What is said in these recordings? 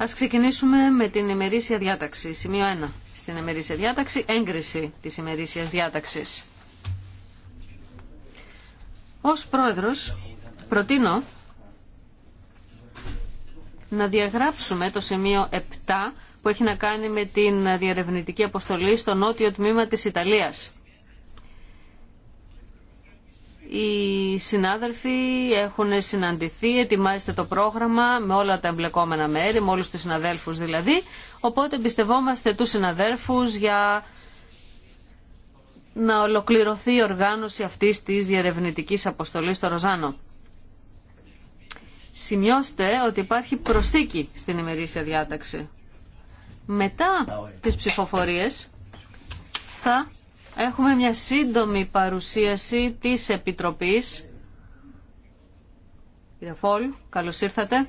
Ας ξεκινήσουμε με την ημερήσια διάταξη. Σημείο 1. Στην ημερήσια διάταξη, έγκριση τη ημερήσια διάταξη. Ω πρόεδρο προτείνω να διαγράψουμε το σημείο 7 που έχει να κάνει με την διερευνητική αποστολή στο νότιο τμήμα της Ιταλίας οι συνάδελφοι έχουν συναντηθεί, ετοιμάζεται το πρόγραμμα με όλα τα εμπλεκόμενα μέρη, με όλους τους συναδέλφους δηλαδή, οπότε εμπιστευόμαστε τους συναδέλφους για να ολοκληρωθεί η οργάνωση αυτής της διερευνητικής αποστολής στο Ροζάνο. Σημειώστε ότι υπάρχει προσθήκη στην ημερήσια διάταξη. Μετά τις ψηφοφορίες θα Έχουμε μια σύντομη παρουσίαση της Επιτροπής. Κύριε Φόλ, καλώς ήρθατε.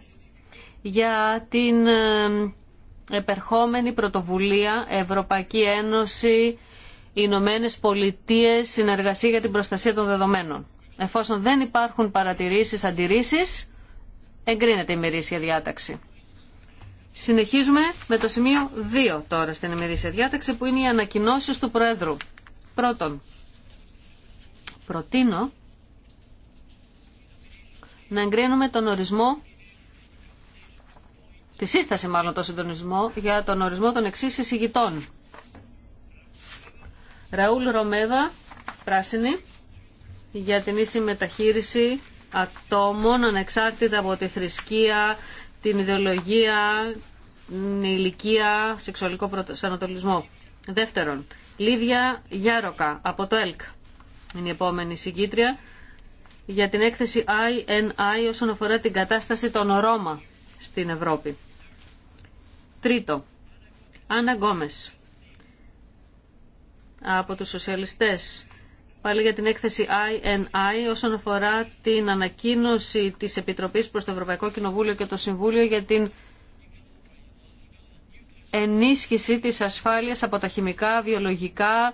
Για την ε, επερχόμενη πρωτοβουλία Ευρωπαϊκή Ένωση Ηνωμένε Πολιτείε Συνεργασία για την Προστασία των Δεδομένων. Εφόσον δεν υπάρχουν παρατηρήσεις, αντιρρήσεις, εγκρίνεται η μερίσια διάταξη. Συνεχίζουμε με το σημείο 2 τώρα στην ημερήσια διάταξη που είναι οι ανακοινώσει του Προέδρου. Πρώτον, προτείνω να εγκρίνουμε τον ορισμό, τη σύσταση μάλλον τον συντονισμό, για τον ορισμό των εξής εισηγητών. Ραούλ Ρομέδα, πράσινη, για την ίση μεταχείριση ατόμων ανεξάρτητα από τη θρησκεία, την ιδεολογία, την ηλικία, σεξουαλικό προσανατολισμό. Δεύτερον, Λίδια Γιάροκα από το ΕΛΚ. Είναι η επόμενη συγκήτρια για την έκθεση INI όσον αφορά την κατάσταση των Ρώμα στην Ευρώπη. Τρίτο, Άννα Γκόμες από τους σοσιαλιστές πάλι για την έκθεση INI όσον αφορά την ανακοίνωση της Επιτροπής προς το Ευρωπαϊκό Κοινοβούλιο και το Συμβούλιο για την ενίσχυση της ασφάλειας από τα χημικά, βιολογικά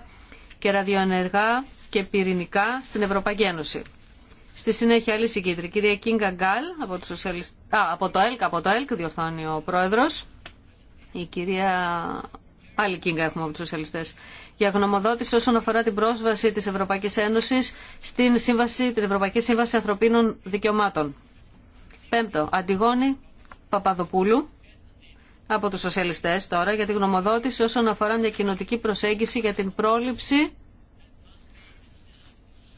και ραδιοενεργά και πυρηνικά στην Ευρωπαϊκή Ένωση. Στη συνέχεια άλλη συγκίτρια, κυρία Κίνγκα Γκάλ από, Α, από το ΕΛΚ, από το ΕΛΚ διορθώνει ο πρόεδρος. Η κυρία Άλλη κίνγκα έχουμε από του σοσιαλιστέ. Για γνωμοδότηση όσον αφορά την πρόσβαση τη Ευρωπαϊκή Ένωση στην σύμβαση, την Ευρωπαϊκή Σύμβαση Ανθρωπίνων Δικαιωμάτων. Πέμπτο. Αντιγόνη Παπαδοπούλου από τους σοσιαλιστές τώρα για τη γνωμοδότηση όσον αφορά μια κοινοτική προσέγγιση για την πρόληψη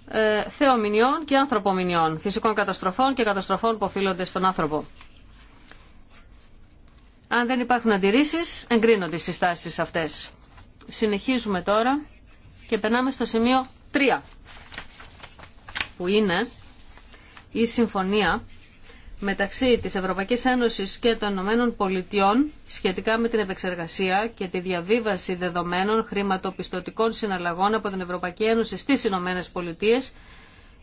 ε, θεομηνιών και ανθρωπομηνιών, φυσικών καταστροφών και καταστροφών που οφείλονται στον άνθρωπο. Αν δεν υπάρχουν αντιρρήσεις, εγκρίνονται οι συστάσεις αυτές. Συνεχίζουμε τώρα και περνάμε στο σημείο 3, που είναι η συμφωνία μεταξύ της Ευρωπαϊκής Ένωσης και των Ηνωμένων Πολιτειών σχετικά με την επεξεργασία και τη διαβίβαση δεδομένων χρηματοπιστωτικών συναλλαγών από την Ευρωπαϊκή Ένωση στις Ηνωμένε Πολιτείες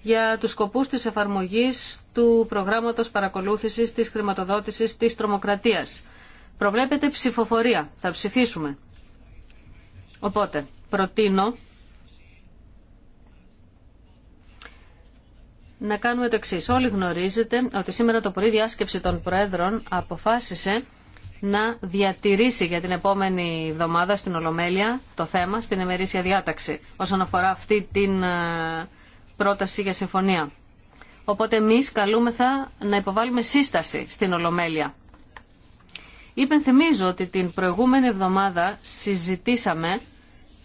για τους σκοπούς της εφαρμογής του προγράμματος παρακολούθησης της χρηματοδότησης της τρομοκρατίας. Προβλέπεται ψηφοφορία. Θα ψηφίσουμε. Οπότε, προτείνω να κάνουμε το εξή. Όλοι γνωρίζετε ότι σήμερα το πρωί διάσκεψη των Προέδρων αποφάσισε να διατηρήσει για την επόμενη εβδομάδα στην Ολομέλεια το θέμα στην εμερήσια διάταξη όσον αφορά αυτή την ε, πρόταση για συμφωνία. Οπότε εμεί καλούμεθα να υποβάλουμε σύσταση στην Ολομέλεια. Υπενθυμίζω ότι την προηγούμενη εβδομάδα συζητήσαμε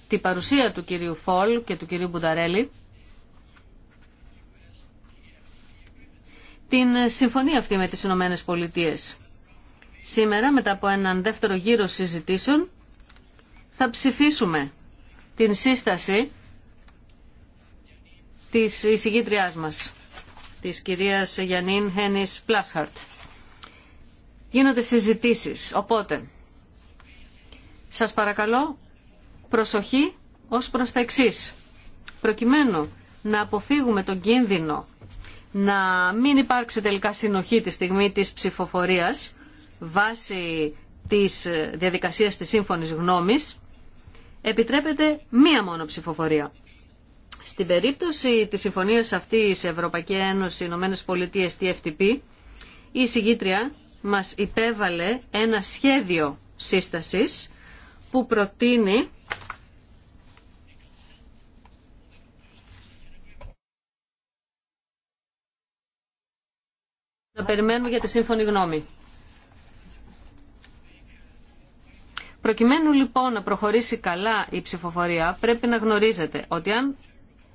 την παρουσία του κυρίου Φόλ και του κυρίου Μπουνταρέλη την συμφωνία αυτή με τις Ηνωμένε Πολιτείε. Σήμερα, μετά από έναν δεύτερο γύρο συζητήσεων, θα ψηφίσουμε την σύσταση της εισηγήτριάς μας, της κυρίας Γιαννίν Χένις Πλάσχαρτ. Γίνονται συζητήσεις, οπότε σας παρακαλώ προσοχή ως προς τα εξής. Προκειμένου να αποφύγουμε τον κίνδυνο να μην υπάρξει τελικά συνοχή τη στιγμή της ψηφοφορίας βάσει της διαδικασίας της σύμφωνης γνώμης, επιτρέπεται μία μόνο ψηφοφορία. Στην περίπτωση της συμφωνίας αυτής Ευρωπαϊκή Ένωση Ηνωμένες Πολιτείες TFTP, η συγκήτρια μας υπέβαλε ένα σχέδιο σύστασης που προτείνει Θα περιμένουμε για τη σύμφωνη γνώμη. Προκειμένου λοιπόν να προχωρήσει καλά η ψηφοφορία, πρέπει να γνωρίζετε ότι αν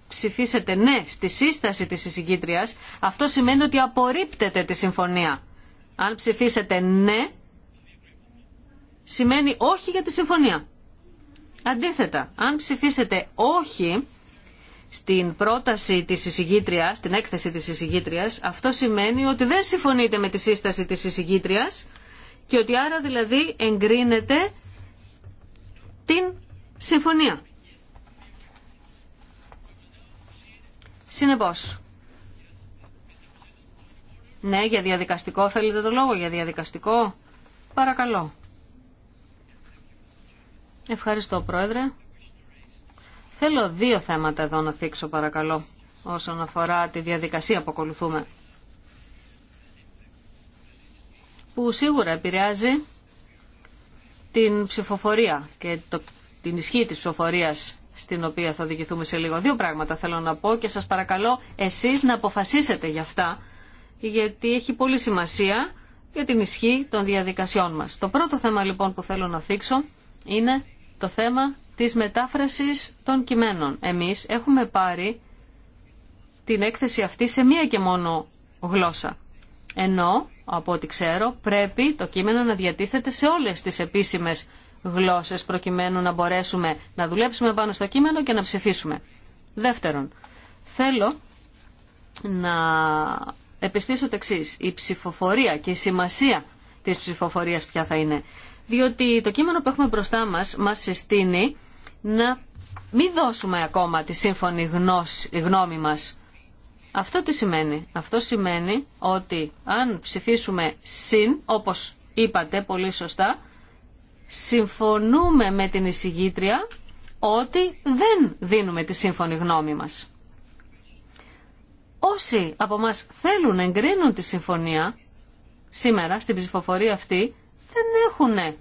ψηφίσετε ναι στη σύσταση της εισηγήτριας, αυτό σημαίνει ότι απορρίπτεται τη συμφωνία. Αν ψηφίσετε ναι, σημαίνει όχι για τη συμφωνία. Αντίθετα, αν ψηφίσετε όχι, στην πρόταση της εισηγήτριας, στην έκθεση της εισηγήτριας, αυτό σημαίνει ότι δεν συμφωνείτε με τη σύσταση της εισηγήτριας και ότι άρα δηλαδή εγκρίνεται την συμφωνία. Συνεπώς. Ναι, για διαδικαστικό θέλετε το λόγο, για διαδικαστικό. Παρακαλώ. Ευχαριστώ, Πρόεδρε. Θέλω δύο θέματα εδώ να θίξω παρακαλώ όσον αφορά τη διαδικασία που ακολουθούμε που σίγουρα επηρεάζει την ψηφοφορία και το, την ισχύ της ψηφοφορίας στην οποία θα οδηγηθούμε σε λίγο. Δύο πράγματα θέλω να πω και σας παρακαλώ εσείς να αποφασίσετε για αυτά γιατί έχει πολύ σημασία για την ισχύ των διαδικασιών μας. Το πρώτο θέμα λοιπόν που θέλω να θίξω είναι το θέμα της μετάφρασης των κειμένων. Εμείς έχουμε πάρει την έκθεση αυτή σε μία και μόνο γλώσσα. Ενώ, από ό,τι ξέρω, πρέπει το κείμενο να διατίθεται σε όλες τις επίσημες γλώσσες προκειμένου να μπορέσουμε να δουλέψουμε πάνω στο κείμενο και να ψηφίσουμε. Δεύτερον, θέλω να επιστήσω το Η ψηφοφορία και η σημασία της ψηφοφορίας ποια θα είναι. Διότι το κείμενο που έχουμε μπροστά μας μας συστήνει να μην δώσουμε ακόμα τη σύμφωνη γνώμη μας. Αυτό τι σημαίνει. Αυτό σημαίνει ότι αν ψηφίσουμε συν, όπως είπατε πολύ σωστά, συμφωνούμε με την εισηγήτρια ότι δεν δίνουμε τη σύμφωνη γνώμη μας. Όσοι από μας θέλουν να εγκρίνουν τη συμφωνία, σήμερα στην ψηφοφορία αυτή δεν έχουν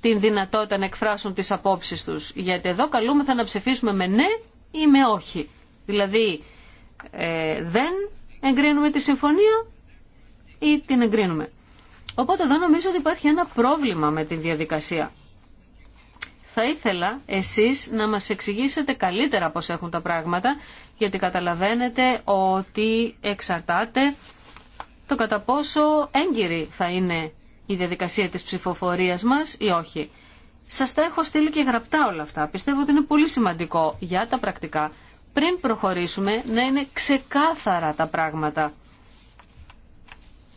την δυνατότητα να εκφράσουν τις απόψεις τους. Γιατί εδώ καλούμεθα να ψηφίσουμε με ναι ή με όχι. Δηλαδή ε, δεν εγκρίνουμε τη συμφωνία ή την εγκρίνουμε. Οπότε εδώ νομίζω ότι υπάρχει ένα πρόβλημα με τη διαδικασία. Θα ήθελα εσείς να μας εξηγήσετε καλύτερα πώς έχουν τα πράγματα, γιατί καταλαβαίνετε ότι εξαρτάται το κατά πόσο έγκυρη θα είναι η διαδικασία της ψηφοφορίας μας ή όχι. Σας τα έχω στείλει και γραπτά όλα αυτά. Πιστεύω ότι είναι πολύ σημαντικό για τα πρακτικά πριν προχωρήσουμε να είναι ξεκάθαρα τα πράγματα.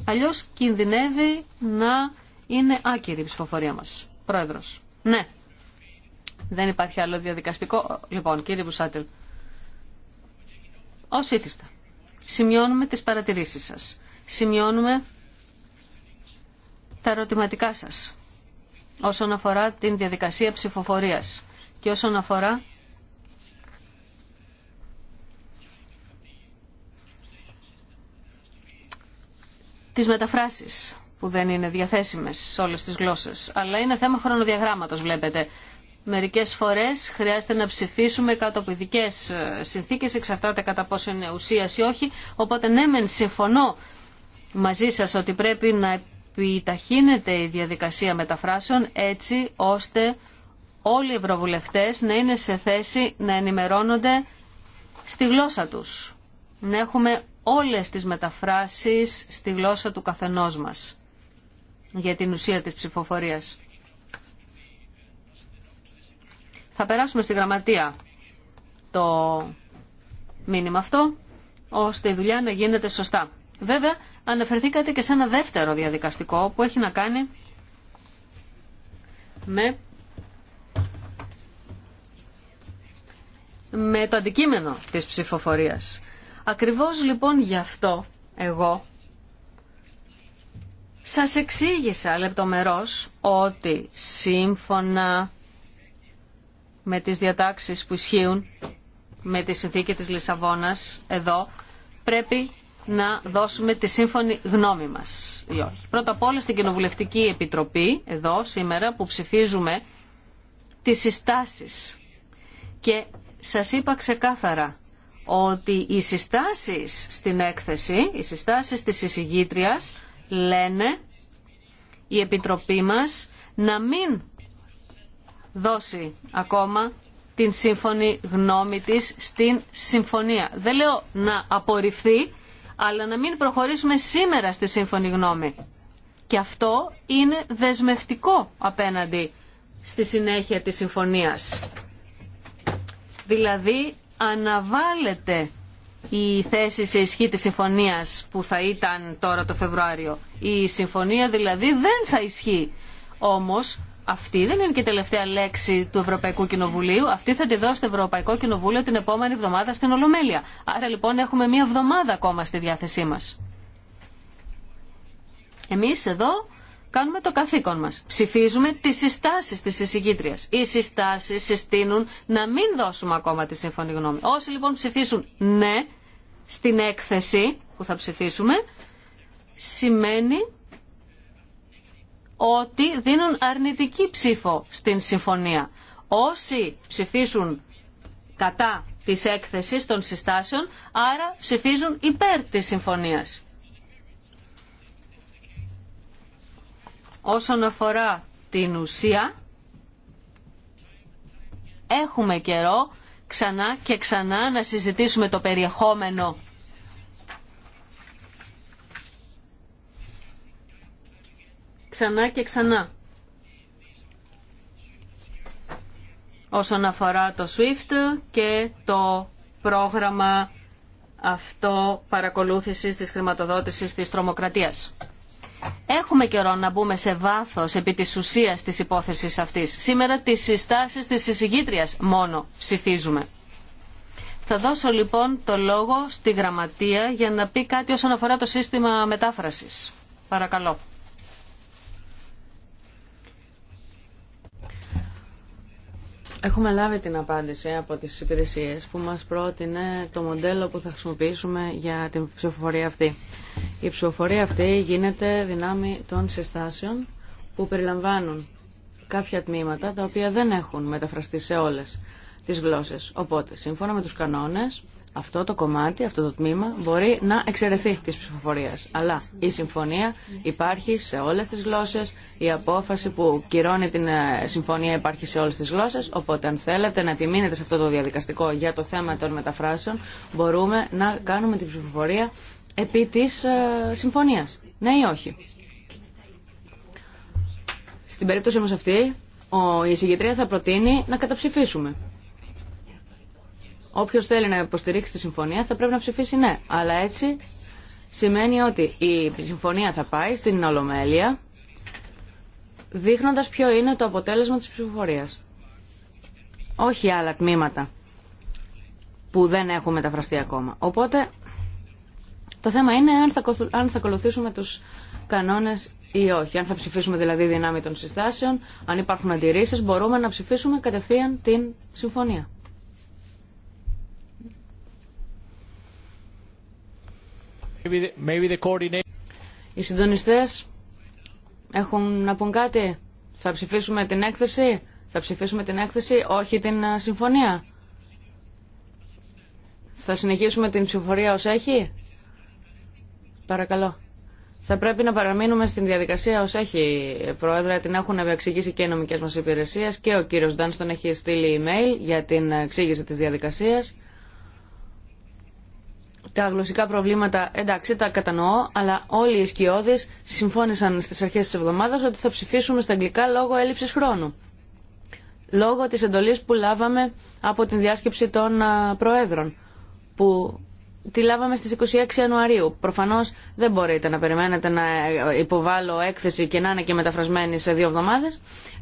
Αλλιώς κινδυνεύει να είναι άκυρη η ψηφοφορία μας. Πρόεδρος. Ναι. Δεν υπάρχει άλλο διαδικαστικό. Λοιπόν, κύριε Μπουσάτελ, ως ήθιστα. Σημειώνουμε τις παρατηρήσεις σας. Σημειώνουμε τα ερωτηματικά σας όσον αφορά την διαδικασία ψηφοφορίας και όσον αφορά τις μεταφράσεις που δεν είναι διαθέσιμες σε όλες τις γλώσσες. Αλλά είναι θέμα χρονοδιαγράμματος βλέπετε. Μερικές φορές χρειάζεται να ψηφίσουμε κάτω από ειδικέ ε, συνθήκες, εξαρτάται κατά πόσο είναι ουσίας ή όχι. Οπότε ναι, μεν συμφωνώ μαζί σας ότι πρέπει να επιταχύνεται η διαδικασία μεταφράσεων έτσι ώστε όλοι οι ευρωβουλευτές να είναι σε θέση να ενημερώνονται στη γλώσσα τους. Να έχουμε όλες τις μεταφράσεις στη γλώσσα του καθενός μας για την ουσία της ψηφοφορίας. Θα περάσουμε στη γραμματεία το μήνυμα αυτό, ώστε η δουλειά να γίνεται σωστά. Βέβαια, αναφερθήκατε και σε ένα δεύτερο διαδικαστικό που έχει να κάνει με, με το αντικείμενο της ψηφοφορίας. Ακριβώς λοιπόν γι' αυτό εγώ σας εξήγησα λεπτομερώς ότι σύμφωνα με τις διατάξεις που ισχύουν με τη συνθήκη της Λισαβόνας εδώ πρέπει να δώσουμε τη σύμφωνη γνώμη μας Πρώτα απ' όλα στην Κοινοβουλευτική Επιτροπή, εδώ σήμερα, που ψηφίζουμε τις συστάσεις. Και σας είπα ξεκάθαρα ότι οι συστάσεις στην έκθεση, οι συστάσεις της εισηγήτριας λένε η Επιτροπή μας να μην δώσει ακόμα την σύμφωνη γνώμη της στην συμφωνία. Δεν λέω να απορριφθεί, αλλά να μην προχωρήσουμε σήμερα στη σύμφωνη γνώμη. Και αυτό είναι δεσμευτικό απέναντι στη συνέχεια της συμφωνίας. Δηλαδή αναβάλλεται η θέση σε ισχύ της συμφωνίας που θα ήταν τώρα το Φεβρουάριο. Η συμφωνία δηλαδή δεν θα ισχύει. Όμως αυτή δεν είναι και η τελευταία λέξη του Ευρωπαϊκού Κοινοβουλίου. Αυτή θα τη δώσει το Ευρωπαϊκό Κοινοβούλιο την επόμενη εβδομάδα στην Ολομέλεια. Άρα λοιπόν έχουμε μία εβδομάδα ακόμα στη διάθεσή μας. Εμείς εδώ κάνουμε το καθήκον μας. Ψηφίζουμε τις συστάσεις της εισηγήτριας. Οι συστάσεις συστήνουν να μην δώσουμε ακόμα τη σύμφωνη γνώμη. Όσοι λοιπόν ψηφίσουν ναι στην έκθεση που θα ψηφίσουμε, σημαίνει ότι δίνουν αρνητική ψήφο στην συμφωνία. Όσοι ψηφίσουν κατά της έκθεσης των συστάσεων, άρα ψηφίζουν υπέρ της συμφωνίας. Όσον αφορά την ουσία, έχουμε καιρό ξανά και ξανά να συζητήσουμε το περιεχόμενο ξανά και ξανά. όσον αφορά το SWIFT και το πρόγραμμα αυτό παρακολούθησης της χρηματοδότησης της τρομοκρατίας. Έχουμε καιρό να μπούμε σε βάθος επί της ουσίας της υπόθεσης αυτής. Σήμερα τις συστάσεις της συζυγήτριας μόνο ψηφίζουμε. Θα δώσω λοιπόν το λόγο στη γραμματεία για να πει κάτι όσον αφορά το σύστημα μετάφρασης. Παρακαλώ. Έχουμε λάβει την απάντηση από τις υπηρεσίες που μας πρότεινε το μοντέλο που θα χρησιμοποιήσουμε για την ψηφοφορία αυτή. Η ψηφοφορία αυτή γίνεται δυνάμει των συστάσεων που περιλαμβάνουν κάποια τμήματα τα οποία δεν έχουν μεταφραστεί σε όλες τις γλώσσες. Οπότε, σύμφωνα με τους κανόνες, αυτό το κομμάτι, αυτό το τμήμα μπορεί να εξαιρεθεί της ψηφοφορίας. Αλλά η συμφωνία υπάρχει σε όλες τις γλώσσες, η απόφαση που κυρώνει την ε, συμφωνία υπάρχει σε όλες τις γλώσσες, οπότε αν θέλετε να επιμείνετε σε αυτό το διαδικαστικό για το θέμα των μεταφράσεων, μπορούμε να κάνουμε την ψηφοφορία επί της ε, συμφωνίας. Ναι ή όχι. Στην περίπτωση όμως αυτή, η εισηγητρία θα προτείνει να καταψηφίσουμε όποιος θέλει να υποστηρίξει τη συμφωνία θα πρέπει να ψηφίσει ναι. Αλλά έτσι σημαίνει ότι η συμφωνία θα πάει στην Ολομέλεια δείχνοντας ποιο είναι το αποτέλεσμα της ψηφοφορίας. Όχι άλλα τμήματα που δεν έχουν μεταφραστεί ακόμα. Οπότε το θέμα είναι αν θα ακολουθήσουμε τους κανόνες ή όχι. Αν θα ψηφίσουμε δηλαδή δυνάμει των συστάσεων, αν υπάρχουν αντιρρήσεις, μπορούμε να ψηφίσουμε κατευθείαν την συμφωνία. Οι συντονιστές έχουν να πούν κάτι. Θα ψηφίσουμε την έκθεση. Θα ψηφίσουμε την έκθεση, όχι την ε, συμφωνία. Θα συνεχίσουμε την ψηφορία ως έχει. Παρακαλώ. Θα πρέπει να παραμείνουμε στην διαδικασία ως έχει, Πρόεδρε. Την έχουν εξηγήσει και οι νομικές μας υπηρεσίες και ο κύριος Ντάνστον έχει στείλει email για την εξήγηση της διαδικασίας τα γλωσσικά προβλήματα, εντάξει, τα κατανοώ, αλλά όλοι οι σκιώδεις συμφώνησαν στις αρχές της εβδομάδας ότι θα ψηφίσουμε στα αγγλικά λόγω έλλειψη χρόνου. Λόγω τη εντολής που λάβαμε από την διάσκεψη των Προέδρων, που τη λάβαμε στις 26 Ιανουαρίου. Προφανώ δεν μπορείτε να περιμένετε να ε, υποβάλω έκθεση και να είναι και μεταφρασμένη σε δύο εβδομάδε.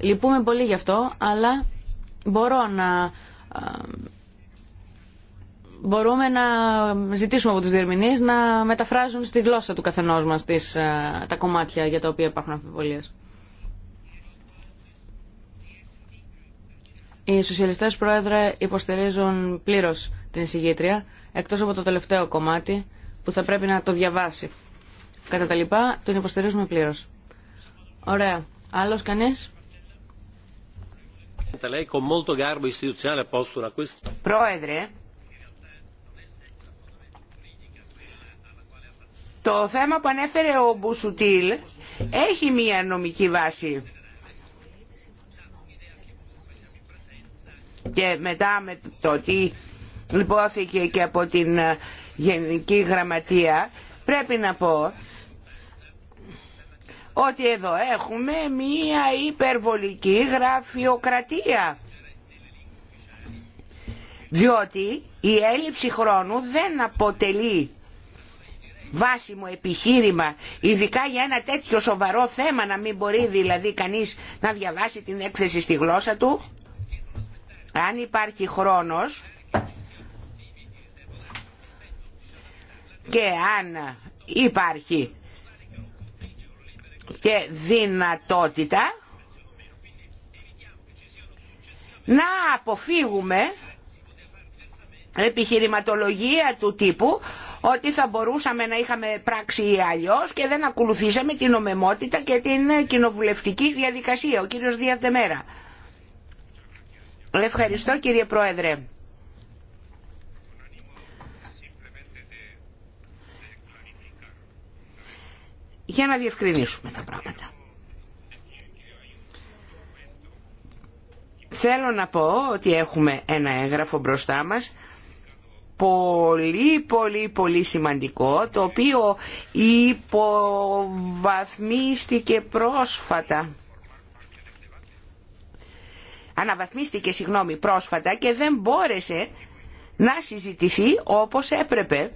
Λυπούμε πολύ γι' αυτό, αλλά μπορώ να μπορούμε να ζητήσουμε από τους διερμηνείς να μεταφράζουν στη γλώσσα του καθενός μας τις, ε, τα κομμάτια για τα οποία υπάρχουν αμφιβολίες. Οι σοσιαλιστές πρόεδρε υποστηρίζουν πλήρως την εισηγήτρια, εκτός από το τελευταίο κομμάτι που θα πρέπει να το διαβάσει. Κατά τα λοιπά, τον υποστηρίζουμε πλήρως. Ωραία. Άλλος κανείς? Πρόεδρε, Το θέμα που ανέφερε ο Μπουσουτήλ έχει μία νομική βάση. Και μετά με το τι λυπόθηκε και από την Γενική Γραμματεία, πρέπει να πω ότι εδώ έχουμε μία υπερβολική γραφειοκρατία. Διότι η έλλειψη χρόνου δεν αποτελεί βάσιμο επιχείρημα, ειδικά για ένα τέτοιο σοβαρό θέμα να μην μπορεί δηλαδή κανείς να διαβάσει την έκθεση στη γλώσσα του. Αν υπάρχει χρόνος και αν υπάρχει και δυνατότητα να αποφύγουμε επιχειρηματολογία του τύπου ότι θα μπορούσαμε να είχαμε πράξει αλλιώ και δεν ακολουθήσαμε την ομεμότητα και την κοινοβουλευτική διαδικασία. Ο κύριος Διαδεμέρα. Ευχαριστώ κύριε Πρόεδρε. Για να διευκρινίσουμε τα πράγματα. Θέλω να πω ότι έχουμε ένα έγγραφο μπροστά μας πολύ πολύ πολύ σημαντικό το οποίο υποβαθμίστηκε πρόσφατα αναβαθμίστηκε συγγνώμη πρόσφατα και δεν μπόρεσε να συζητηθεί όπως έπρεπε.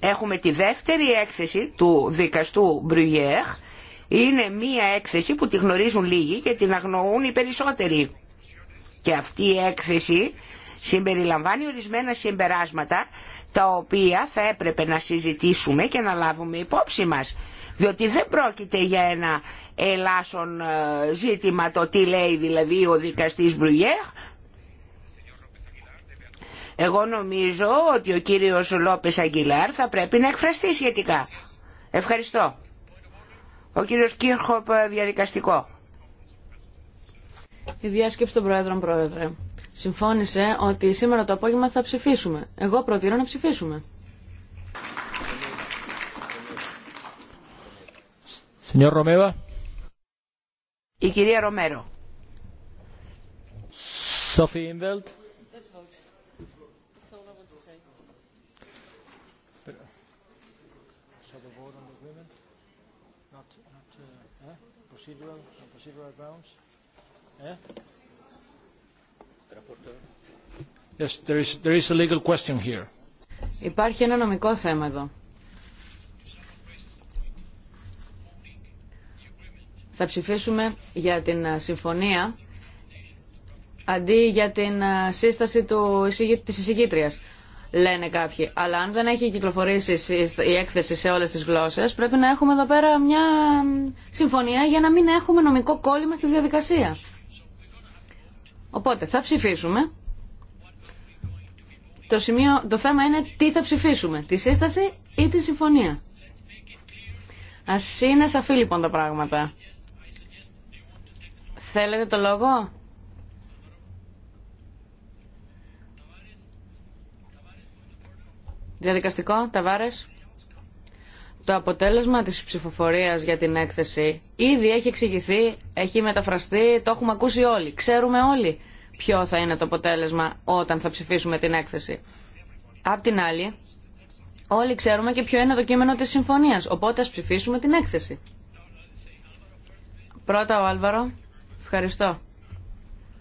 Έχουμε τη δεύτερη έκθεση του δικαστού Μπρουγιέχ Είναι μία έκθεση που τη γνωρίζουν λίγοι και την αγνοούν οι περισσότεροι. Και αυτή η έκθεση συμπεριλαμβάνει ορισμένα συμπεράσματα τα οποία θα έπρεπε να συζητήσουμε και να λάβουμε υπόψη μας. Διότι δεν πρόκειται για ένα ελάσσον ε, ζήτημα το τι λέει δηλαδή ο δικαστής Μπρουγέρ Εγώ νομίζω ότι ο κύριος Λόπες Αγγιλάρ θα πρέπει να εκφραστεί σχετικά. Ευχαριστώ. Ο κύριος Κίρχοπ ε, διαδικαστικό. Η διάσκεψη των Προέδρων Πρόεδρε συμφώνησε ότι σήμερα το απόγευμα θα ψηφίσουμε. Εγώ προτείνω να ψηφίσουμε. Η κυρία Ρομέρο. Σόφι Ινβελτ. Yeah. Υπάρχει ένα νομικό θέμα εδώ. Θα ψηφίσουμε για την ε, συμφωνία αντί για την ε, σύσταση του, της εισηγήτριας, λένε κάποιοι. Αλλά αν δεν έχει κυκλοφορήσει η έκθεση σε όλες τις γλώσσες, πρέπει να έχουμε εδώ πέρα μια συμφωνία για να μην έχουμε νομικό κόλλημα στη διαδικασία. Οπότε θα ψηφίσουμε. Το, σημείο, το θέμα είναι τι θα ψηφίσουμε, τη σύσταση ή τη συμφωνία. Α είναι σαφή λοιπόν τα πράγματα. Θέλετε το λόγο? Διαδικαστικό, Ταβάρες το αποτέλεσμα της ψηφοφορίας για την έκθεση ήδη έχει εξηγηθεί, έχει μεταφραστεί, το έχουμε ακούσει όλοι. Ξέρουμε όλοι ποιο θα είναι το αποτέλεσμα όταν θα ψηφίσουμε την έκθεση. Απ' την άλλη, όλοι ξέρουμε και ποιο είναι το κείμενο της συμφωνίας, οπότε ας ψηφίσουμε την έκθεση. Πρώτα ο Άλβαρο. Ευχαριστώ.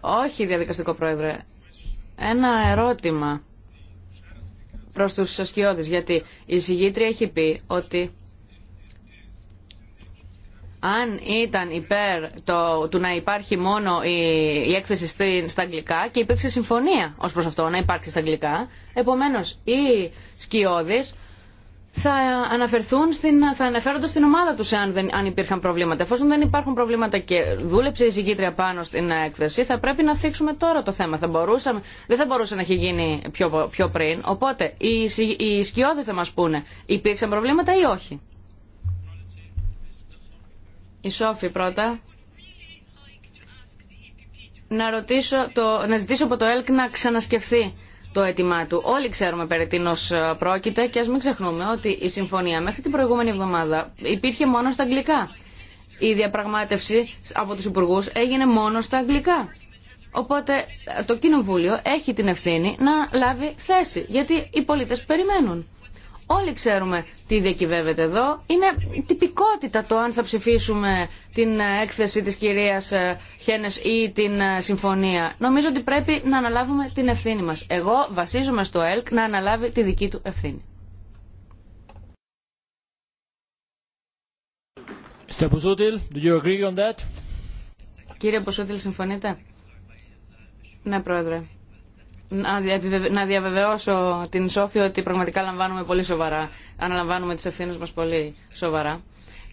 Όχι, διαδικαστικό πρόεδρε. Ένα ερώτημα προς τους ασκιώδεις, γιατί η συγγήτρια έχει πει ότι αν ήταν υπέρ το, του να υπάρχει μόνο η, έκθεση στην, στα αγγλικά και υπήρξε συμφωνία ως προς αυτό να υπάρξει στα αγγλικά, επομένως οι σκιώδεις θα αναφερθούν στην, θα αναφέρονται στην ομάδα τους αν, δεν, αν υπήρχαν προβλήματα. Εφόσον δεν υπάρχουν προβλήματα και δούλεψε η συγκήτρια πάνω στην έκθεση, θα πρέπει να θίξουμε τώρα το θέμα. Θα δεν θα μπορούσε να έχει γίνει πιο, πιο πριν. Οπότε οι, οι σκιώδεις θα μας πούνε υπήρξαν προβλήματα ή όχι η Σόφη πρώτα. Να, ρωτήσω το, να ζητήσω από το ΕΛΚ να ξανασκεφθεί το αίτημά του. Όλοι ξέρουμε περί τίνος ε, πρόκειται και ας μην ξεχνούμε ότι η συμφωνία μέχρι την προηγούμενη εβδομάδα υπήρχε μόνο στα αγγλικά. Η διαπραγμάτευση από τους υπουργού έγινε μόνο στα αγγλικά. Οπότε ε, το Κοινοβούλιο έχει την ευθύνη να λάβει θέση, γιατί οι πολίτες περιμένουν. Όλοι ξέρουμε τι διακυβεύεται εδώ. Είναι τυπικότητα το αν θα ψηφίσουμε την έκθεση της κυρίας ε, Χένες ή την ε, συμφωνία. Νομίζω ότι πρέπει να αναλάβουμε την ευθύνη μας. Εγώ βασίζομαι στο ΕΛΚ να αναλάβει τη δική του ευθύνη. Κύριε Ποσούτιλ, συμφωνείτε? Ναι, Πρόεδρε να διαβεβαιώσω την Σόφη ότι πραγματικά λαμβάνουμε πολύ σοβαρά, αναλαμβάνουμε τις ευθύνε μας πολύ σοβαρά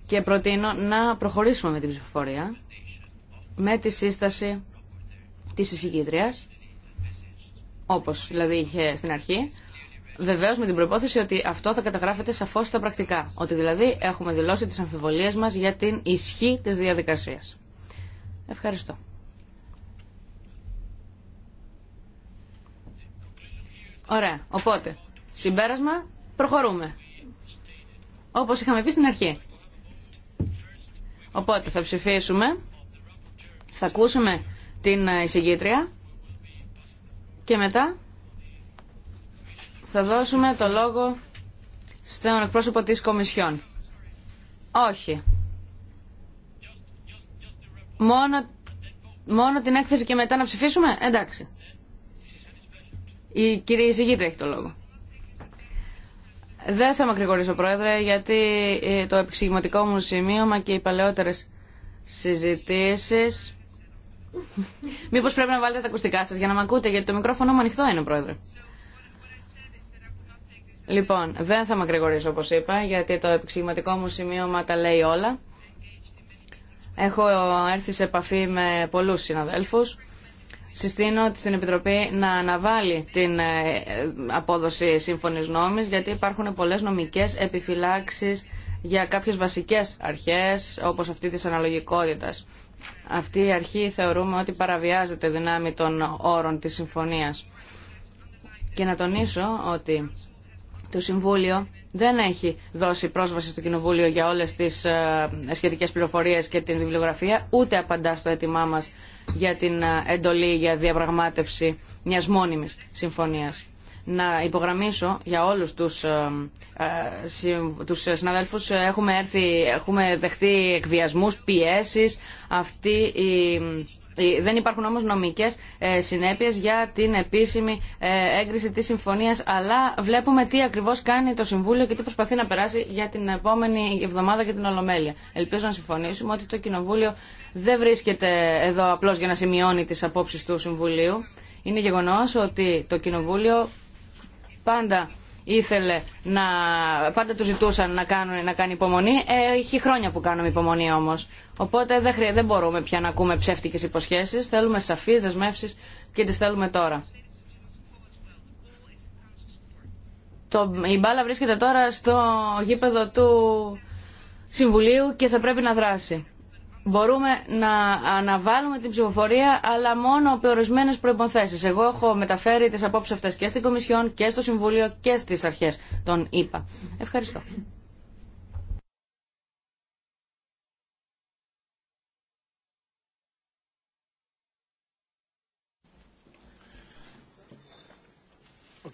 και προτείνω να προχωρήσουμε με την ψηφοφορία με τη σύσταση της εισηγήτρια. όπως δηλαδή είχε στην αρχή Βεβαίω με την προπόθεση ότι αυτό θα καταγράφεται σαφώ στα πρακτικά. Ότι δηλαδή έχουμε δηλώσει τι αμφιβολίε μα για την ισχύ τη διαδικασία. Ευχαριστώ. Ωραία. Οπότε, συμπέρασμα, προχωρούμε. Όπως είχαμε πει στην αρχή. Οπότε θα ψηφίσουμε, θα ακούσουμε την ε, εισηγήτρια και μετά θα δώσουμε το λόγο στον εκπρόσωπο της Κομισιόν. Όχι. Μόνο, μόνο την έκθεση και μετά να ψηφίσουμε. Εντάξει. Η κυρία Ισηγήτρια έχει το λόγο. Δεν θα μακρηγορήσω, Πρόεδρε, γιατί ε, το επεξηγηματικό μου σημείωμα και οι παλαιότερες συζητήσεις... Μήπως πρέπει να βάλετε τα ακουστικά σας για να με ακούτε, γιατί το μικρόφωνο μου ανοιχτό είναι, Πρόεδρε. Λοιπόν, δεν θα μακρηγορήσω, όπως είπα, γιατί το επεξηγηματικό μου σημείωμα τα λέει όλα. Έχω έρθει σε επαφή με πολλούς συναδέλφους συστήνω στην Επιτροπή να αναβάλει την ε, απόδοση σύμφωνη νόμη, γιατί υπάρχουν πολλές νομικές επιφυλάξει για κάποιες βασικές αρχές όπως αυτή της αναλογικότητας. Αυτή η αρχή θεωρούμε ότι παραβιάζεται δυνάμει των όρων της συμφωνίας. Και να τονίσω ότι το Συμβούλιο δεν έχει δώσει πρόσβαση στο Κοινοβούλιο για όλες τις ε, σχετικές πληροφορίες και την βιβλιογραφία, ούτε απαντά στο αίτημά μας για την ε, εντολή για διαπραγμάτευση μιας μόνιμης συμφωνίας. Να υπογραμμίσω για όλους τους, ε, τους συναδέλφους, έχουμε, έρθει, έχουμε δεχτεί εκβιασμούς, πιέσεις, αυτή η ε, δεν υπάρχουν όμως νομικές ε, συνέπειες για την επίσημη ε, έγκριση της συμφωνίας, αλλά βλέπουμε τι ακριβώς κάνει το Συμβούλιο και τι προσπαθεί να περάσει για την επόμενη εβδομάδα και την Ολομέλεια. Ελπίζω να συμφωνήσουμε ότι το Κοινοβούλιο δεν βρίσκεται εδώ απλώς για να σημειώνει τις απόψεις του Συμβουλίου. Είναι γεγονός ότι το Κοινοβούλιο πάντα ήθελε να. Πάντα του ζητούσαν να, κάνουν, να κάνει υπομονή. Ε, έχει χρόνια που κάνουμε υπομονή όμω. Οπότε δεν, δεν μπορούμε πια να ακούμε ψεύτικε υποσχέσει. Θέλουμε σαφεί δεσμεύσει και τι θέλουμε τώρα. Το, η μπάλα βρίσκεται τώρα στο γήπεδο του Συμβουλίου και θα πρέπει να δράσει μπορούμε να αναβάλουμε την ψηφοφορία, αλλά μόνο από ορισμένε προποθέσει. Εγώ έχω μεταφέρει τι απόψει αυτέ και στην Κομισιόν και στο Συμβούλιο και στι αρχέ των ΗΠΑ. Ευχαριστώ.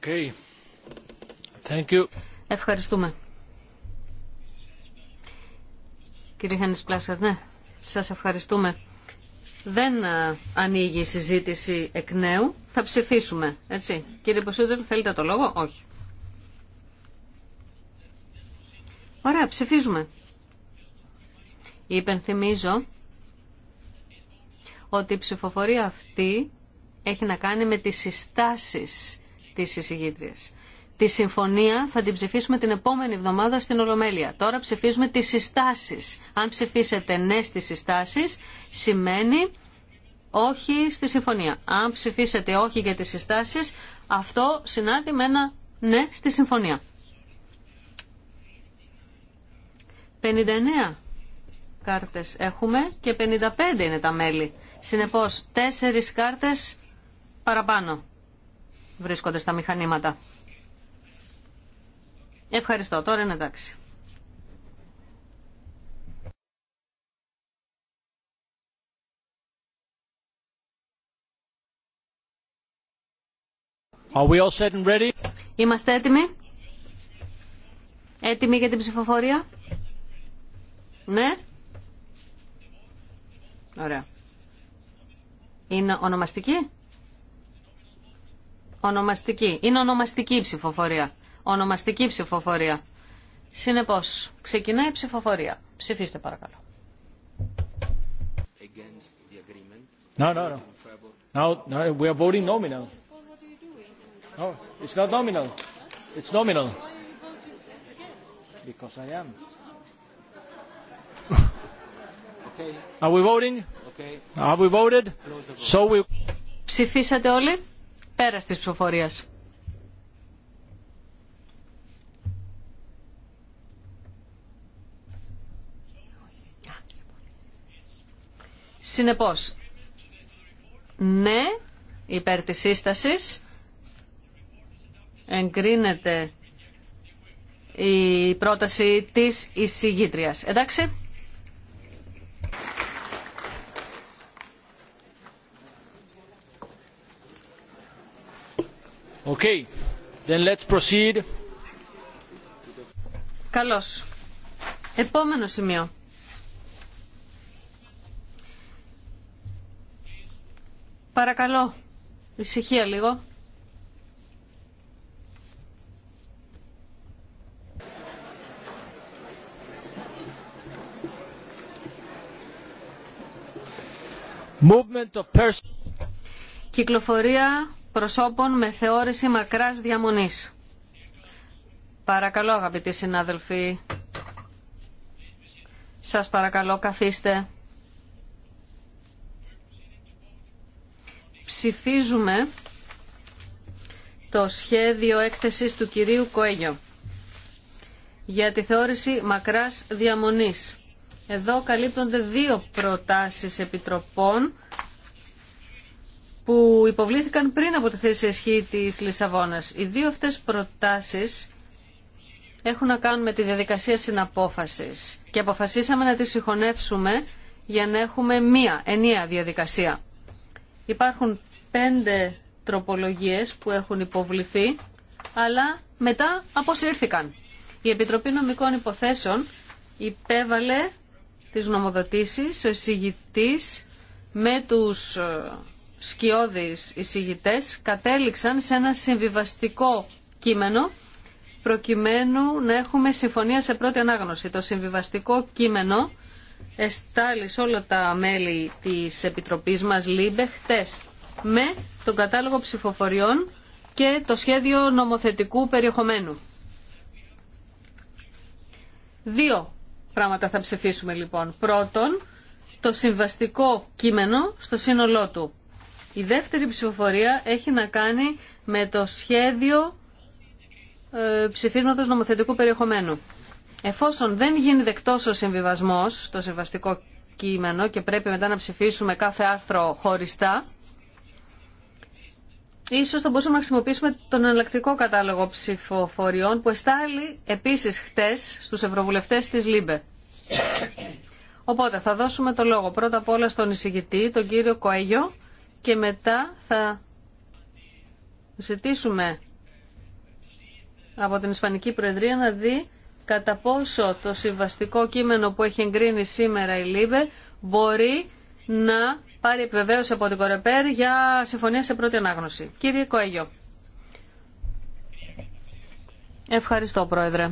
Okay. Thank you. Ευχαριστούμε. Κύριε Χάνης ναι. Σας ευχαριστούμε. Δεν ε, ανοίγει η συζήτηση εκ νέου. Θα ψηφίσουμε, έτσι. Κύριε Ποσούντελ, θέλετε το λόγο. Όχι. Ωραία, ψηφίζουμε. Υπενθυμίζω ότι η ψηφοφορία αυτή έχει να κάνει με τις συστάσεις της εισηγήτριας. Τη συμφωνία θα την ψηφίσουμε την επόμενη εβδομάδα στην Ολομέλεια. Τώρα ψηφίζουμε τις συστάσεις. Αν ψηφίσετε ναι στις συστάσεις, σημαίνει όχι στη συμφωνία. Αν ψηφίσετε όχι για τις συστάσεις, αυτό συνάδει με ένα ναι στη συμφωνία. 59 κάρτες έχουμε και 55 είναι τα μέλη. Συνεπώς, τέσσερις κάρτες παραπάνω βρίσκονται στα μηχανήματα. Ευχαριστώ. Τώρα είναι εντάξει. Are we all set and ready? Είμαστε έτοιμοι. Έτοιμοι για την ψηφοφορία. Ναι. Ωραία. Είναι ονομαστική. Ονομαστική. Είναι ονομαστική η ψηφοφορία ονομαστική ψηφοφορία. Συνεπώς, ξεκινάει η ψηφοφορία. Ψηφίστε παρακαλώ. No, no, no. Now, no, we are voting nominal. No, it's not nominal. It's nominal. Because I am. Okay. Are we voting? Okay. Are we voted? So we... Ψηφίσατε όλοι πέρα της ψηφοφορίας. Συνεπώς, ναι, υπέρ της σύστασης, εγκρίνεται η πρόταση της εισηγήτριας. Εντάξει. Okay. Then let's proceed. Καλώς. Επόμενο σημείο. Παρακαλώ, ησυχία λίγο. Movement of Κυκλοφορία προσώπων με θεώρηση μακράς διαμονής. Παρακαλώ αγαπητοί συνάδελφοι, σας παρακαλώ καθίστε. ψηφίζουμε το σχέδιο έκθεσης του κυρίου Κοέγιο για τη θεώρηση μακράς διαμονής. Εδώ καλύπτονται δύο προτάσεις επιτροπών που υποβλήθηκαν πριν από τη θέση ισχύ της Λισαβόνας. Οι δύο αυτές προτάσεις έχουν να κάνουν με τη διαδικασία συναπόφασης και αποφασίσαμε να τις συγχωνεύσουμε για να έχουμε μία ενιαία διαδικασία. Υπάρχουν πέντε τροπολογίες που έχουν υποβληθεί, αλλά μετά αποσύρθηκαν. Η Επιτροπή Νομικών Υποθέσεων υπέβαλε τις νομοδοτήσεις ο εισηγητής με τους ε, σκιώδεις εισηγητές κατέληξαν σε ένα συμβιβαστικό κείμενο προκειμένου να έχουμε συμφωνία σε πρώτη ανάγνωση. Το συμβιβαστικό κείμενο εστάλει όλα τα μέλη της Επιτροπής μας ΛΥΜΠΕ με τον κατάλογο ψηφοφοριών και το σχέδιο νομοθετικού περιεχομένου. Δύο πράγματα θα ψηφίσουμε λοιπόν. Πρώτον, το συμβαστικό κείμενο στο σύνολό του. Η δεύτερη ψηφοφορία έχει να κάνει με το σχέδιο ε, ψηφίσματος νομοθετικού περιεχομένου. Εφόσον δεν γίνει δεκτός ο συμβιβασμός στο συμβαστικό κείμενο και πρέπει μετά να ψηφίσουμε κάθε άρθρο χωριστά, ίσως θα μπορούσαμε να χρησιμοποιήσουμε τον εναλλακτικό κατάλογο ψηφοφοριών που εστάλει επίσης χτε στους ευρωβουλευτές της ΛΥΜΠΕ. Οπότε θα δώσουμε το λόγο πρώτα απ' όλα στον εισηγητή, τον κύριο Κοέγιο, και μετά θα ζητήσουμε από την Ισπανική Προεδρία να δει κατά πόσο το συμβαστικό κείμενο που έχει εγκρίνει σήμερα η ΛΥΜΕ μπορεί να πάρει επιβεβαίωση από την Κορεπέρ για συμφωνία σε πρώτη ανάγνωση. Κύριε Κοέγιο. Ευχαριστώ, Πρόεδρε.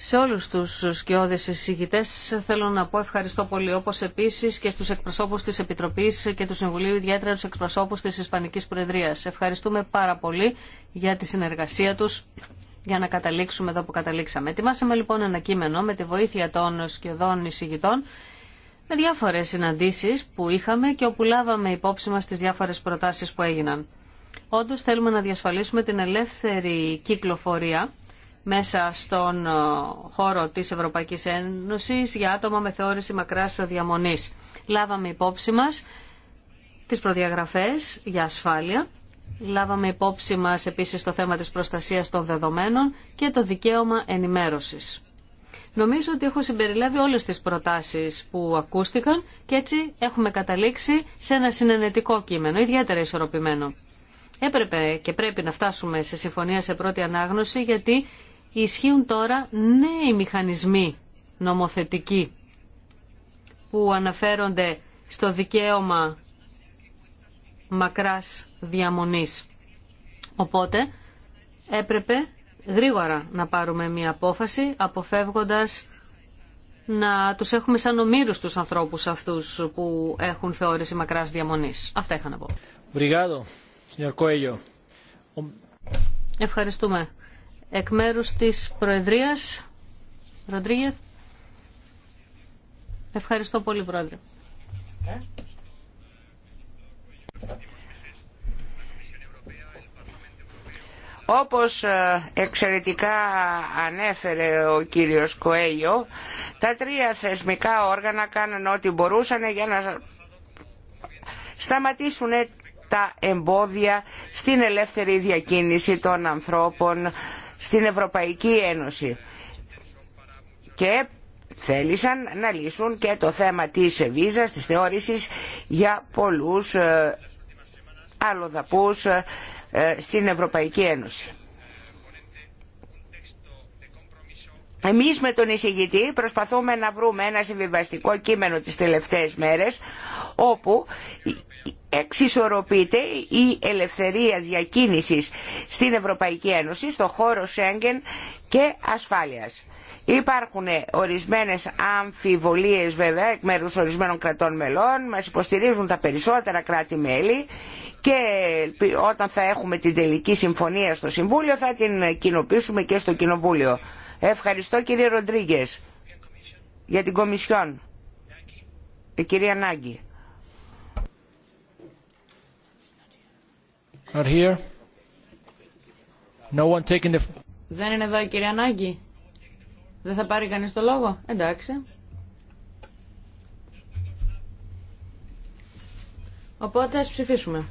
Σε όλους τους σκιώδες εισηγητές θέλω να πω ευχαριστώ πολύ, όπως επίσης και στους εκπροσώπους της Επιτροπής και του Συμβουλίου, ιδιαίτερα τους εκπροσώπους της Ισπανικής Προεδρίας. Ευχαριστούμε πάρα πολύ για τη συνεργασία τους για να καταλήξουμε εδώ που καταλήξαμε. Ετοιμάσαμε λοιπόν ένα κείμενο με τη βοήθεια των σκιωδών εισηγητών με διάφορες συναντήσεις που είχαμε και όπου λάβαμε υπόψη μας τις διάφορες προτάσεις που έγιναν. Όντω θέλουμε να διασφαλίσουμε την ελεύθερη κυκλοφορία μέσα στον ε, χώρο της Ευρωπαϊκής Ένωσης για άτομα με θεώρηση μακράς διαμονής. Λάβαμε υπόψη μας τις προδιαγραφές για ασφάλεια, λάβαμε υπόψη μας επίσης το θέμα της προστασίας των δεδομένων και το δικαίωμα ενημέρωσης. Νομίζω ότι έχω συμπεριλάβει όλες τις προτάσεις που ακούστηκαν και έτσι έχουμε καταλήξει σε ένα συνενετικό κείμενο, ιδιαίτερα ισορροπημένο. Έπρεπε και πρέπει να φτάσουμε σε συμφωνία σε πρώτη ανάγνωση γιατί ισχύουν τώρα νέοι μηχανισμοί νομοθετικοί που αναφέρονται στο δικαίωμα μακράς διαμονής. Οπότε έπρεπε γρήγορα να πάρουμε μια απόφαση αποφεύγοντας να τους έχουμε σαν ομήρους τους ανθρώπους αυτούς που έχουν θεώρηση μακράς διαμονής. Αυτά είχα να πω. Ευχαριστούμε εκ μέρους της Προεδρίας. Ροντρίγεθ. Ευχαριστώ πολύ, Πρόεδρε. Όπως ε, εξαιρετικά ανέφερε ο κύριος Κοέλιο, τα τρία θεσμικά όργανα κάναν ό,τι μπορούσαν για να σταματήσουν τα εμπόδια στην ελεύθερη διακίνηση των ανθρώπων στην Ευρωπαϊκή Ένωση και θέλησαν να λύσουν και το θέμα της βίζας, της θεώρησης για πολλούς ε, αλλοδαπούς ε, ε, στην Ευρωπαϊκή Ένωση. Εμείς με τον εισηγητή προσπαθούμε να βρούμε ένα συμβιβαστικό κείμενο τις τελευταίες μέρες όπου εξισορροπείται η ελευθερία διακίνησης στην Ευρωπαϊκή Ένωση, στο χώρο Σέγγεν και ασφάλειας. Υπάρχουν ορισμένες αμφιβολίες βέβαια εκ μέρους ορισμένων κρατών μελών, μας υποστηρίζουν τα περισσότερα κράτη-μέλη και όταν θα έχουμε την τελική συμφωνία στο Συμβούλιο θα την κοινοποιήσουμε και στο Κοινοβούλιο. Ευχαριστώ κύριε Ροντρίγκε για την Κομισιόν. Η κυρία Νάγκη. Δεν είναι εδώ η κυρία Νάγκη. Δεν θα πάρει κανείς το λόγο. Εντάξει. Οπότε ας ψηφίσουμε.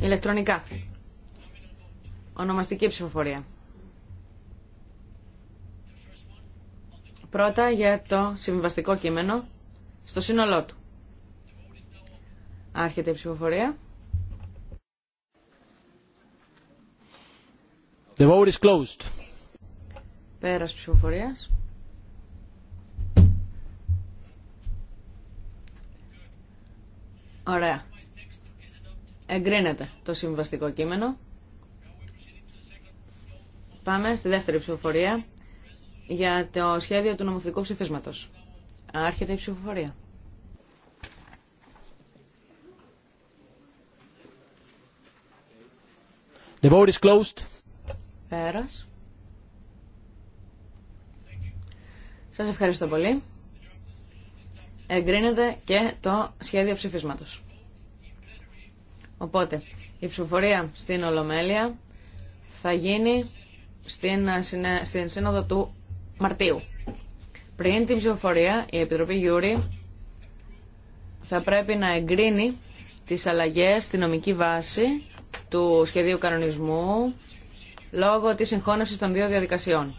Ηλεκτρονικά. Ονομαστική ψηφοφορία. Πρώτα για το συμβιβαστικό κείμενο στο σύνολό του. Άρχεται η ψηφοφορία. The vote is closed. Πέρας ψηφοφορίας. Ωραία. Εγκρίνεται το συμβαστικό κείμενο. Πάμε στη δεύτερη ψηφοφορία για το σχέδιο του νομοθετικού ψηφίσματος. Άρχεται η ψηφοφορία. The vote is closed. Πέρας. Σας ευχαριστώ πολύ. Εγκρίνεται και το σχέδιο ψηφίσματος. Οπότε, η ψηφοφορία στην Ολομέλεια θα γίνει στην, ε, στην σύνοδο του Μαρτίου. Πριν την ψηφοφορία, η Επιτροπή Γιούρη θα πρέπει να εγκρίνει τις αλλαγές στη νομική βάση του σχεδίου κανονισμού λόγω της συγχώνευσης των δύο διαδικασιών.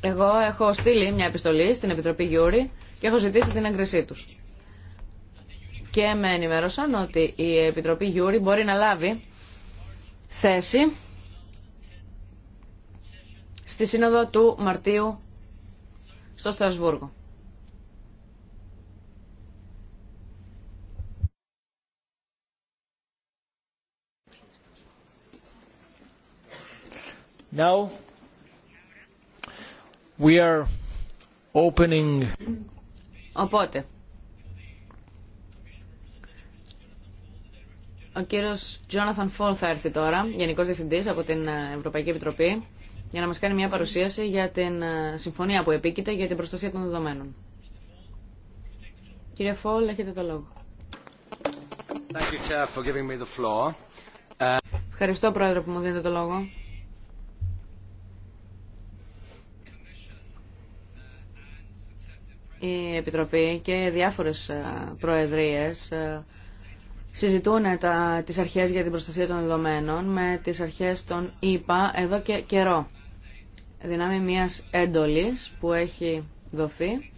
Εγώ έχω στείλει μια επιστολή στην Επιτροπή Γιούρη και έχω ζητήσει την έγκρισή τους. Και με ενημέρωσαν ότι η Επιτροπή Γιούρη μπορεί να λάβει θέση στη Σύνοδο του Μαρτίου στο Στρασβούργο. Now we are opening... Οπότε, ο κύριος Τζόναθαν Φόλ θα έρθει τώρα, Γενικός Διευθυντής από την ε, Ευρωπαϊκή Επιτροπή για να μας κάνει μια παρουσίαση για την ε, συμφωνία που επίκειται για την προστασία των δεδομένων. Κύριε Φόλ, έχετε το λόγο. Ευχαριστώ, Πρόεδρε, που μου δίνετε το λόγο. Η Επιτροπή και διάφορες ε, προεδρίες ε, συζητούν τις αρχές για την προστασία των δεδομένων με τις αρχές των ΙΠΑ εδώ και καιρό δυνάμει μιας έντολης που έχει δοθεί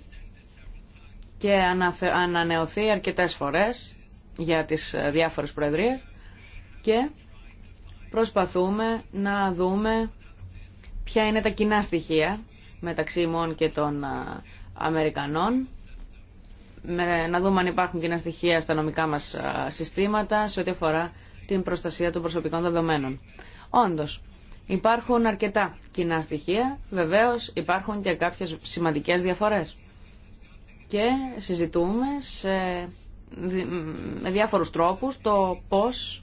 και ανανεωθεί αρκετές φορές για τις ε, διάφορες προεδρίες και προσπαθούμε να δούμε ποια είναι τα κοινά στοιχεία μεταξύ ημών και των ε, Αμερικανών να δούμε αν υπάρχουν κοινά στοιχεία στα νομικά μας ε, συστήματα σε ό,τι αφορά την προστασία των προσωπικών δεδομένων. Όντως, Υπάρχουν αρκετά κοινά στοιχεία, βεβαίως υπάρχουν και κάποιες σημαντικές διαφορές. Και συζητούμε σε, με διάφορους τρόπους το πώς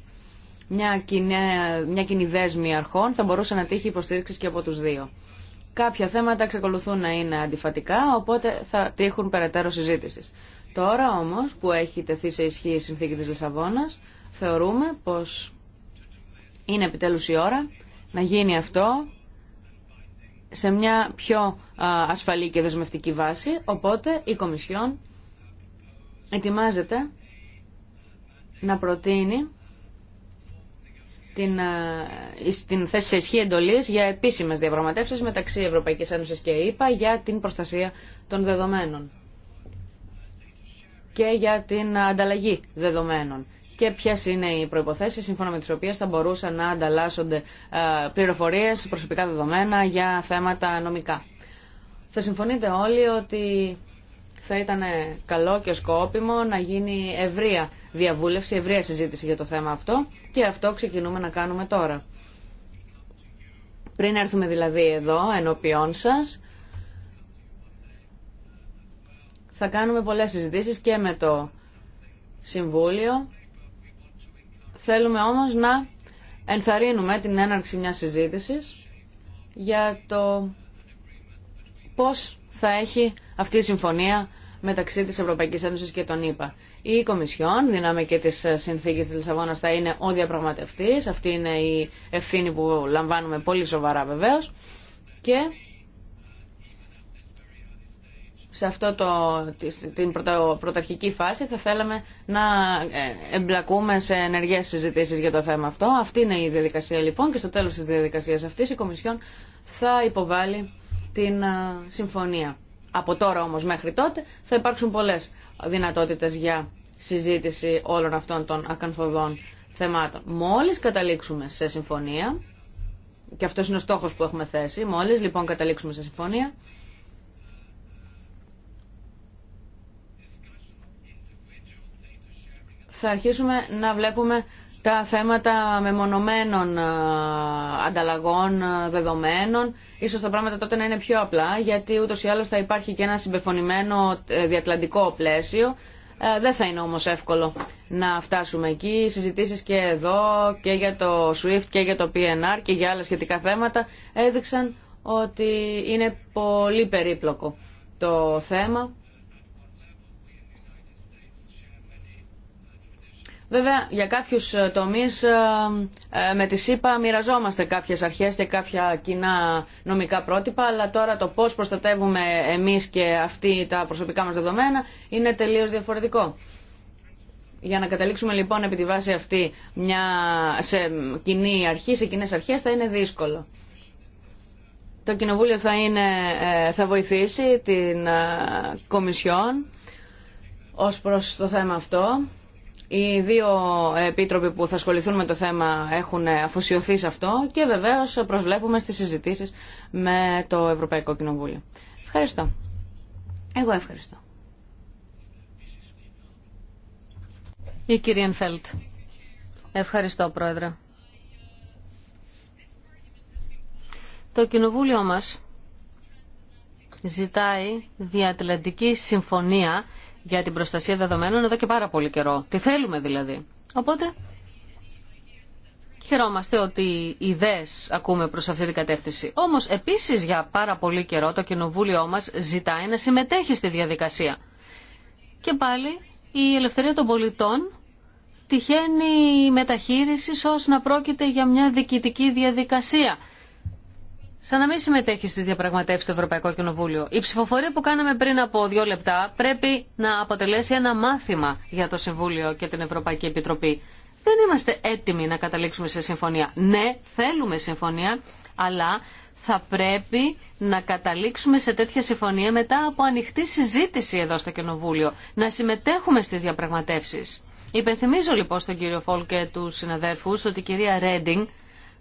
μια κοινή, μια κοινή δέσμη αρχών θα μπορούσε να τύχει υποστήριξη και από τους δύο. Κάποια θέματα εξακολουθούν να είναι αντιφατικά, οπότε θα τύχουν περαιτέρω συζήτηση. Τώρα όμως που έχει τεθεί σε ισχύ η συνθήκη της Λισαβόνας, θεωρούμε πως μια κοινη μια δεσμη αρχων θα μπορουσε να τυχει υποστηριξη και απο τους δυο καποια θεματα επιτέλους η ώρα να γίνει αυτό σε μια πιο ασφαλή και δεσμευτική βάση, οπότε η Κομισιόν ετοιμάζεται να προτείνει την, την θέση σε ισχύ εντολή για επίσημε διαπραγματεύσει μεταξύ Ευρωπαϊκή Ένωση και ΕΕ για την προστασία των δεδομένων και για την ανταλλαγή δεδομένων και ποιε είναι οι προποθέσει σύμφωνα με τι οποίε θα μπορούσαν να ανταλλάσσονται ε, πληροφορίε, προσωπικά δεδομένα για θέματα νομικά. Θα συμφωνείτε όλοι ότι θα ήταν καλό και σκόπιμο να γίνει ευρεία διαβούλευση, ευρεία συζήτηση για το θέμα αυτό και αυτό ξεκινούμε να κάνουμε τώρα. Πριν έρθουμε δηλαδή εδώ ενώπιόν σας, θα κάνουμε πολλές συζητήσεις και με το Συμβούλιο Θέλουμε όμως να ενθαρρύνουμε την έναρξη μιας συζήτησης για το πώς θα έχει αυτή η συμφωνία μεταξύ της Ευρωπαϊκής Ένωσης και των ΗΠΑ. Η Κομισιόν, δυνάμει και της συνθήκης της Λισαβόνας, θα είναι ο διαπραγματευτής. Αυτή είναι η ευθύνη που λαμβάνουμε πολύ σοβαρά βεβαίως. Και σε αυτό το, την πρωταρχική φάση θα θέλαμε να ε, εμπλακούμε σε ενεργές συζητήσεις για το θέμα αυτό. Αυτή είναι η διαδικασία λοιπόν και στο τέλος της διαδικασίας αυτής η Κομισιόν θα υποβάλει την ε, συμφωνία. Από τώρα όμως μέχρι τότε θα υπάρξουν πολλές δυνατότητες για συζήτηση όλων αυτών των ακανθοδών θεμάτων. Μόλις καταλήξουμε σε συμφωνία, και αυτός είναι ο στόχος που έχουμε θέσει, μόλις λοιπόν καταλήξουμε σε συμφωνία, θα αρχίσουμε να βλέπουμε τα θέματα μεμονωμένων ανταλλαγών δεδομένων. Ίσως τα πράγματα τότε να είναι πιο απλά, γιατί ούτως ή άλλως θα υπάρχει και ένα συμπεφωνημένο ε, διατλαντικό πλαίσιο. Ε, δεν θα είναι όμως εύκολο να φτάσουμε εκεί. Οι συζητήσεις και εδώ και για το SWIFT και για το PNR και για άλλα σχετικά θέματα έδειξαν ότι είναι πολύ περίπλοκο το θέμα Βέβαια, για κάποιους ε, τομείς ε, ε, με τη ΣΥΠΑ μοιραζόμαστε κάποιες αρχέ και κάποια κοινά νομικά πρότυπα, αλλά τώρα το πώ προστατεύουμε εμείς και αυτοί τα προσωπικά μας δεδομένα είναι τελείως διαφορετικό. Για να καταλήξουμε λοιπόν επί τη βάση αυτή μια, σε κοινή αρχή, σε κοινέ αρχές θα είναι δύσκολο. Το Κοινοβούλιο θα, είναι, θα βοηθήσει την Κομισιόν ως προς το θέμα αυτό. Οι δύο επίτροποι που θα ασχοληθούν με το θέμα έχουν αφοσιωθεί σε αυτό και βεβαίως προσβλέπουμε στι συζητήσει με το Ευρωπαϊκό Κοινοβούλιο. Ευχαριστώ. Εγώ ευχαριστώ. Η κυρία Ενφέλτ. Ευχαριστώ, Πρόεδρε. Το Κοινοβούλιο μας ζητάει διατλαντική συμφωνία για την προστασία δεδομένων εδώ και πάρα πολύ καιρό. Τι θέλουμε δηλαδή. Οπότε χαιρόμαστε ότι οι ιδέες ακούμε προς αυτή την κατεύθυνση. Όμως επίσης για πάρα πολύ καιρό το κοινοβούλιο μας ζητάει να συμμετέχει στη διαδικασία. Και πάλι η ελευθερία των πολιτών τυχαίνει μεταχείριση ως να πρόκειται για μια διοικητική διαδικασία σαν να μην συμμετέχει στι διαπραγματεύσει του Ευρωπαϊκού Κοινοβούλιο. Η ψηφοφορία που κάναμε πριν από δύο λεπτά πρέπει να αποτελέσει ένα μάθημα για το Συμβούλιο και την Ευρωπαϊκή Επιτροπή. Δεν είμαστε έτοιμοι να καταλήξουμε σε συμφωνία. Ναι, θέλουμε συμφωνία, αλλά θα πρέπει να καταλήξουμε σε τέτοια συμφωνία μετά από ανοιχτή συζήτηση εδώ στο Κοινοβούλιο. Να συμμετέχουμε στι διαπραγματεύσει. Υπενθυμίζω λοιπόν στον κύριο Φόλ και του συναδέρφους ότι η κυρία Ρέντινγκ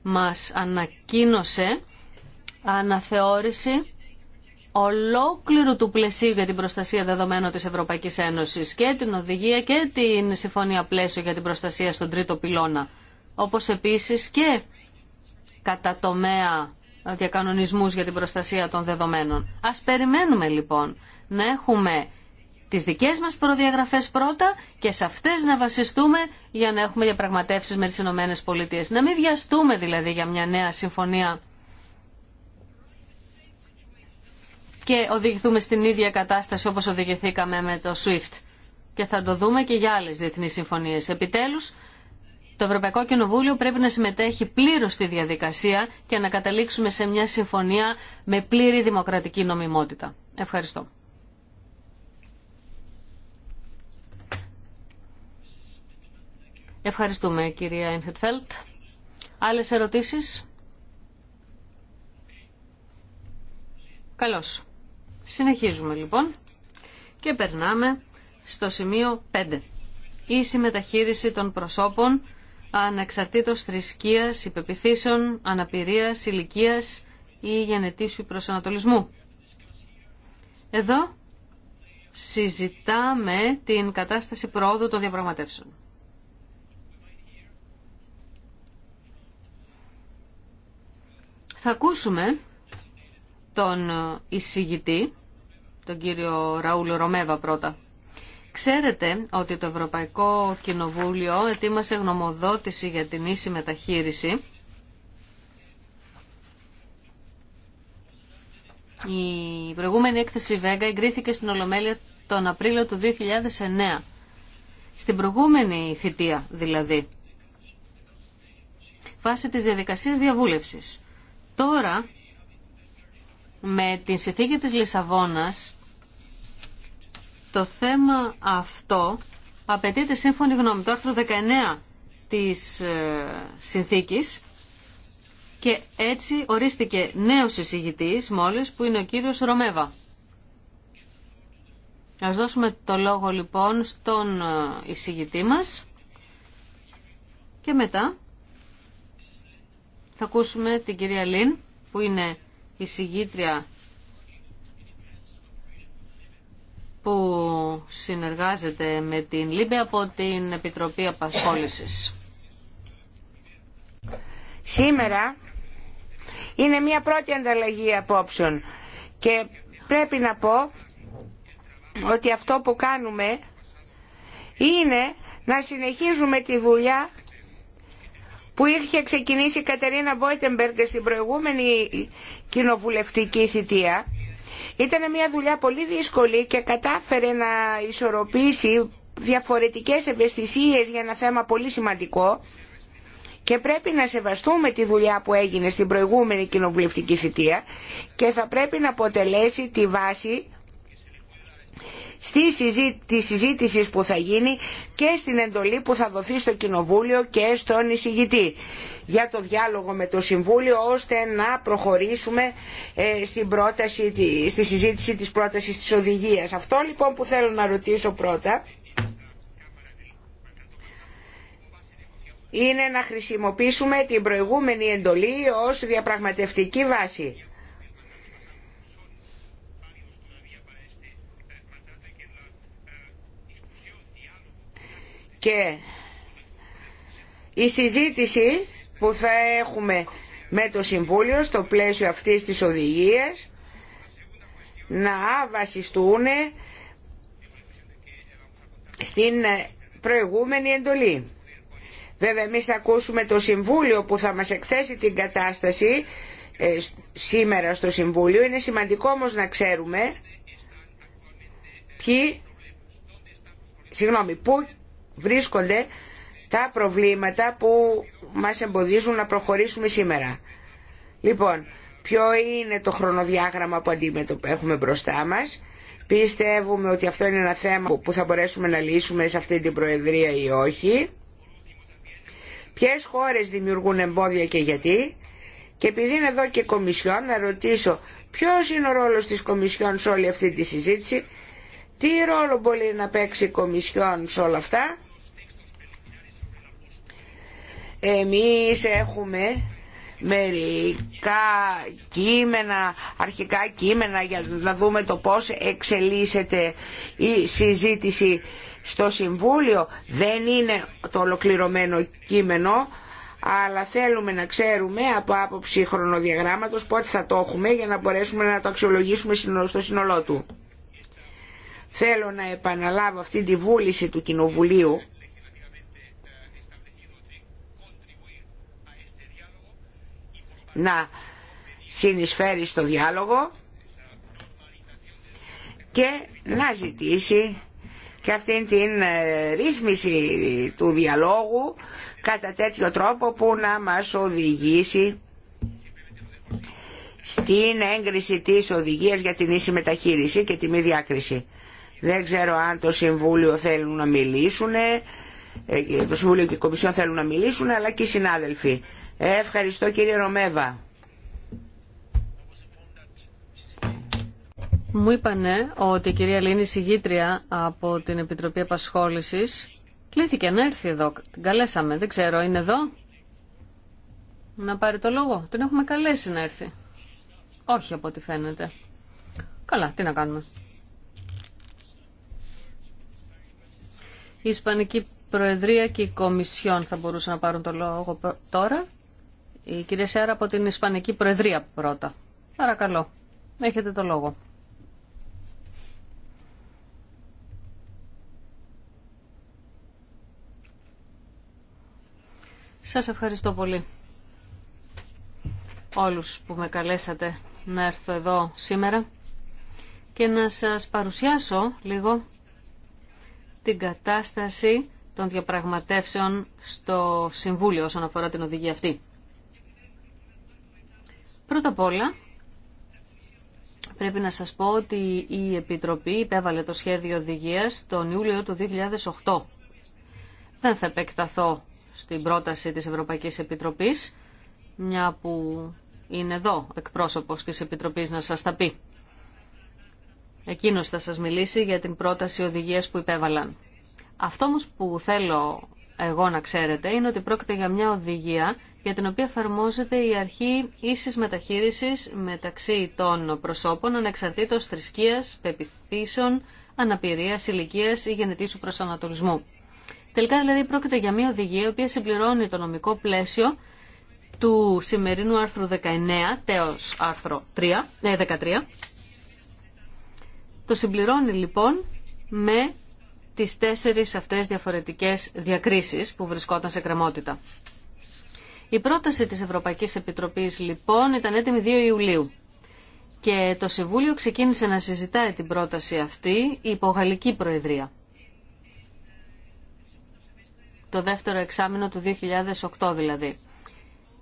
μα ανακοίνωσε αναθεώρηση ολόκληρου του πλαισίου για την προστασία δεδομένων της Ευρωπαϊκής Ένωσης και την οδηγία και την συμφωνία πλαίσιο για την προστασία στον τρίτο πυλώνα. Όπως επίσης και κατά τομέα διακανονισμούς για την προστασία των δεδομένων. Ας περιμένουμε λοιπόν να έχουμε τις δικές μας προδιαγραφές πρώτα και σε αυτές να βασιστούμε για να έχουμε διαπραγματεύσεις με τις Ηνωμένες Πολιτείες. Να μην βιαστούμε δηλαδή για μια νέα συμφωνία και οδηγηθούμε στην ίδια κατάσταση όπως οδηγηθήκαμε με το SWIFT. Και θα το δούμε και για άλλες διεθνείς συμφωνίες. Επιτέλους, το Ευρωπαϊκό Κοινοβούλιο πρέπει να συμμετέχει πλήρως στη διαδικασία και να καταλήξουμε σε μια συμφωνία με πλήρη δημοκρατική νομιμότητα. Ευχαριστώ. Ευχαριστούμε κυρία Ινχετφέλτ. Άλλες ερωτήσεις. Καλώς. Συνεχίζουμε λοιπόν και περνάμε στο σημείο 5. ή μεταχείριση των προσώπων ανεξαρτήτως θρησκείας, υπεπιθύσεων, αναπηρίας, ηλικίας ή γενετήσου προσανατολισμού. Εδώ συζητάμε την κατάσταση πρόοδου των διαπραγματεύσεων. Θα ακούσουμε τον εισηγητή, τον κύριο Ραούλ Ρωμέβα πρώτα. Ξέρετε ότι το Ευρωπαϊκό Κοινοβούλιο ετοίμασε γνωμοδότηση για την ίση μεταχείριση. Η προηγούμενη έκθεση Βέγγα εγκρίθηκε στην Ολομέλεια τον Απρίλιο του 2009. Στην προηγούμενη θητεία δηλαδή. Βάσει της διαδικασίας διαβούλευσης. Τώρα με την συνθήκη της Λισαβόνας, το θέμα αυτό απαιτείται σύμφωνη γνώμη. Το άρθρο 19 της ε, συνθήκης και έτσι ορίστηκε νέος εισηγητής μόλις που είναι ο κύριος Ρωμέβα. Ας δώσουμε το λόγο λοιπόν στον ε, εισηγητή μας και μετά θα ακούσουμε την κυρία Λίν που είναι συγγήτρια που συνεργάζεται με την ΛΥΜΠΕ από την Επιτροπή Απασχόλησης. Σήμερα είναι μια πρώτη ανταλλαγή απόψεων και πρέπει να πω ότι αυτό που κάνουμε είναι να συνεχίζουμε τη δουλειά που είχε ξεκινήσει η Κατερίνα Μπόιτεμπεργκ στην προηγούμενη κοινοβουλευτική θητεία ήταν μια δουλειά πολύ δύσκολη και κατάφερε να ισορροπήσει διαφορετικές ευαισθησίες για ένα θέμα πολύ σημαντικό και πρέπει να σεβαστούμε τη δουλειά που έγινε στην προηγούμενη κοινοβουλευτική θητεία και θα πρέπει να αποτελέσει τη βάση στη συζήτηση που θα γίνει και στην εντολή που θα δοθεί στο Κοινοβούλιο και στον εισηγητή για το διάλογο με το Συμβούλιο ώστε να προχωρήσουμε ε, στην πρόταση, στη συζήτηση της πρότασης της οδηγίας. Αυτό λοιπόν που θέλω να ρωτήσω πρώτα είναι να χρησιμοποιήσουμε την προηγούμενη εντολή ως διαπραγματευτική βάση και η συζήτηση που θα έχουμε με το Συμβούλιο στο πλαίσιο αυτής της οδηγίας να βασιστούν στην προηγούμενη εντολή. Βέβαια εμεί θα ακούσουμε το Συμβούλιο που θα μας εκθέσει την κατάσταση ε, σήμερα στο Συμβούλιο. Είναι σημαντικό όμως να ξέρουμε ποιοι, συγγνώμη, πού βρίσκονται τα προβλήματα που μας εμποδίζουν να προχωρήσουμε σήμερα. Λοιπόν, ποιο είναι το χρονοδιάγραμμα που έχουμε μπροστά μας. Πιστεύουμε ότι αυτό είναι ένα θέμα που θα μπορέσουμε να λύσουμε σε αυτή την Προεδρία ή όχι. Ποιες χώρες δημιουργούν εμπόδια και γιατί. Και επειδή είναι εδώ και Κομισιόν, να ρωτήσω ποιος είναι ο ρόλος της Κομισιόν σε όλη αυτή τη συζήτηση. Τι ρόλο μπορεί να παίξει η Κομισιόν σε όλα αυτά εμείς έχουμε μερικά κείμενα, αρχικά κείμενα για να δούμε το πώς εξελίσσεται η συζήτηση στο Συμβούλιο. Δεν είναι το ολοκληρωμένο κείμενο, αλλά θέλουμε να ξέρουμε από άποψη χρονοδιαγράμματος πότε θα το έχουμε για να μπορέσουμε να το αξιολογήσουμε στο σύνολό του. Θέλω να επαναλάβω αυτή τη βούληση του Κοινοβουλίου να συνεισφέρει στο διάλογο και να ζητήσει και αυτήν την ε, ρύθμιση του διαλόγου κατά τέτοιο τρόπο που να μας οδηγήσει στην έγκριση της οδηγίας για την ίση μεταχείριση και τη μη διάκριση. Δεν ξέρω αν το Συμβούλιο θέλουν να μιλήσουν, ε, το Συμβούλιο και η Κομισιόν θέλουν να μιλήσουν, αλλά και οι συνάδελφοι. Ευχαριστώ κύριε Ρωμέβα. Μου είπανε ότι η κυρία Λίνη Συγήτρια από την Επιτροπή Επασχόλησης κλήθηκε να έρθει εδώ. Την καλέσαμε. Δεν ξέρω, είναι εδώ. Να πάρει το λόγο. Την έχουμε καλέσει να έρθει. Όχι από ό,τι φαίνεται. Καλά, τι να κάνουμε. Η Ισπανική Προεδρία και η Κομισιόν θα μπορούσαν να πάρουν το λόγο τώρα η κυρία Σέρα από την Ισπανική Προεδρία πρώτα. Παρακαλώ, έχετε το λόγο. Σας ευχαριστώ πολύ όλους που με καλέσατε να έρθω εδώ σήμερα και να σας παρουσιάσω λίγο την κατάσταση των διαπραγματεύσεων στο Συμβούλιο όσον αφορά την οδηγία αυτή. Πρώτα απ' όλα, πρέπει να σας πω ότι η Επιτροπή υπέβαλε το σχέδιο οδηγίας τον Ιούλιο του 2008. Δεν θα επεκταθώ στην πρόταση της Ευρωπαϊκής Επιτροπής, μια που είναι εδώ εκπρόσωπος της Επιτροπής να σας τα πει. Εκείνος θα σας μιλήσει για την πρόταση οδηγίας που υπέβαλαν. Αυτό όμως που θέλω εγώ να ξέρετε είναι ότι πρόκειται για μια οδηγία για την οποία εφαρμόζεται η αρχή ίσης μεταχείρισης μεταξύ των προσώπων ανεξαρτήτως θρησκείας, πεπιθήσεων, αναπηρίας, ηλικίας ή γενετήσου προσανατολισμού. Τελικά δηλαδή πρόκειται για μια οδηγία η οποία συμπληρώνει το νομικό πλαίσιο του σημερινού άρθρου 19, τέος άρθρο 3, ε, 13. Το συμπληρώνει λοιπόν με τις τέσσερις αυτές διαφορετικές διακρίσεις που βρισκόταν σε κρεμότητα. Η πρόταση της Ευρωπαϊκής Επιτροπής λοιπόν ήταν έτοιμη 2 Ιουλίου και το Συμβούλιο ξεκίνησε να συζητάει την πρόταση αυτή υπό Γαλλική Προεδρία το δεύτερο εξάμεινο του 2008 δηλαδή.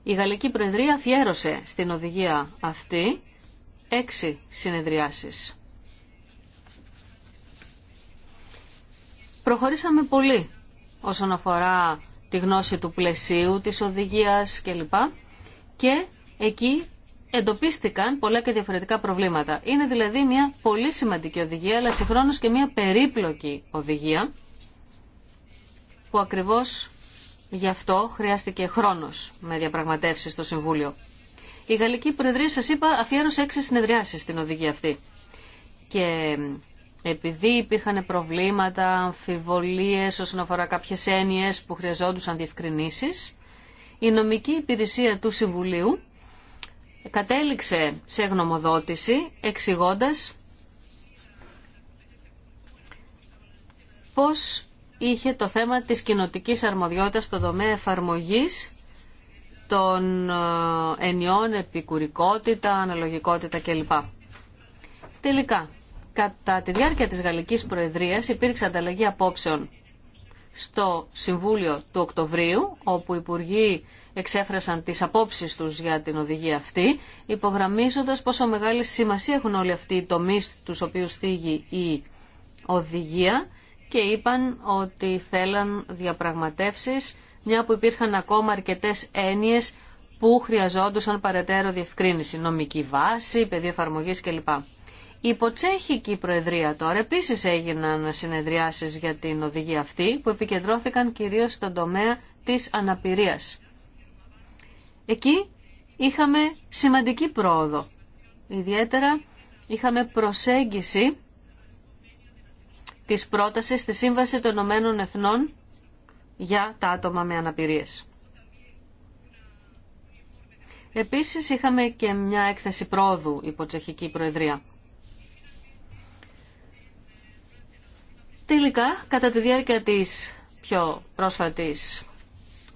Η Γαλλική Προεδρία αφιέρωσε στην οδηγία αυτή έξι συνεδριάσεις. Προχωρήσαμε πολύ όσον αφορά τη γνώση του πλαισίου, της οδηγίας κλπ. Και εκεί εντοπίστηκαν πολλά και διαφορετικά προβλήματα. Είναι δηλαδή μια πολύ σημαντική οδηγία, αλλά συγχρόνως και μια περίπλοκη οδηγία, που ακριβώς γι' αυτό χρειάστηκε χρόνος με διαπραγματεύσεις στο Συμβούλιο. Η Γαλλική Προεδρία, σας είπα, αφιέρωσε έξι συνεδριάσεις στην οδηγία αυτή. Και επειδή υπήρχαν προβλήματα, αμφιβολίες όσον αφορά κάποιες έννοιες που χρειαζόντουσαν διευκρινήσεις, η νομική υπηρεσία του Συμβουλίου κατέληξε σε γνωμοδότηση εξηγώντας πώς είχε το θέμα της κοινοτικής αρμοδιότητας στο τομέα εφαρμογής των ε, ενιών επικουρικότητα, αναλογικότητα κλπ. Τελικά, Κατά τη διάρκεια της Γαλλικής Προεδρίας υπήρξε ανταλλαγή απόψεων στο Συμβούλιο του Οκτωβρίου, όπου οι Υπουργοί εξέφρασαν τις απόψεις τους για την οδηγία αυτή, υπογραμμίζοντας πόσο μεγάλη σημασία έχουν όλοι αυτοί οι τομείς τους οποίους θίγει η οδηγία και είπαν ότι θέλαν διαπραγματεύσεις, μια που υπήρχαν ακόμα αρκετές έννοιες που χρειαζόντουσαν παρετέρω διευκρίνηση, νομική βάση, πεδίο εφαρμογή κλπ. Η Τσέχικη Προεδρία τώρα επίσης έγιναν συνεδριάσεις για την οδηγία αυτή που επικεντρώθηκαν κυρίως στον τομέα της αναπηρίας. Εκεί είχαμε σημαντική πρόοδο. Ιδιαίτερα είχαμε προσέγγιση της πρότασης στη Σύμβαση των Ηνωμένων Εθνών για τα άτομα με αναπηρίες. Επίσης είχαμε και μια έκθεση πρόοδου υπό Τσεχική Προεδρία. Τελικά, κατά τη διάρκεια της πιο πρόσφατης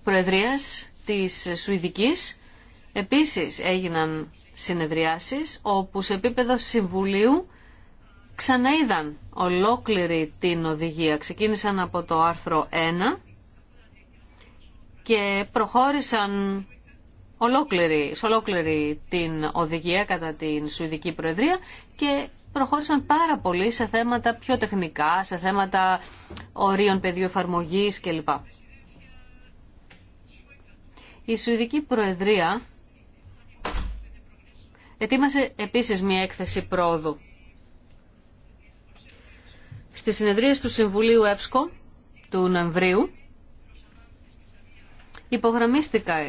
προεδρίας της Σουηδικής, επίσης έγιναν συνεδριάσεις όπου σε επίπεδο Συμβουλίου ξαναείδαν ολόκληρη την οδηγία. Ξεκίνησαν από το άρθρο 1 και προχώρησαν ολόκληρη, σε ολόκληρη την οδηγία κατά την Σουηδική Προεδρία και προχώρησαν πάρα πολύ σε θέματα πιο τεχνικά, σε θέματα ορίων πεδίου εφαρμογή κλπ. Η Σουηδική Προεδρία ετοίμασε επίσης μια έκθεση πρόοδου. στη συνεδρίες του Συμβουλίου Εύσκο του Νοεμβρίου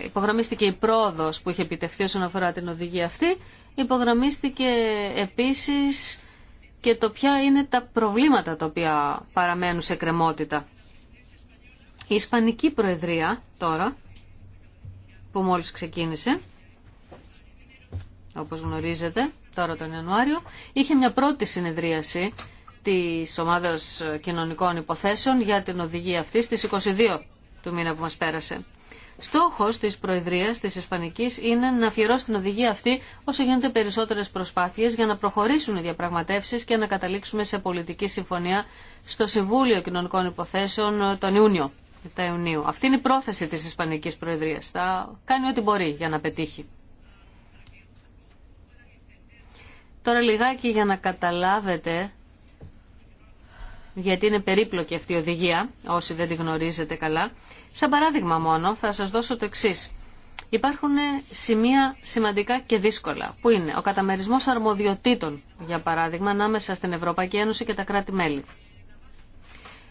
υπογραμμίστηκε η πρόοδος που είχε επιτευχθεί όσον αφορά την οδηγία αυτή υπογραμμίστηκε επίσης και το ποια είναι τα προβλήματα τα οποία παραμένουν σε κρεμότητα. Η Ισπανική Προεδρία τώρα, που μόλις ξεκίνησε, όπως γνωρίζετε, τώρα τον Ιανουάριο, είχε μια πρώτη συνεδρίαση της Ομάδας Κοινωνικών Υποθέσεων για την οδηγία αυτή στις 22 του μήνα που μας πέρασε. Στόχο τη Προεδρία τη Ισπανική είναι να αφιερώσει την οδηγία αυτή όσο γίνονται περισσότερε προσπάθειες για να προχωρήσουν οι διαπραγματεύσει και να καταλήξουμε σε πολιτική συμφωνία στο Συμβούλιο Κοινωνικών Υποθέσεων τον Ιούνιο. Ιουνίου. Αυτή είναι η πρόθεση τη ισπανική προεδρία. Θα κάνει ό,τι μπορεί για να πετύχει. Τώρα λιγάκι για να καταλάβετε γιατί είναι περίπλοκη αυτή η οδηγία, όσοι δεν τη γνωρίζετε καλά. Σαν παράδειγμα μόνο θα σας δώσω το εξή. Υπάρχουν σημεία σημαντικά και δύσκολα, που είναι ο καταμερισμός αρμοδιοτήτων, για παράδειγμα, ανάμεσα στην Ευρωπαϊκή Ένωση και τα κράτη-μέλη.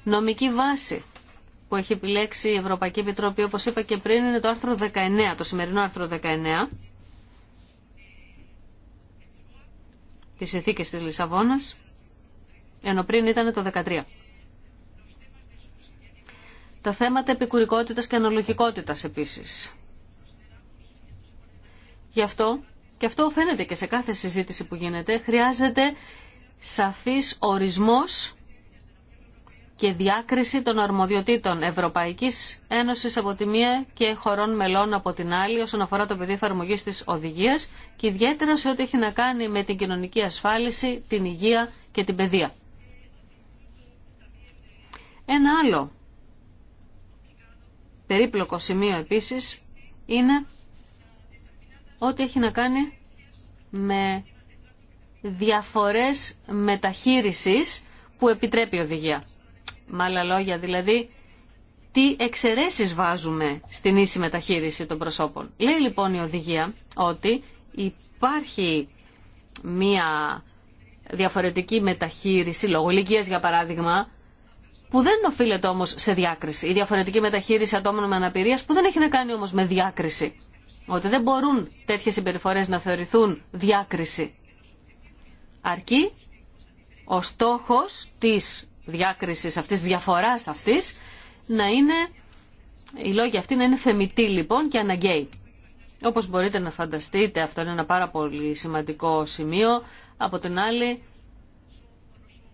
Νομική βάση που έχει επιλέξει η Ευρωπαϊκή Επιτροπή, όπως είπα και πριν, είναι το άρθρο 19, το σημερινό άρθρο 19, της ηθίκης της Λισαβόνας, ενώ πριν ήταν το 13. Τα θέματα επικουρικότητας και αναλογικότητας επίσης. Γι' αυτό, και αυτό φαίνεται και σε κάθε συζήτηση που γίνεται, χρειάζεται σαφής ορισμός και διάκριση των αρμοδιοτήτων Ευρωπαϊκής Ένωσης από τη μία και χωρών μελών από την άλλη όσον αφορά το πεδίο εφαρμογή τη οδηγία και ιδιαίτερα σε ό,τι έχει να κάνει με την κοινωνική ασφάλιση, την υγεία και την παιδεία. Ένα άλλο περίπλοκο σημείο επίσης είναι ό,τι έχει να κάνει με διαφορές μεταχείρισης που επιτρέπει η οδηγία. Με άλλα λόγια δηλαδή, τι εξαιρέσεις βάζουμε στην ίση μεταχείριση των προσώπων. Λέει λοιπόν η οδηγία ότι υπάρχει μία διαφορετική μεταχείριση, λόγω για παράδειγμα, που δεν οφείλεται όμως σε διάκριση. Η διαφορετική μεταχείριση ατόμων με αναπηρία που δεν έχει να κάνει όμως με διάκριση. Ότι δεν μπορούν τέτοιες συμπεριφορέ να θεωρηθούν διάκριση. Αρκεί ο στόχος της διάκρισης αυτής, της διαφοράς αυτής, να είναι, η λόγοι αυτοί να είναι θεμητοί λοιπόν και αναγκαίοι. Όπως μπορείτε να φανταστείτε, αυτό είναι ένα πάρα πολύ σημαντικό σημείο. Από την άλλη,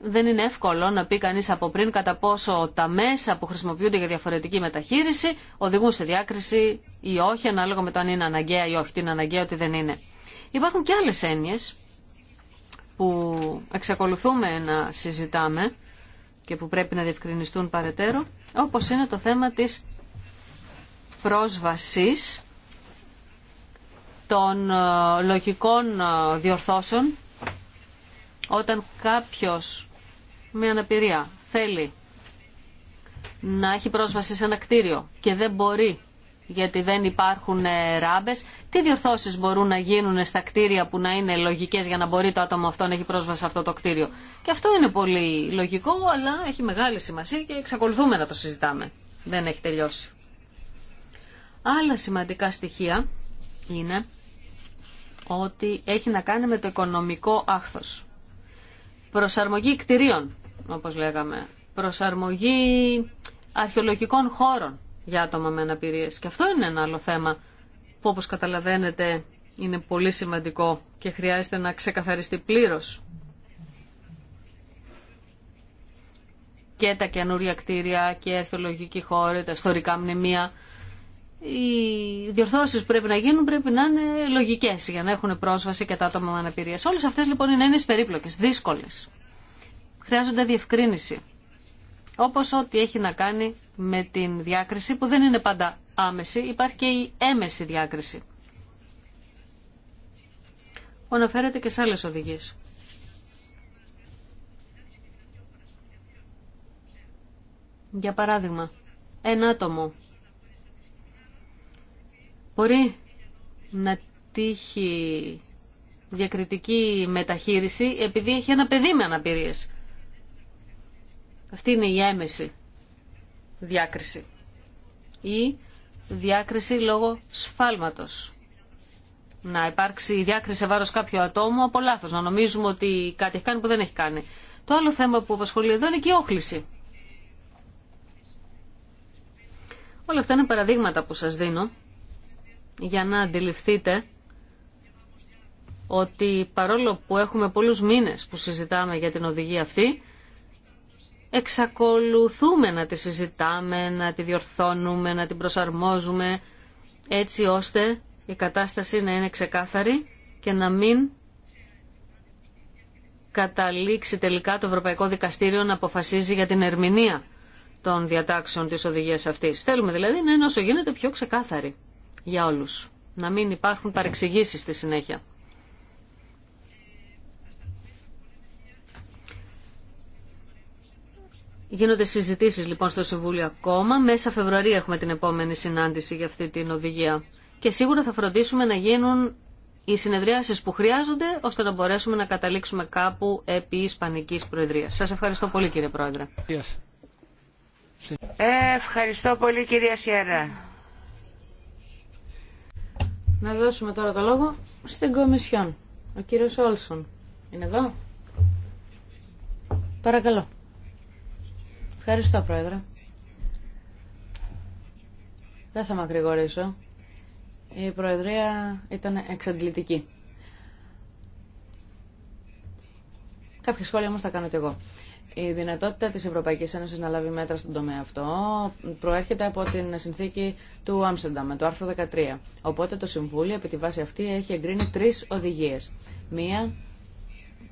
δεν είναι εύκολο να πει κανεί από πριν κατά πόσο τα μέσα που χρησιμοποιούνται για διαφορετική μεταχείριση οδηγούν σε διάκριση ή όχι, ανάλογα με το αν είναι αναγκαία ή όχι, την αναγκαία ότι δεν είναι. Υπάρχουν και άλλες έννοιες που εξακολουθούμε να συζητάμε και που πρέπει να διευκρινιστούν παρετέρω, όπως είναι το θέμα της πρόσβασης των ε, λογικών ε, διορθώσεων όταν κάποιος με αναπηρία θέλει να έχει πρόσβαση σε ένα κτίριο και δεν μπορεί γιατί δεν υπάρχουν ε, ράμπες, τι διορθώσεις μπορούν να γίνουν στα κτίρια που να είναι λογικές για να μπορεί το άτομο αυτό να έχει πρόσβαση σε αυτό το κτίριο. Και αυτό είναι πολύ λογικό, αλλά έχει μεγάλη σημασία και εξακολουθούμε να το συζητάμε. Δεν έχει τελειώσει. Άλλα σημαντικά στοιχεία είναι ότι έχει να κάνει με το οικονομικό άχθος. Προσαρμογή κτηρίων όπως λέγαμε, προσαρμογή αρχαιολογικών χώρων για άτομα με αναπηρίες. Και αυτό είναι ένα άλλο θέμα που όπως καταλαβαίνετε είναι πολύ σημαντικό και χρειάζεται να ξεκαθαριστεί πλήρως. Και τα καινούρια κτίρια και αρχαιολογικοί χώροι, τα ιστορικά μνημεία. Οι διορθώσεις πρέπει να γίνουν, πρέπει να είναι λογικές για να έχουν πρόσβαση και τα άτομα με αναπηρίες. Όλες αυτές λοιπόν είναι έννοιες περίπλοκες, δύσκολες χρειάζονται διευκρίνηση. Όπως ό,τι έχει να κάνει με την διάκριση που δεν είναι πάντα άμεση, υπάρχει και η έμεση διάκριση. Αναφέρεται και σε άλλες οδηγίες. Για παράδειγμα, ένα άτομο μπορεί να τύχει διακριτική μεταχείριση επειδή έχει ένα παιδί με αναπηρίες. Αυτή είναι η έμεση διάκριση ή διάκριση λόγω σφάλματος. Να υπάρξει διάκριση σε βάρος κάποιου ατόμου από λάθος, να νομίζουμε ότι κάτι έχει κάνει που δεν έχει κάνει. Το άλλο θέμα που απασχολεί εδώ είναι και η όχληση. Όλα αυτά είναι παραδείγματα που σας δίνω για να αντιληφθείτε ότι παρόλο που έχουμε πολλούς μήνες που συζητάμε για την οδηγία αυτή, εξακολουθούμε να τη συζητάμε, να τη διορθώνουμε, να την προσαρμόζουμε έτσι ώστε η κατάσταση να είναι ξεκάθαρη και να μην καταλήξει τελικά το Ευρωπαϊκό Δικαστήριο να αποφασίζει για την ερμηνεία των διατάξεων της οδηγίας αυτής. Θέλουμε δηλαδή να είναι όσο γίνεται πιο ξεκάθαρη για όλους. Να μην υπάρχουν παρεξηγήσεις στη συνέχεια. Γίνονται συζητήσεις λοιπόν στο Συμβούλιο ακόμα. Μέσα Φεβρουαρίου έχουμε την επόμενη συνάντηση για αυτή την οδηγία. Και σίγουρα θα φροντίσουμε να γίνουν οι συνεδριάσεις που χρειάζονται ώστε να μπορέσουμε να καταλήξουμε κάπου επί Ισπανικής Προεδρίας. Σας ευχαριστώ πολύ κύριε Πρόεδρε. ευχαριστώ πολύ κυρία Σιέρα. Να δώσουμε τώρα το λόγο στην Κομισιόν. Ο κύριος Όλσον είναι εδώ. Παρακαλώ. Ευχαριστώ, Πρόεδρε. Δεν θα μακρηγορήσω. Η Προεδρία ήταν εξαντλητική. Κάποια σχόλια όμως θα κάνω κι εγώ. Η δυνατότητα της Ευρωπαϊκής Ένωσης να λάβει μέτρα στον τομέα αυτό προέρχεται από την συνθήκη του Άμστερνταμ, το άρθρο 13. Οπότε το Συμβούλιο επί τη βάση αυτή έχει εγκρίνει τρεις οδηγίες. Μία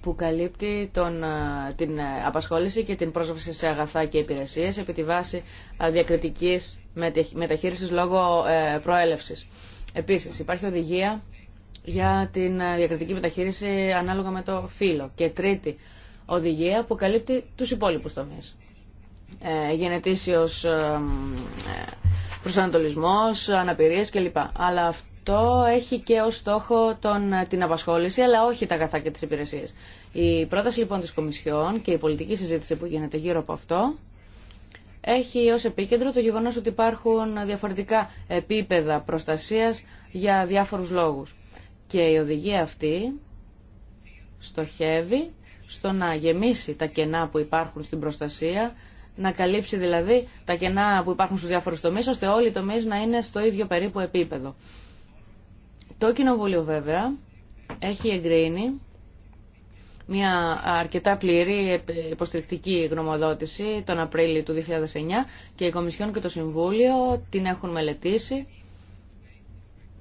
που καλύπτει τον, ε, την ε, απασχόληση και την πρόσβαση σε αγαθά και υπηρεσίες επί τη βάση ε, διακριτικής μεταχείρισης λόγω προέλευσης. Επίσης, υπάρχει οδηγία για την διακριτική μεταχείριση ανάλογα με το φύλλο και τρίτη οδηγία που καλύπτει τους υπόλοιπους τομείς. Ε, γενετήσιος ε, προσανατολισμός, αναπηρίες κλπ. Αλλά το έχει και ως στόχο τον, την απασχόληση, αλλά όχι τα αγαθά και τις υπηρεσίες. Η πρόταση λοιπόν της Κομισιόν και η πολιτική συζήτηση που γίνεται γύρω από αυτό έχει ως επίκεντρο το γεγονός ότι υπάρχουν διαφορετικά επίπεδα προστασίας για διάφορους λόγους. Και η οδηγία αυτή στοχεύει στο να γεμίσει τα κενά που υπάρχουν στην προστασία, να καλύψει δηλαδή τα κενά που υπάρχουν στους διάφορους τομείς, ώστε όλοι οι τομείς να είναι στο ίδιο περίπου επίπεδο. Το Κοινοβούλιο βέβαια έχει εγκρίνει μια αρκετά πλήρη υποστηρικτική γνωμοδότηση τον Απρίλιο του 2009 και η Κομισιόν και το Συμβούλιο την έχουν μελετήσει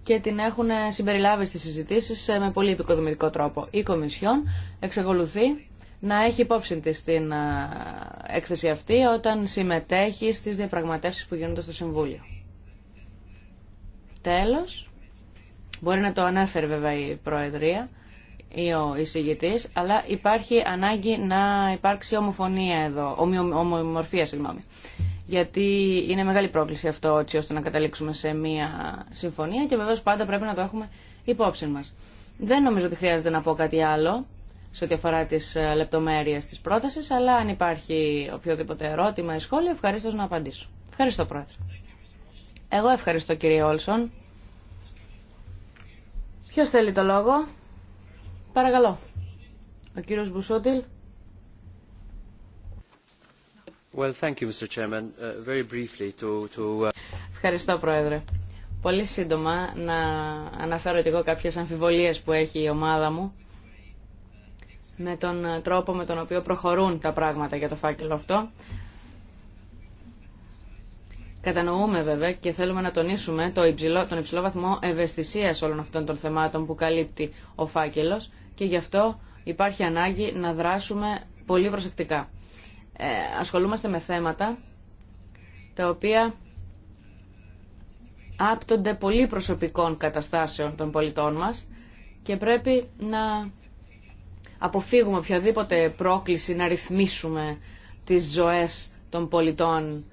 και την έχουν συμπεριλάβει στις συζητήσεις με πολύ επικοδομητικό τρόπο. Η Κομισιόν εξακολουθεί να έχει υπόψη της την έκθεση αυτή όταν συμμετέχει στις διαπραγματεύσεις που γίνονται στο Συμβούλιο. Τέλος, Μπορεί να το ανέφερε βέβαια η Προεδρία ή ο εισηγητή, αλλά υπάρχει ανάγκη να υπάρξει ομοφωνία εδώ, ομοιομορφία, συγγνώμη. Γιατί είναι μεγάλη πρόκληση αυτό, έτσι ώστε να καταλήξουμε σε μία συμφωνία και βεβαίω πάντα πρέπει να το έχουμε υπόψη μα. Δεν νομίζω ότι χρειάζεται να πω κάτι άλλο σε ό,τι αφορά τι ε, λεπτομέρειε τη πρόταση, αλλά αν υπάρχει οποιοδήποτε ερώτημα ή σχόλιο, ευχαρίστω να απαντήσω. Ευχαριστώ, Πρόεδρε. Εγώ ευχαριστώ, κύριε Όλσον. Ποιος θέλει το λόγο. Παρακαλώ. Ο κύριος Μπουσούτιλ. Well, thank uh, uh, Ευχαριστώ, Πρόεδρε. Πολύ σύντομα να αναφέρω και εγώ κάποιες αμφιβολίες που έχει η ομάδα μου με τον τρόπο με τον οποίο προχωρούν τα πράγματα για το φάκελο αυτό. Κατανοούμε βέβαια και θέλουμε να τονίσουμε το υψηλό, τον υψηλό βαθμό ευαισθησίας όλων αυτών των θεμάτων που καλύπτει ο φάκελος και γι' αυτό υπάρχει ανάγκη να δράσουμε πολύ προσεκτικά. Ε, ασχολούμαστε με θέματα τα οποία άπτονται πολύ προσωπικών καταστάσεων των πολιτών μας και πρέπει να αποφύγουμε οποιαδήποτε πρόκληση να ρυθμίσουμε τις ζωές των πολιτών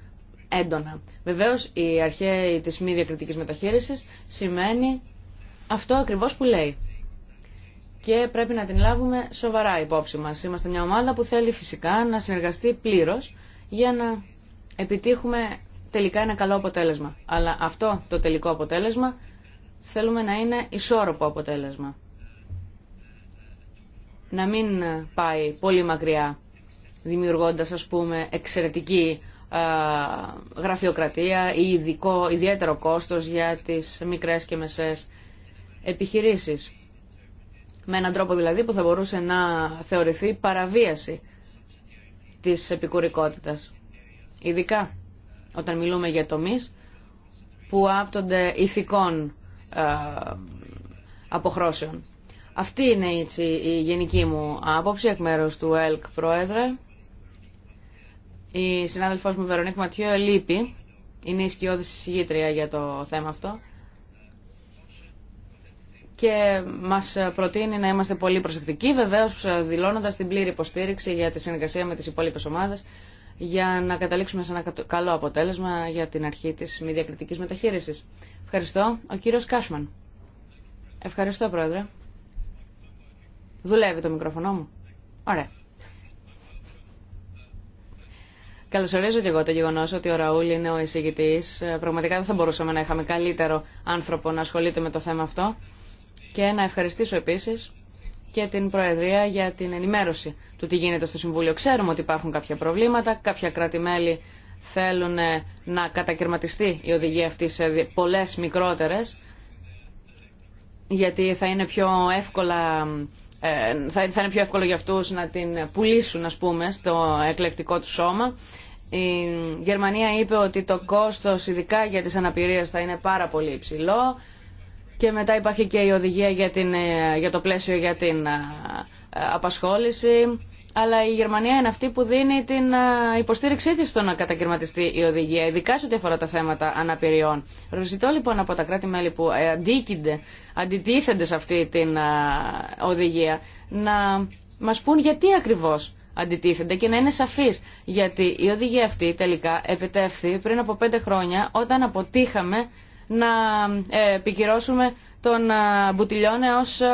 έντονα. Βεβαίως η αρχαία της μη διακριτική μεταχείρισης σημαίνει αυτό ακριβώς που λέει. Και πρέπει να την λάβουμε σοβαρά υπόψη μα. Είμαστε μια ομάδα που θέλει φυσικά να συνεργαστεί πλήρως για να επιτύχουμε τελικά ένα καλό αποτέλεσμα. Αλλά αυτό το τελικό αποτέλεσμα θέλουμε να είναι ισόρροπο αποτέλεσμα. Να μην πάει πολύ μακριά δημιουργώντας ας πούμε εξαιρετική ε, γραφειοκρατία ή ιδιαίτερο κόστος για τις μικρές και μεσές επιχειρήσεις. Με έναν τρόπο δηλαδή που θα μπορούσε να θεωρηθεί παραβίαση της επικουρικότητας. Ειδικά όταν μιλούμε για τομείς που άπτονται ηθικών ε, αποχρώσεων. Αυτή είναι η γενική μου άποψη εκ μέρους του ΕΛΚ Πρόεδρε. Η συνάδελφός μου Βερονίκ Ματιό λείπει. Είναι η σκιώδη συγγήτρια για το θέμα αυτό. Και μας προτείνει να είμαστε πολύ προσεκτικοί, βεβαίως δηλώνοντας την πλήρη υποστήριξη για τη συνεργασία με τις υπόλοιπες ομάδες για να καταλήξουμε σε ένα καλό αποτέλεσμα για την αρχή της μη διακριτικής μεταχείρισης. Ευχαριστώ. Ο κύριος Κάσμαν. Ευχαριστώ, Πρόεδρε. Δουλεύει το μικρόφωνο μου. Ωραία. Καλωσορίζω και εγώ το γεγονό ότι ο Ραούλ είναι ο εισηγητή. Ε, πραγματικά δεν θα μπορούσαμε να είχαμε καλύτερο άνθρωπο να ασχολείται με το θέμα αυτό. Και να ευχαριστήσω επίση και την Προεδρία για την ενημέρωση του τι γίνεται στο Συμβούλιο. Ξέρουμε ότι υπάρχουν κάποια προβλήματα, κάποια κράτη-μέλη θέλουν ε, να κατακαιρματιστεί η οδηγία αυτή σε πολλές μικρότερες, γιατί θα είναι πιο εύκολα ε, θα είναι πιο εύκολο για αυτούς να την πουλήσουν, ας πούμε, στο εκλεκτικό του σώμα. Η Γερμανία είπε ότι το κόστος, ειδικά για τις αναπηρίες, θα είναι πάρα πολύ υψηλό. Και μετά υπάρχει και η οδηγία για, την, ε, για το πλαίσιο για την ε, απασχόληση αλλά η Γερμανία είναι αυτή που δίνει την υποστήριξή της στο να κατακαιρματιστεί η οδηγία, ειδικά σε ό,τι αφορά τα θέματα αναπηριών. Ρωτήτω, λοιπόν από τα κράτη-μέλη που ε, αντίκυνται, αντιτίθενται σε αυτή την οδηγία, να μας πούν γιατί ακριβώς αντιτίθενται και να είναι σαφείς. Γιατί η οδηγία αυτή τελικά επιτεύχθη πριν από πέντε χρόνια όταν αποτύχαμε να ε, επικυρώσουμε τον Μπουτιλιώνε ως ε,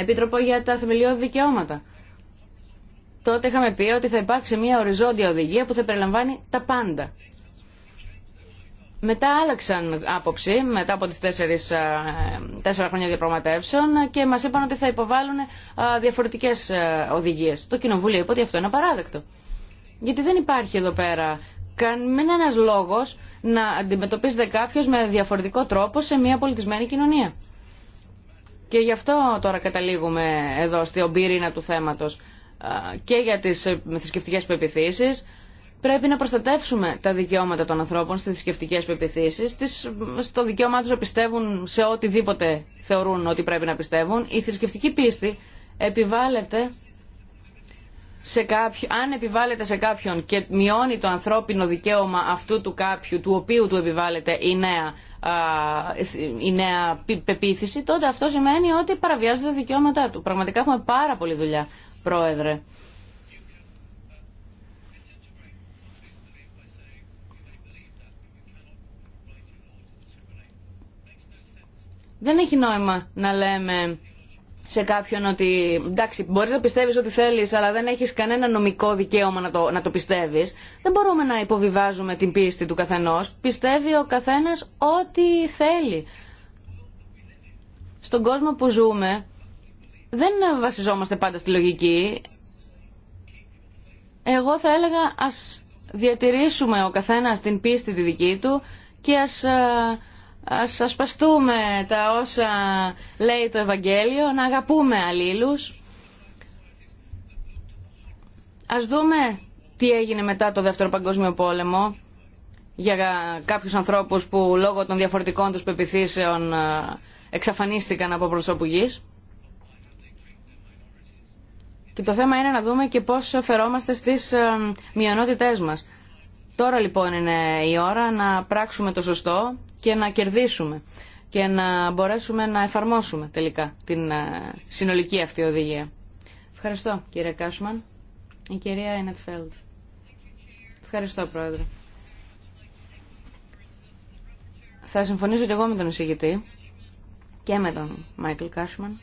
Επίτροπο για τα θεμελιώδη δικαιώματα τότε είχαμε πει ότι θα υπάρξει μια οριζόντια οδηγία που θα περιλαμβάνει τα πάντα. Μετά άλλαξαν άποψη, μετά από τις τέσσερις, ε, τέσσερα χρόνια διαπραγματεύσεων και μας είπαν ότι θα υποβάλουν ε, διαφορετικές ε, οδηγίες. Το Κοινοβούλιο είπε ότι αυτό είναι απαράδεκτο. Γιατί δεν υπάρχει εδώ πέρα κανένα λόγος να αντιμετωπίζεται κάποιο με διαφορετικό τρόπο σε μια πολιτισμένη κοινωνία. Και γι' αυτό τώρα καταλήγουμε εδώ στην πύρινα του θέματος και για τι ε, θρησκευτικέ πεπιθήσει. Πρέπει να προστατεύσουμε τα δικαιώματα των ανθρώπων στι θρησκευτικέ πεπιθήσει, στο δικαίωμά του να πιστεύουν σε οτιδήποτε θεωρούν ότι πρέπει να πιστεύουν. Η θρησκευτική πίστη επιβάλλεται σε κάποιον. αν επιβάλλεται σε κάποιον και μειώνει το ανθρώπινο δικαίωμα αυτού του κάποιου, του οποίου του επιβάλλεται η νέα, η νέα πεποίθηση, τότε αυτό σημαίνει ότι παραβιάζονται τα δικαιώματά του. Πραγματικά έχουμε πάρα πολλή δουλειά Πρόεδρε. Δεν έχει νόημα να λέμε σε κάποιον ότι εντάξει μπορείς να πιστεύεις ότι θέλεις αλλά δεν έχεις κανένα νομικό δικαίωμα να το, να το πιστεύεις. Δεν μπορούμε να υποβιβάζουμε την πίστη του καθενός. Πιστεύει ο καθένας ό,τι θέλει. Στον κόσμο που ζούμε δεν βασιζόμαστε πάντα στη λογική. Εγώ θα έλεγα ας διατηρήσουμε ο καθένας την πίστη τη δική του και ας, ε, ας ασπαστούμε τα όσα λέει το Ευαγγέλιο, να αγαπούμε αλλήλους. Ας δούμε τι έγινε μετά το Δεύτερο Παγκόσμιο Πόλεμο για κάποιους ανθρώπους που λόγω των διαφορετικών τους πεπιθήσεων ε, εξαφανίστηκαν από προσώπου και το θέμα είναι να δούμε και πώς φερόμαστε στις ε, μειονότητές μας. Τώρα λοιπόν είναι η ώρα να πράξουμε το σωστό και να κερδίσουμε και να μπορέσουμε να εφαρμόσουμε τελικά την ε, συνολική αυτή οδηγία. Ευχαριστώ κύριε Κάσμαν. Η κυρία Ενετφέλντ. Ευχαριστώ πρόεδρε. Θα συμφωνήσω και εγώ με τον εισηγητή και με τον Μάικλ Κάσμαν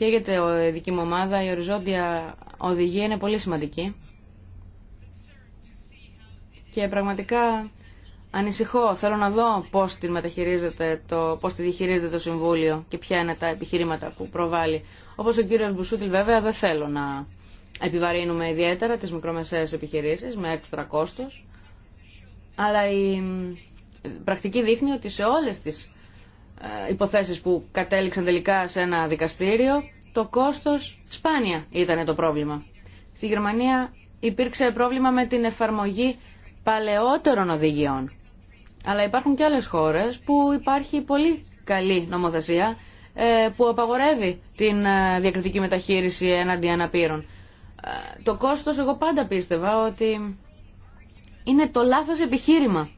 και για τη δική μου ομάδα η οριζόντια οδηγία είναι πολύ σημαντική και πραγματικά ανησυχώ, θέλω να δω πώς, την μεταχειρίζεται το, πώς τη διαχειρίζεται το Συμβούλιο και ποια είναι τα επιχειρήματα που προβάλλει. Όπως ο κύριος Μπουσούτιλ βέβαια δεν θέλω να επιβαρύνουμε ιδιαίτερα τις μικρομεσαίες επιχειρήσεις με έξτρα κόστος, αλλά η πρακτική δείχνει ότι σε όλες τις ε, υποθέσεις που κατέληξαν τελικά σε ένα δικαστήριο, το κόστος σπάνια ήταν το πρόβλημα. Στη Γερμανία υπήρξε πρόβλημα με την εφαρμογή παλαιότερων οδηγιών. Αλλά υπάρχουν και άλλες χώρες που υπάρχει πολύ καλή νομοθεσία ε, που απαγορεύει την ε, διακριτική μεταχείριση έναντι αναπήρων. Το κόστος εγώ πάντα πίστευα ότι είναι το λάθος επιχείρημα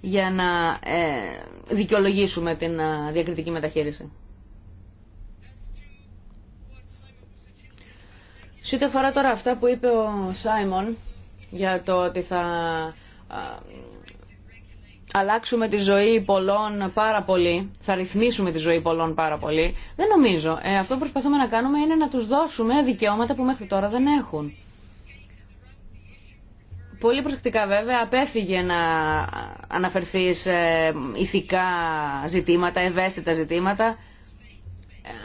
για να ε, δικαιολογήσουμε την ε, διακριτική μεταχείριση. Σε ό,τι αφορά τώρα αυτά που είπε ο Σάιμον για το ότι θα ε, αλλάξουμε τη ζωή πολλών πάρα πολύ, θα ρυθμίσουμε τη ζωή πολλών πάρα πολύ, δεν νομίζω. αυτό που προσπαθούμε να κάνουμε είναι να τους δώσουμε δικαιώματα που μέχρι τώρα δεν έχουν. Πολύ προσεκτικά βέβαια απέφυγε να αναφερθεί σε ηθικά ζητήματα, ευαίσθητα ζητήματα.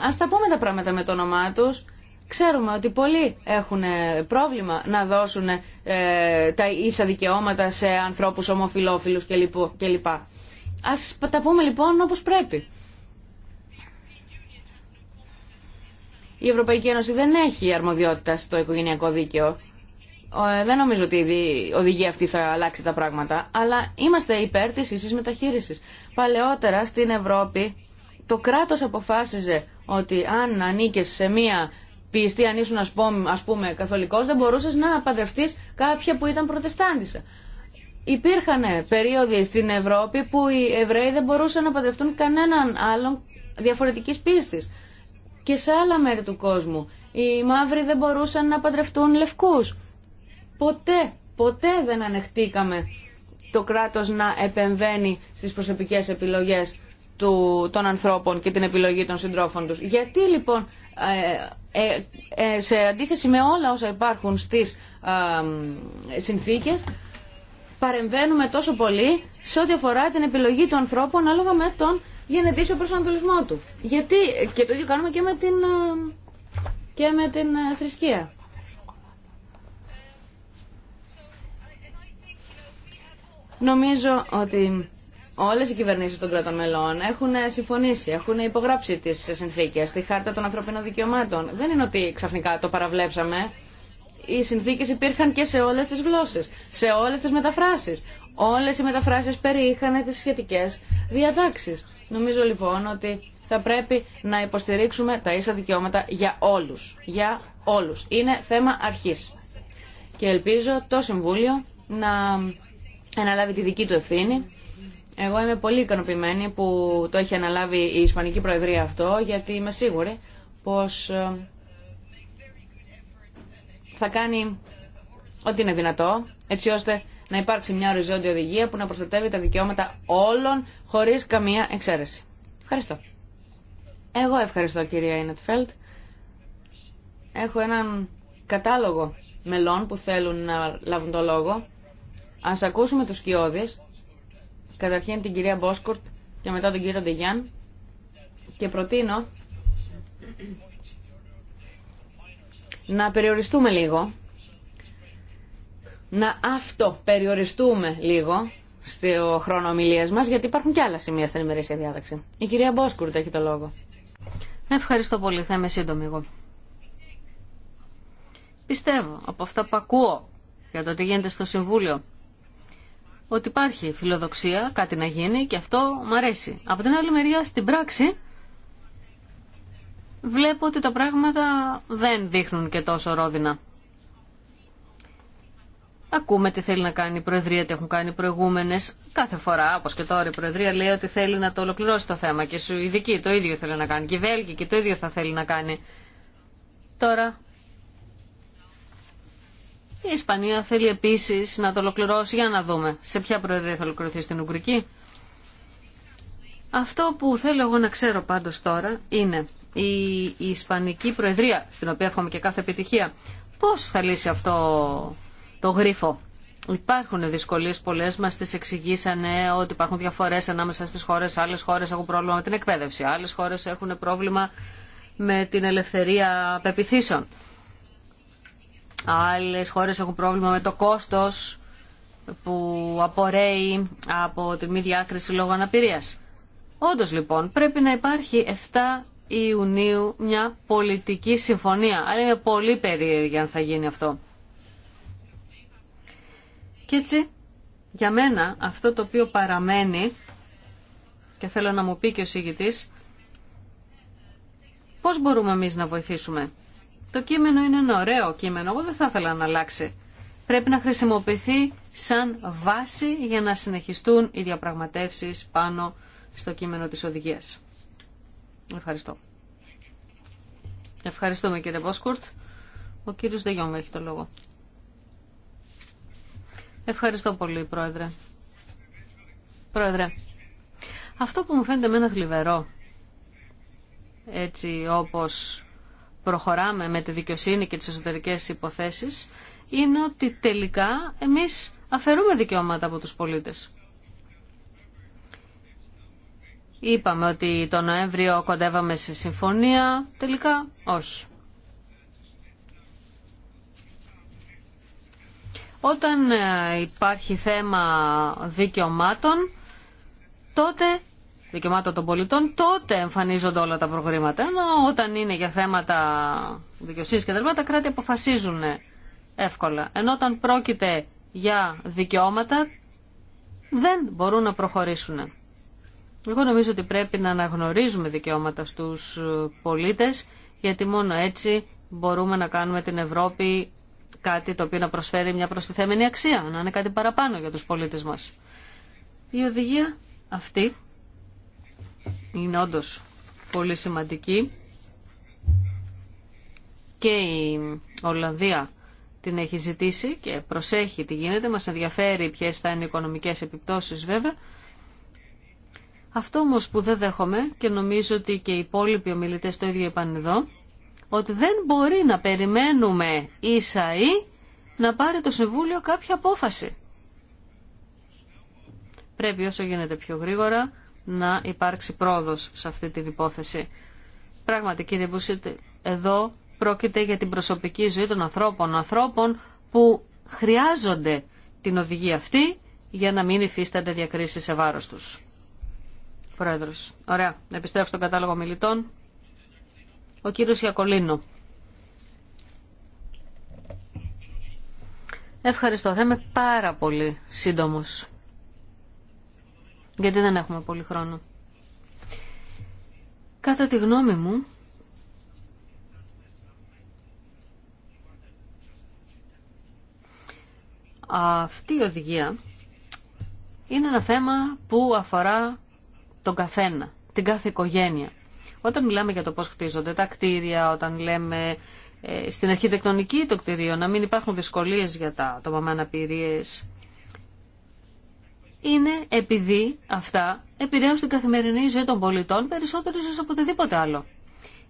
Ας τα πούμε τα πράγματα με το όνομά τους. Ξέρουμε ότι πολλοί έχουν ε, πρόβλημα να δώσουν ε, τα ίσα δικαιώματα σε ανθρώπους ομοφιλόφιλους κλπ. Ας τα πούμε λοιπόν όπως πρέπει. Η Ευρωπαϊκή Ένωση δεν έχει αρμοδιότητα στο οικογενειακό δίκαιο. Ε, δεν νομίζω ότι η οδηγία αυτή θα αλλάξει τα πράγματα, αλλά είμαστε υπέρ της ίσης μεταχείρισης. Παλαιότερα στην Ευρώπη το κράτος αποφάσιζε ότι αν ανήκες σε μία πιστή, αν ήσουν ας πούμε, ας πούμε καθολικός, δεν μπορούσες να παντρευτείς κάποια που ήταν προτεστάντισσα. Υπήρχαν περίοδοι στην Ευρώπη που οι Εβραίοι δεν μπορούσαν να παντρευτούν κανέναν άλλον διαφορετικής πίστη. Και σε άλλα μέρη του κόσμου οι μαύροι δεν μπορούσαν να παντρευτούν λευκούς ποτέ, ποτέ δεν ανεχτήκαμε το κράτος να επεμβαίνει στις προσωπικές επιλογές του, των ανθρώπων και την επιλογή των συντρόφων τους. Γιατί λοιπόν ε, ε, ε, σε αντίθεση με όλα όσα υπάρχουν στις συνθήκες παρεμβαίνουμε τόσο πολύ σε ό,τι αφορά την επιλογή του ανθρώπου ανάλογα με τον γενετήσιο προσανατολισμό του. Γιατί, και το ίδιο κάνουμε και με την, και με την θρησκεία. Νομίζω ότι όλες οι κυβερνήσεις των κρατών μελών έχουν συμφωνήσει, έχουν υπογράψει τις συνθήκες, τη Χάρτα των Ανθρωπίνων Δικαιωμάτων. Δεν είναι ότι ξαφνικά το παραβλέψαμε. Οι συνθήκες υπήρχαν και σε όλες τις γλώσσες, σε όλες τις μεταφράσεις. Όλες οι μεταφράσεις περιείχαν τις σχετικές διατάξεις. Νομίζω λοιπόν ότι θα πρέπει να υποστηρίξουμε τα ίσα δικαιώματα για όλους. Για όλους. Είναι θέμα αρχής. Και ελπίζω το Συμβούλιο να αναλάβει τη δική του ευθύνη. Εγώ είμαι πολύ ικανοποιημένη που το έχει αναλάβει η Ισπανική Προεδρία αυτό, γιατί είμαι σίγουρη πως ε, θα κάνει ό,τι είναι δυνατό, έτσι ώστε να υπάρξει μια οριζόντια οδηγία που να προστατεύει τα δικαιώματα όλων χωρίς καμία εξαίρεση. Ευχαριστώ. Εγώ ευχαριστώ κυρία Ινετφέλτ. Έχω έναν κατάλογο μελών που θέλουν να λάβουν το λόγο. Ας ακούσουμε τους κιόδες καταρχήν την κυρία Μπόσκορτ και μετά τον κύριο Ντεγιάν και προτείνω να περιοριστούμε λίγο, να αυτοπεριοριστούμε λίγο στο χρόνο ομιλίας μας, γιατί υπάρχουν και άλλα σημεία στην ημερήσια διάταξη. Η κυρία Μπόσκουρτ έχει το λόγο. Ευχαριστώ πολύ, θα είμαι σύντομη εγώ. Πιστεύω από αυτά που ακούω για το τι γίνεται στο Συμβούλιο ότι υπάρχει φιλοδοξία, κάτι να γίνει και αυτό μου αρέσει. Από την άλλη μεριά, στην πράξη, βλέπω ότι τα πράγματα δεν δείχνουν και τόσο ρόδινα. Ακούμε τι θέλει να κάνει η Προεδρία, τι έχουν κάνει οι προηγούμενε. Κάθε φορά, όπω και τώρα, η Προεδρία λέει ότι θέλει να το ολοκληρώσει το θέμα. Και σου Σουηδική το ίδιο θέλει να κάνει. Και η Βέλγικη το ίδιο θα θέλει να κάνει. Τώρα η Ισπανία θέλει επίση να το ολοκληρώσει. Για να δούμε. Σε ποια προεδρία θα ολοκληρωθεί στην Ουγγρική. Αυτό που θέλω εγώ να ξέρω πάντως τώρα είναι η, Ισπανική Προεδρία, στην οποία έχουμε και κάθε επιτυχία, Πώ θα λύσει αυτό το γρίφο. Υπάρχουν δυσκολίε πολλέ μα τι εξηγήσανε ότι υπάρχουν διαφορέ ανάμεσα στις χώρε άλλες χώρες έχουν πρόβλημα με την εκπαίδευση, Άλλε χώρε έχουν πρόβλημα με την ελευθερία πεπιθήσεων. Άλλες χώρες έχουν πρόβλημα με το κόστος που απορρέει από τη μη διάκριση λόγω αναπηρίας. Όντως λοιπόν πρέπει να υπάρχει 7 Ιουνίου μια πολιτική συμφωνία. Αλλά είναι πολύ περίεργη αν θα γίνει αυτό. Και έτσι για μένα αυτό το οποίο παραμένει και θέλω να μου πει και ο συγητής πώς μπορούμε εμείς να βοηθήσουμε. Το κείμενο είναι ένα ωραίο κείμενο, εγώ δεν θα ήθελα να αλλάξει. Πρέπει να χρησιμοποιηθεί σαν βάση για να συνεχιστούν οι διαπραγματεύσεις πάνω στο κείμενο της οδηγίας. Ευχαριστώ. Ευχαριστούμε κύριε Μπόσκουρτ. Ο κύριος Δεγιόμ έχει το λόγο. Ευχαριστώ πολύ πρόεδρε. Πρόεδρε, αυτό που μου φαίνεται ένα θλιβερό, έτσι όπως προχωράμε με τη δικαιοσύνη και τις εσωτερικές υποθέσεις είναι ότι τελικά εμείς αφαιρούμε δικαιώματα από τους πολίτες. Είπαμε ότι το Νοέμβριο κοντεύαμε σε συμφωνία, τελικά όχι. Όταν ε, υπάρχει θέμα δικαιωμάτων, τότε δικαιωμάτων των πολιτών, τότε εμφανίζονται όλα τα προβλήματα. Ενώ όταν είναι για θέματα δικαιοσύνη και τα κράτη αποφασίζουν εύκολα. Ενώ όταν πρόκειται για δικαιώματα, δεν μπορούν να προχωρήσουν. Εγώ νομίζω ότι πρέπει να αναγνωρίζουμε δικαιώματα στους πολίτες, γιατί μόνο έτσι μπορούμε να κάνουμε την Ευρώπη κάτι το οποίο να προσφέρει μια προστιθέμενη αξία, να είναι κάτι παραπάνω για τους πολίτες μας. Η οδηγία αυτή είναι όντω πολύ σημαντική και η Ολλανδία την έχει ζητήσει και προσέχει τι γίνεται. Μας ενδιαφέρει ποιες θα είναι οι οικονομικές επιπτώσεις βέβαια. Αυτό όμως που δεν δέχομαι και νομίζω ότι και οι υπόλοιποι ομιλητέ το ίδιο είπαν εδώ, ότι δεν μπορεί να περιμένουμε ίσα ή να πάρει το Συμβούλιο κάποια απόφαση. Πρέπει όσο γίνεται πιο γρήγορα να υπάρξει πρόοδος σε αυτή την υπόθεση. Πράγματι κύριε Μπουσίτη, εδώ πρόκειται για την προσωπική ζωή των ανθρώπων, ανθρώπων που χρειάζονται την οδηγία αυτή για να μην υφίστανται διακρίσεις σε βάρος τους. Πρόεδρος. Ωραία. Επιστρέφω στον κατάλογο μιλητών. Ο κύριος Ιακολίνο. Ευχαριστώ. Θα είμαι πάρα πολύ σύντομος γιατί δεν έχουμε πολύ χρόνο. Κατά τη γνώμη μου, αυτή η οδηγία είναι ένα θέμα που αφορά τον καθένα, την κάθε οικογένεια. Όταν μιλάμε για το πώς χτίζονται τα κτίρια, όταν λέμε ε, στην αρχιτεκτονική το κτίριο να μην υπάρχουν δυσκολίες για τα άτομα με είναι επειδή αυτά επηρέουν στην καθημερινή ζωή των πολιτών περισσότερο ίσως από οτιδήποτε άλλο.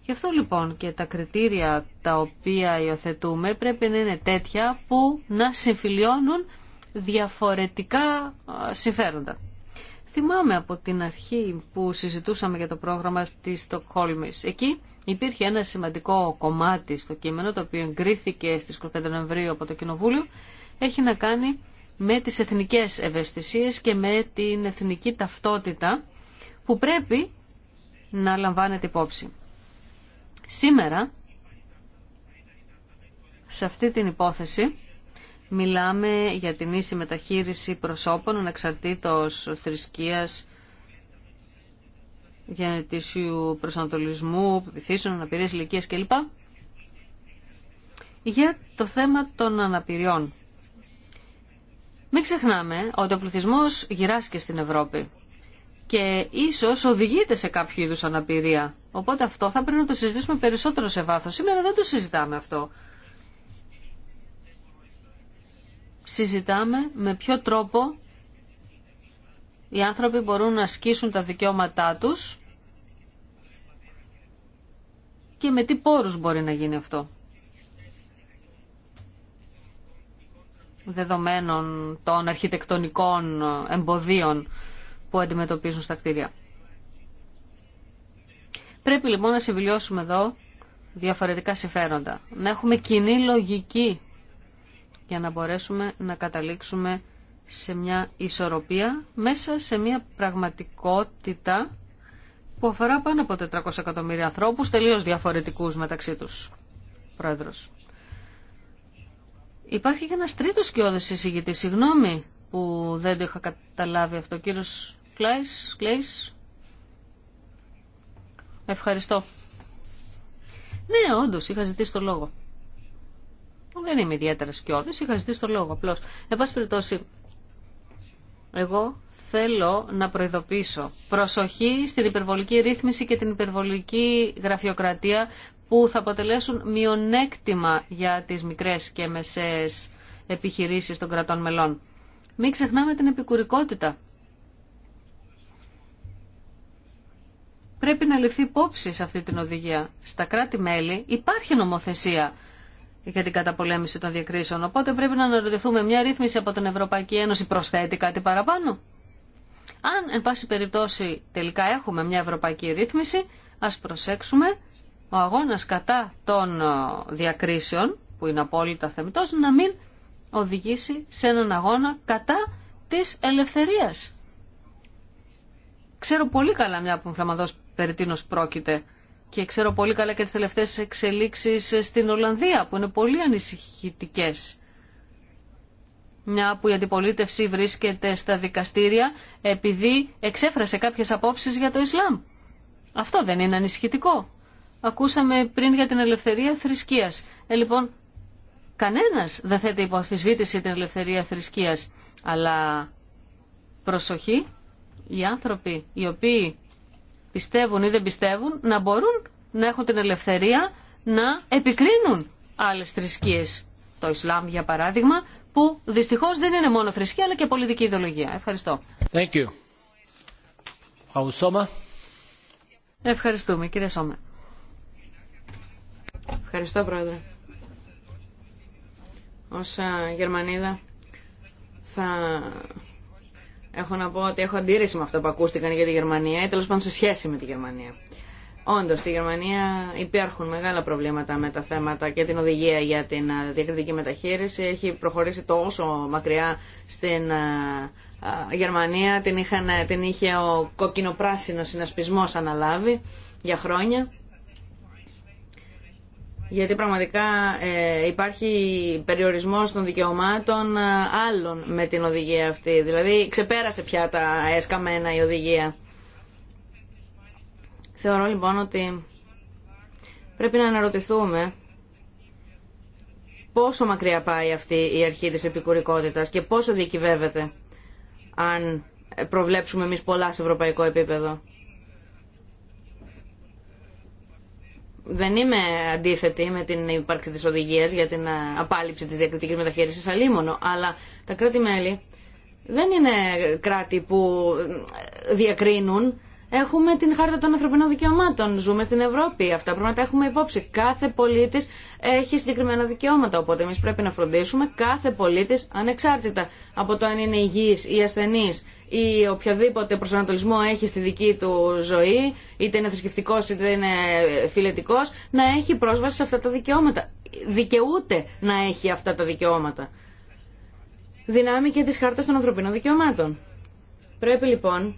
Γι' αυτό λοιπόν και τα κριτήρια τα οποία υιοθετούμε πρέπει να είναι τέτοια που να συμφιλιώνουν διαφορετικά συμφέροντα. Θυμάμαι από την αρχή που συζητούσαμε για το πρόγραμμα στη Στοκχόλμη. Εκεί υπήρχε ένα σημαντικό κομμάτι στο κείμενο, το οποίο εγκρίθηκε στις 25 Νοεμβρίου από το Κοινοβούλιο, έχει να κάνει με τις εθνικές ευαισθησίες και με την εθνική ταυτότητα που πρέπει να λαμβάνεται υπόψη. Σήμερα, σε αυτή την υπόθεση, μιλάμε για την ίση μεταχείριση προσώπων ανεξαρτήτως θρησκείας, γενετήσιου προσανατολισμού, πληθύσεων, αναπηρίας ηλικίας κλπ. Για το θέμα των αναπηριών μην ξεχνάμε ότι ο πληθυσμό γυράσκει στην Ευρώπη και ίσω οδηγείται σε κάποιο είδου αναπηρία. Οπότε αυτό θα πρέπει να το συζητήσουμε περισσότερο σε βάθο. Σήμερα δεν το συζητάμε αυτό. Συζητάμε με ποιο τρόπο οι άνθρωποι μπορούν να ασκήσουν τα δικαιώματά τους και με τι πόρους μπορεί να γίνει αυτό. δεδομένων των αρχιτεκτονικών εμποδίων που αντιμετωπίζουν στα κτίρια. Πρέπει λοιπόν να συμβιλιώσουμε εδώ διαφορετικά συμφέροντα. Να έχουμε κοινή λογική για να μπορέσουμε να καταλήξουμε σε μια ισορροπία μέσα σε μια πραγματικότητα που αφορά πάνω από 400 εκατομμύρια ανθρώπους τελείως διαφορετικούς μεταξύ τους. Πρόεδρος. Υπάρχει και ένα τρίτο σκιώδη εισηγητής, συγγνώμη που δεν το είχα καταλάβει αυτό. Κύριο Κλάις, Ευχαριστώ. Ναι, όντω, είχα ζητήσει το λόγο. Δεν είμαι ιδιαίτερα σκιώδη, είχα ζητήσει το λόγο απλώ. Εν πάση εγώ θέλω να προειδοποιήσω. Προσοχή στην υπερβολική ρύθμιση και την υπερβολική γραφειοκρατία που θα αποτελέσουν μειονέκτημα για τις μικρές και μεσαίες επιχειρήσεις των κρατών μελών. Μην ξεχνάμε την επικουρικότητα. Πρέπει να ληφθεί υπόψη σε αυτή την οδηγία. Στα κράτη-μέλη υπάρχει νομοθεσία για την καταπολέμηση των διακρίσεων. Οπότε πρέπει να αναρωτηθούμε μια ρύθμιση από την Ευρωπαϊκή Ένωση προσθέτει κάτι παραπάνω. Αν, εν πάση περιπτώσει, τελικά έχουμε μια ευρωπαϊκή ρύθμιση, ας προσέξουμε ο αγώνας κατά των ε, διακρίσεων, που είναι απόλυτα θεμητός, να μην οδηγήσει σε έναν αγώνα κατά της ελευθερίας. Ξέρω πολύ καλά μια που φλαμαδός περί πρόκειται και ξέρω πολύ καλά και τις τελευταίες εξελίξεις στην Ολλανδία που είναι πολύ ανησυχητικές. Μια που η αντιπολίτευση βρίσκεται στα δικαστήρια επειδή εξέφρασε κάποιες απόψεις για το Ισλάμ. Αυτό δεν είναι ανησυχητικό. Ακούσαμε πριν για την ελευθερία θρησκείας. Ε, λοιπόν, κανένας δεν θέτει υποαφισβήτηση την ελευθερία θρησκείας. Αλλά προσοχή, οι άνθρωποι οι οποίοι πιστεύουν ή δεν πιστεύουν να μπορούν να έχουν την ελευθερία να επικρίνουν άλλες θρησκείες. Το Ισλάμ για παράδειγμα που δυστυχώς δεν είναι μόνο θρησκεία αλλά και πολιτική ιδεολογία. Ευχαριστώ. Thank you. Ευχαριστούμε κύριε Σόμα. Ευχαριστώ, Πρόεδρε. Ως Γερμανίδα θα έχω να πω ότι έχω αντίρρηση με αυτό που ακούστηκαν για τη Γερμανία ή τέλος πάντων σε σχέση με τη Γερμανία. Όντως, στη Γερμανία υπάρχουν μεγάλα προβλήματα με τα θέματα και την οδηγία για την ε, διακριτική μεταχείριση. Έχει προχωρήσει τόσο μακριά στην ε, ε, Γερμανία, την, την είχε ο πράσινο συνασπισμός αναλάβει για χρόνια γιατί πραγματικά ε, υπάρχει περιορισμός των δικαιωμάτων ε, άλλων με την οδηγία αυτή. Δηλαδή ξεπέρασε πια τα έσκαμένα η οδηγία. Θεωρώ λοιπόν ότι πρέπει να αναρωτηθούμε πόσο μακριά πάει αυτή η αρχή της επικουρικότητας και πόσο διακυβεύεται αν προβλέψουμε εμείς πολλά σε ευρωπαϊκό επίπεδο. δεν είμαι αντίθετη με την ύπαρξη της οδηγίας για την ε, απάλληψη της διακριτικής μεταχείρισης αλίμονο, αλλά τα κράτη-μέλη δεν είναι κράτη που ε, διακρίνουν. Έχουμε την χάρτα των ανθρωπινών δικαιωμάτων, ζούμε στην Ευρώπη, αυτά πρέπει να τα έχουμε υπόψη. Κάθε πολίτης έχει συγκεκριμένα δικαιώματα, οπότε εμεί πρέπει να φροντίσουμε κάθε πολίτη ανεξάρτητα από το αν είναι υγιή ή ασθενή ή οποιαδήποτε προσανατολισμό έχει στη δική του ζωή, είτε είναι θρησκευτικό είτε είναι φιλετικό, να έχει πρόσβαση σε αυτά τα δικαιώματα. Δικαιούται να έχει αυτά τα δικαιώματα. Δυνάμει και τη Χάρτα των Ανθρωπίνων Δικαιωμάτων. Πρέπει λοιπόν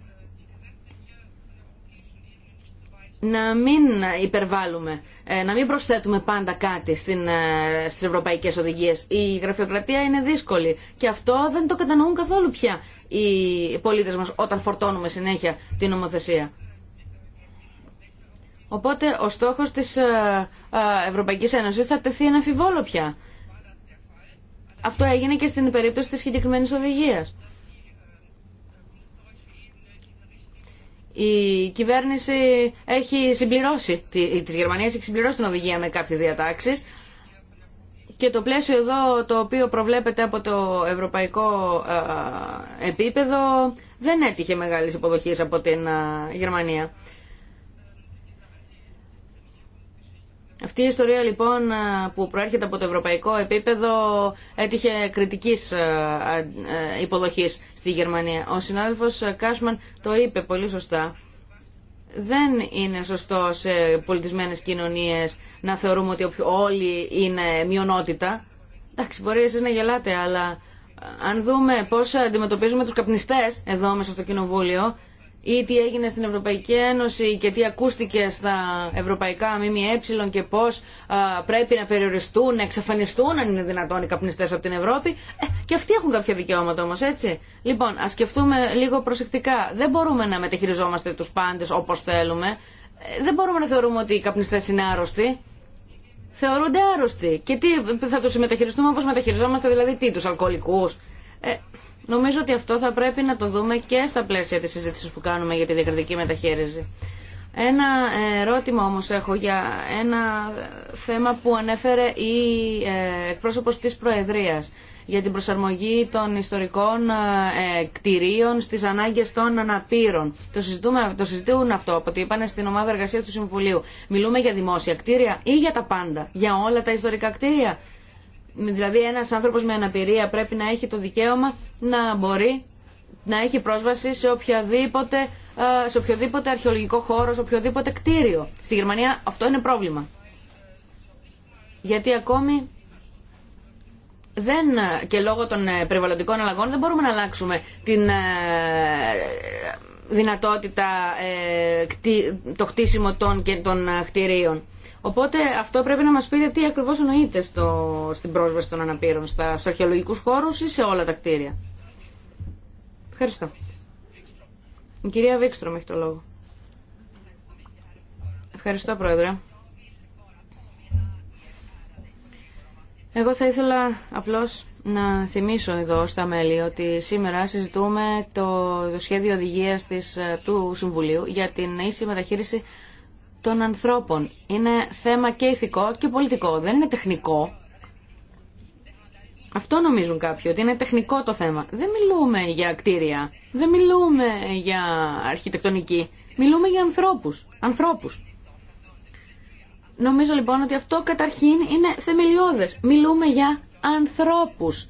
να μην υπερβάλλουμε, ε, να μην προσθέτουμε πάντα κάτι στην, ε, στις ευρωπαϊκές οδηγίες. Η γραφειοκρατία είναι δύσκολη και αυτό δεν το κατανοούν καθόλου πια οι πολίτες μας όταν φορτώνουμε συνέχεια την νομοθεσία. Οπότε ο στόχος της ε, ε, Ευρωπαϊκής Ένωσης θα τεθεί ένα αμφιβόλο πια. Αυτό έγινε και στην περίπτωση της συγκεκριμένη οδηγίας. Η κυβέρνηση έχει συμπληρώσει, της Γερμανίας έχει συμπληρώσει την οδηγία με κάποιες διατάξεις, και το πλαίσιο εδώ το οποίο προβλέπεται από το ευρωπαϊκό ε, επίπεδο δεν έτυχε μεγάλης υποδοχής από την ε, Γερμανία. Αυτή η ιστορία λοιπόν ε, που προέρχεται από το ευρωπαϊκό επίπεδο έτυχε κριτικής υποδοχής στη Γερμανία. Ο συνάδελφος Κάσμαν το είπε πολύ σωστά δεν είναι σωστό σε πολιτισμένες κοινωνίες να θεωρούμε ότι όλοι είναι μειονότητα. Εντάξει, μπορεί εσεί να γελάτε, αλλά αν δούμε πώς αντιμετωπίζουμε τους καπνιστές εδώ μέσα στο Κοινοβούλιο, ή τι έγινε στην Ευρωπαϊκή Ένωση και τι ακούστηκε στα ευρωπαϊκά ΜΜΕ και πώ πρέπει να περιοριστούν, να εξαφανιστούν αν είναι δυνατόν οι καπνιστέ από την Ευρώπη. Ε, και αυτοί έχουν κάποια δικαιώματα όμω. έτσι. Λοιπόν, α σκεφτούμε λίγο προσεκτικά. Δεν μπορούμε να μεταχειριζόμαστε του πάντε όπω θέλουμε. Ε, δεν μπορούμε να θεωρούμε ότι οι καπνιστέ είναι άρρωστοι θεωρούνται άρρωστοι. Και τι θα του μεταχειριστούμε όπω μεταχειριζόμαστε, δηλαδή τι, του αλκοολικού. Ε, Νομίζω ότι αυτό θα πρέπει να το δούμε και στα πλαίσια της συζήτησης που κάνουμε για τη διακριτική μεταχείριση. Ένα ερώτημα όμως έχω για ένα θέμα που ανέφερε η ε, εκπρόσωπος της Προεδρίας για την προσαρμογή των ιστορικών ε, κτηρίων στις ανάγκες των αναπήρων. Το, συζητούμε, το συζητούν αυτό από ό,τι είπανε στην ομάδα εργασίας του Συμβουλίου. Μιλούμε για δημόσια κτίρια ή για τα πάντα, για όλα τα ιστορικά κτίρια Δηλαδή ένας άνθρωπος με αναπηρία πρέπει να έχει το δικαίωμα να μπορεί να έχει πρόσβαση σε, οποιαδήποτε, σε οποιοδήποτε αρχαιολογικό χώρο, σε οποιοδήποτε κτίριο. Στη Γερμανία αυτό είναι πρόβλημα. Γιατί ακόμη δεν, και λόγω των ε, περιβαλλοντικών αλλαγών δεν μπορούμε να αλλάξουμε την ε, δυνατότητα ε, το χτίσιμο των, κτίριων. κτηρίων. Οπότε αυτό πρέπει να μα πείτε τι ακριβώ εννοείται στο, στην πρόσβαση των αναπήρων, στα, στους χώρου όλα τα κτίρια. Ευχαριστώ. Η κυρία Βίξτρομ έχει το λόγο. Ευχαριστώ, Πρόεδρε. Εγώ θα ήθελα απλώς να θυμίσω εδώ στα μέλη ότι σήμερα συζητούμε το, το σχέδιο οδηγίας ε, του Συμβουλίου για την ίση μεταχείριση των ανθρώπων. Είναι θέμα και ηθικό και πολιτικό. Δεν είναι τεχνικό. Αυτό νομίζουν κάποιοι, ότι είναι τεχνικό το θέμα. Δεν μιλούμε για κτίρια. Δεν μιλούμε για αρχιτεκτονική. Μιλούμε για ανθρώπους. Ανθρώπους. Νομίζω λοιπόν ότι αυτό καταρχήν είναι θεμελιώδες. Μιλούμε για ανθρώπους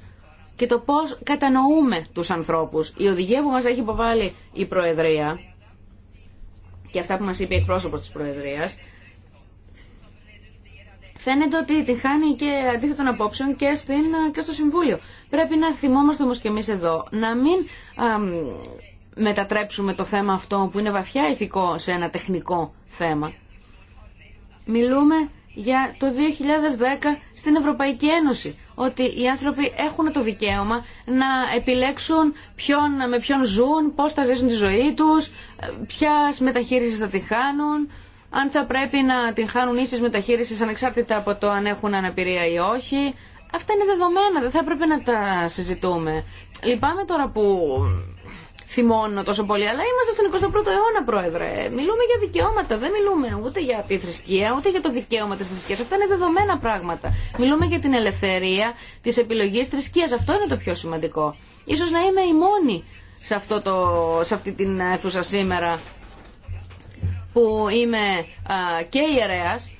και το πώς κατανοούμε τους ανθρώπους. Η οδηγία που μας έχει υποβάλει η Προεδρία και αυτά που μας είπε η εκπρόσωπος της Προεδρίας, φαίνεται ότι τη χάνει και αντίθετων απόψεων και, στην, και στο Συμβούλιο. Πρέπει να θυμόμαστε όμως και εμείς εδώ, να μην μετατρέψουμε το θέμα αυτό που είναι βαθιά ηθικό σε ένα τεχνικό θέμα. Μιλούμε για το 2010 στην Ευρωπαϊκή Ένωση ότι οι άνθρωποι έχουν το δικαίωμα να επιλέξουν ποιον, με ποιον ζουν, πώς θα ζήσουν τη ζωή τους, ποια μεταχείριση θα τη χάνουν, αν θα πρέπει να την χάνουν ίσε μεταχείριση ανεξάρτητα από το αν έχουν αναπηρία ή όχι. Αυτά είναι δεδομένα, δεν θα έπρεπε να τα συζητούμε. Λυπάμαι τώρα που θυμώνω τόσο πολύ, αλλά είμαστε στον 21ο αιώνα, Πρόεδρε. Μιλούμε για δικαιώματα, δεν μιλούμε ούτε για τη θρησκεία, ούτε για το δικαίωμα τη θρησκεία. Αυτά είναι δεδομένα πράγματα. Μιλούμε για την ελευθερία τη επιλογή θρησκεία. Αυτό είναι το πιο σημαντικό. Ίσως να είμαι η μόνη σε, αυτό το, σε αυτή την αίθουσα σήμερα που είμαι και ιερέας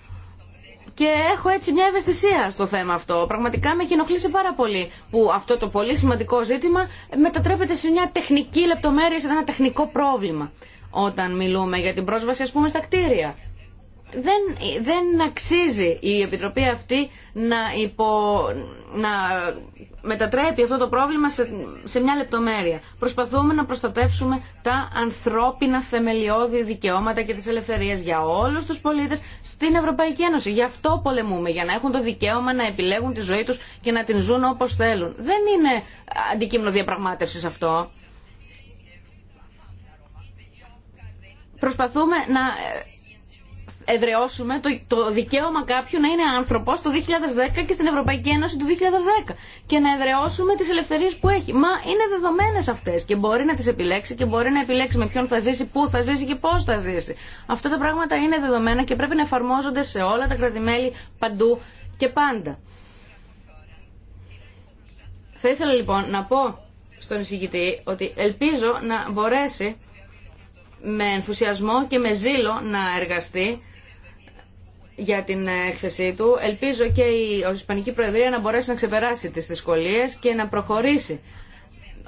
και έχω έτσι μια ευαισθησία στο θέμα αυτό. Πραγματικά με έχει ενοχλήσει πάρα πολύ που αυτό το πολύ σημαντικό ζήτημα μετατρέπεται σε μια τεχνική λεπτομέρεια, σε ένα τεχνικό πρόβλημα. Όταν μιλούμε για την πρόσβαση, α πούμε, στα κτίρια δεν, δεν αξίζει η Επιτροπή αυτή να, υπο, να μετατρέπει αυτό το πρόβλημα σε, σε μια λεπτομέρεια. Προσπαθούμε να προστατεύσουμε τα ανθρώπινα θεμελιώδη δικαιώματα και τις ελευθερίες για όλους τους πολίτες στην Ευρωπαϊκή Ένωση. Γι' αυτό πολεμούμε, για να έχουν το δικαίωμα να επιλέγουν τη ζωή τους και να την ζουν όπως θέλουν. Δεν είναι αντικείμενο διαπραγμάτευσης αυτό. Προσπαθούμε να εδραιώσουμε το, το δικαίωμα κάποιου να είναι άνθρωπο το 2010 και στην Ευρωπαϊκή Ένωση του 2010 και να εδρεώσουμε τι ελευθερίε που έχει. Μα είναι δεδομένε αυτέ και μπορεί να τι επιλέξει και μπορεί να επιλέξει με ποιον θα ζήσει, πού θα ζήσει και πώ θα ζήσει. Αυτά τα πράγματα είναι δεδομένα και πρέπει να εφαρμόζονται σε όλα τα κρατημέλη παντού και πάντα. Θα ήθελα λοιπόν να πω στον εισηγητή ότι ελπίζω να μπορέσει με ενθουσιασμό και με ζήλο να εργαστεί για την έκθεσή του. Ελπίζω και η Ισπανική Προεδρία να μπορέσει να ξεπεράσει τις δυσκολίες και να προχωρήσει.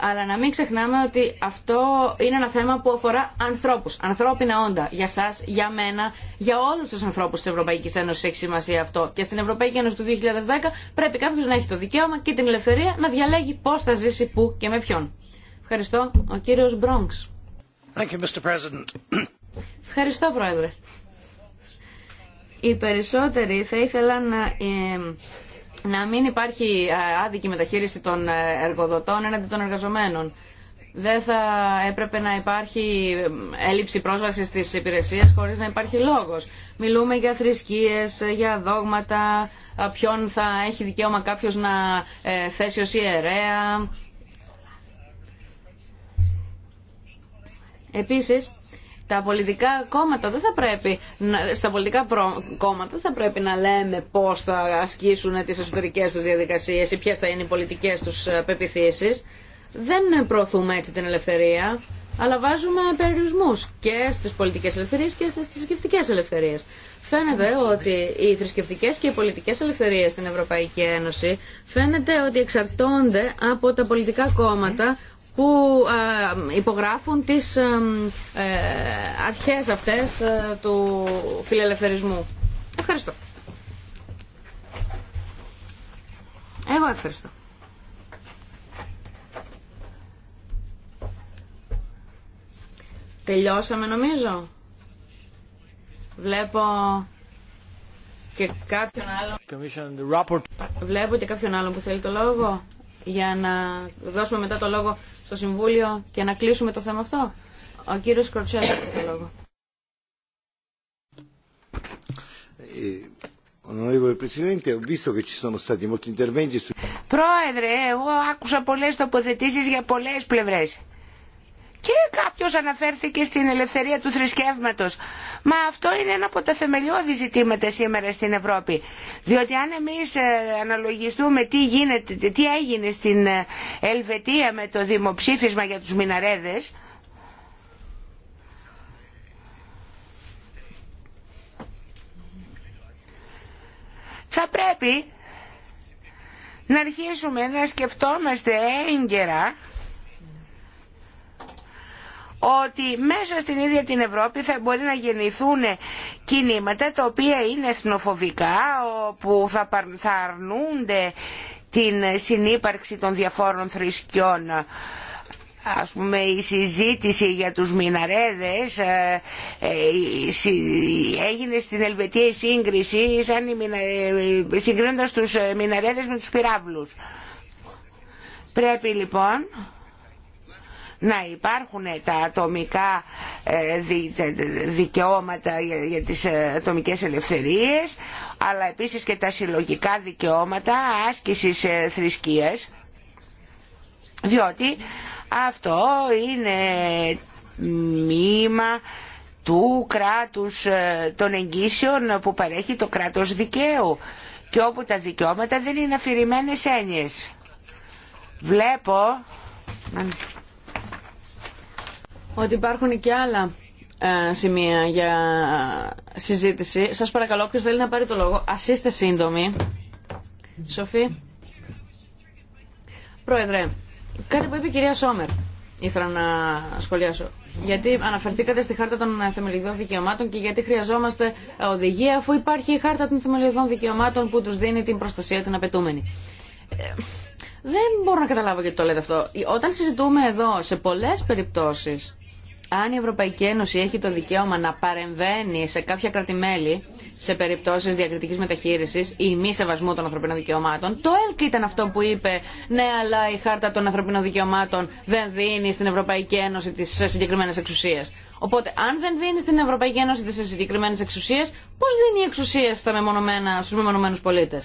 Αλλά να μην ξεχνάμε ότι αυτό είναι ένα θέμα που αφορά ανθρώπους, ανθρώπινα όντα. Για σας, για μένα, για όλους τους ανθρώπους της Ευρωπαϊκής Ένωσης έχει σημασία αυτό. Και στην Ευρωπαϊκή Ένωση του 2010 πρέπει κάποιος να έχει το δικαίωμα και την ελευθερία να διαλέγει πώς θα ζήσει, πού και με ποιον. Ευχαριστώ. Ο κύριος Μπρόγκς. Ευχαριστώ, Πρόεδρε. Οι περισσότεροι θα ήθελαν να να μην υπάρχει ε, άδικη μεταχείριση των ε, εργοδοτών έναντι των εργαζομένων. Δεν θα έπρεπε να υπάρχει έλλειψη πρόσβασης στις υπηρεσίες χωρίς να υπάρχει λόγος. Μιλούμε για θρησκείες, για δόγματα, ε, ποιον θα έχει δικαίωμα κάποιος να θέσει ως ιερέα. Επίσης, τα πολιτικά κόμματα δεν θα πρέπει να, στα πολιτικά κόμματα δεν θα πρέπει να λέμε πώς θα ασκήσουν τις εσωτερικές τους διαδικασίες ή ποιες θα είναι οι πολιτικές τους ε, πεπιθήσεις. Δεν προωθούμε έτσι την ελευθερία, αλλά βάζουμε περιορισμούς και στις πολιτικές ελευθερίες και στις θρησκευτικέ ελευθερίες. Φαίνεται ότι οι θρησκευτικέ και οι πολιτικέ ελευθερίε στην Ευρωπαϊκή Ένωση φαίνεται ότι εξαρτώνται από τα πολιτικά κόμματα που ε, υπογράφουν τις ε, ε, αρχές αυτές του φιλελευθερισμού. Ευχαριστώ. Εγώ ευχαριστώ. Τελειώσαμε νομίζω. Βλέπω και κάποιον άλλον. Βλέπω και κάποιον άλλον που θέλει το λόγο για να δώσουμε μετά το λόγο το Συμβούλιο και να κλείσουμε το θέμα αυτό. Ο κύριος Κροτσέλα το λόγο. Πρόεδρε, εγώ άκουσα πολλές τοποθετήσεις για πολλές πλευρές. Και κάποιος αναφέρθηκε στην ελευθερία του θρησκεύματος. Μα αυτό είναι ένα από τα θεμελιώδη ζητήματα σήμερα στην Ευρώπη. Διότι αν εμείς ε, αναλογιστούμε τι, γίνεται, τι έγινε στην ε, Ελβετία με το δημοψήφισμα για τους μιναρέδες, θα πρέπει να αρχίσουμε να σκεφτόμαστε έγκαιρα ότι μέσα στην ίδια την Ευρώπη θα μπορεί να γεννηθούν κινήματα τα οποία είναι εθνοφοβικά, όπου θα, αρνούνται την συνύπαρξη των διαφόρων θρησκειών. Ας πούμε η συζήτηση για τους μιναρέδες ε, ε, έγινε στην Ελβετία η σύγκριση σαν συγκρίνοντας τους ε, μιναρέδες με τους πυράβλους. Πρέπει λοιπόν να υπάρχουν τα ατομικά ε, δικαιώματα για τις ε, ατομικές ελευθερίες αλλά επίσης και τα συλλογικά δικαιώματα άσκησης ε, θρησκείας διότι αυτό είναι μήμα του κράτους των εγγύσεων που παρέχει το κράτος δικαίου και όπου τα δικαιώματα δεν είναι αφηρημένες έννοιες. Βλέπω ότι υπάρχουν και άλλα ε, σημεία για συζήτηση. Σας παρακαλώ, όποιος θέλει να πάρει το λόγο, ας είστε σύντομοι. Σοφή. Πρόεδρε, κάτι που είπε η κυρία Σόμερ ήθελα να σχολιάσω. Γιατί αναφερθήκατε στη Χάρτα των Θεμελιωδών Δικαιωμάτων και γιατί χρειαζόμαστε ε, οδηγία, αφού υπάρχει η Χάρτα των Θεμελιωδών Δικαιωμάτων που του δίνει την προστασία την απαιτούμενη. Ε, δεν μπορώ να καταλάβω γιατί το λέτε αυτό. Όταν συζητούμε εδώ σε πολλέ περιπτώσει αν η Ευρωπαϊκή Ένωση έχει το δικαίωμα να παρεμβαίνει σε κάποια κράτη-μέλη σε περιπτώσεις διακριτικής μεταχείρισης ή μη σεβασμού των ανθρωπίνων δικαιωμάτων, το ΕΛΚ ήταν αυτό που είπε ναι αλλά η χάρτα των ανθρωπίνων δικαιωμάτων δεν δίνει στην Ευρωπαϊκή Ένωση τις συγκεκριμένες εξουσίες. Οπότε, αν δεν δίνει στην Ευρωπαϊκή Ένωση τι συγκεκριμένε εξουσίε, πώ δίνει εξουσίε στου μεμονωμένου πολίτε.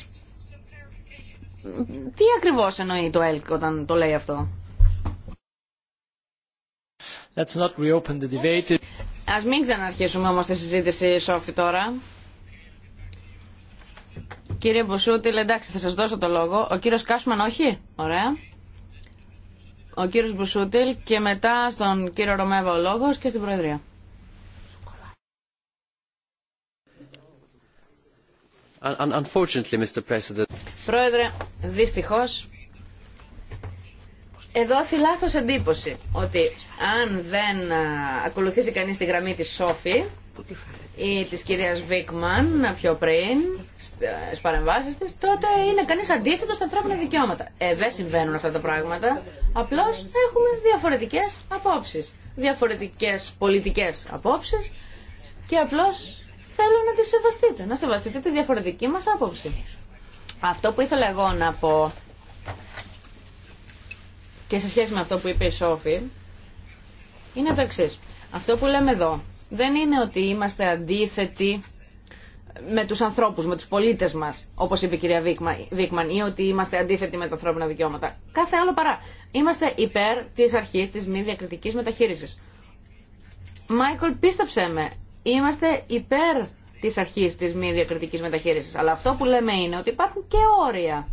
Τι ακριβώ εννοεί το ΕΛΚ όταν το λέει αυτό. Ας μην ξαναρχίσουμε όμως τη συζήτηση, Σόφη, τώρα. Κύριε Μπουσούτιλ, εντάξει, θα σας δώσω το λόγο. Ο κύριος Κάσμαν, όχι. Ωραία. Ο κύριος Μπουσούτιλ και μετά στον κύριο Ρωμέβα ο λόγος και στην Προεδρία. Πρόεδρε, δυστυχώς, εδώ έχει λάθος εντύπωση ότι αν δεν ακολουθήσει κανείς τη γραμμή της Σόφη ή της κυρίας Βίκμαν πιο πριν ε, στις παρεμβάσεις της, τότε είναι κανείς αντίθετος στα ανθρώπινα δικαιώματα. Ε, δεν συμβαίνουν αυτά τα πράγματα, απλώς έχουμε διαφορετικές απόψεις, διαφορετικές πολιτικές απόψεις και απλώς θέλω να τις σεβαστείτε, να σεβαστείτε τη διαφορετική μας άποψη. Αυτό που ήθελα εγώ να πω και σε σχέση με αυτό που είπε η Σόφη είναι το εξή. Αυτό που λέμε εδώ δεν είναι ότι είμαστε αντίθετοι με τους ανθρώπους, με τους πολίτες μας, όπως είπε η κυρία Βίκμαν, ή ότι είμαστε αντίθετοι με τα ανθρώπινα δικαιώματα. Κάθε άλλο παρά. Είμαστε υπέρ της αρχής της μη διακριτικής μεταχείρισης. Μάικολ, πίστεψέ με, είμαστε υπέρ της αρχής της μη διακριτικής μεταχείρισης. Αλλά αυτό που λέμε είναι ότι υπάρχουν και όρια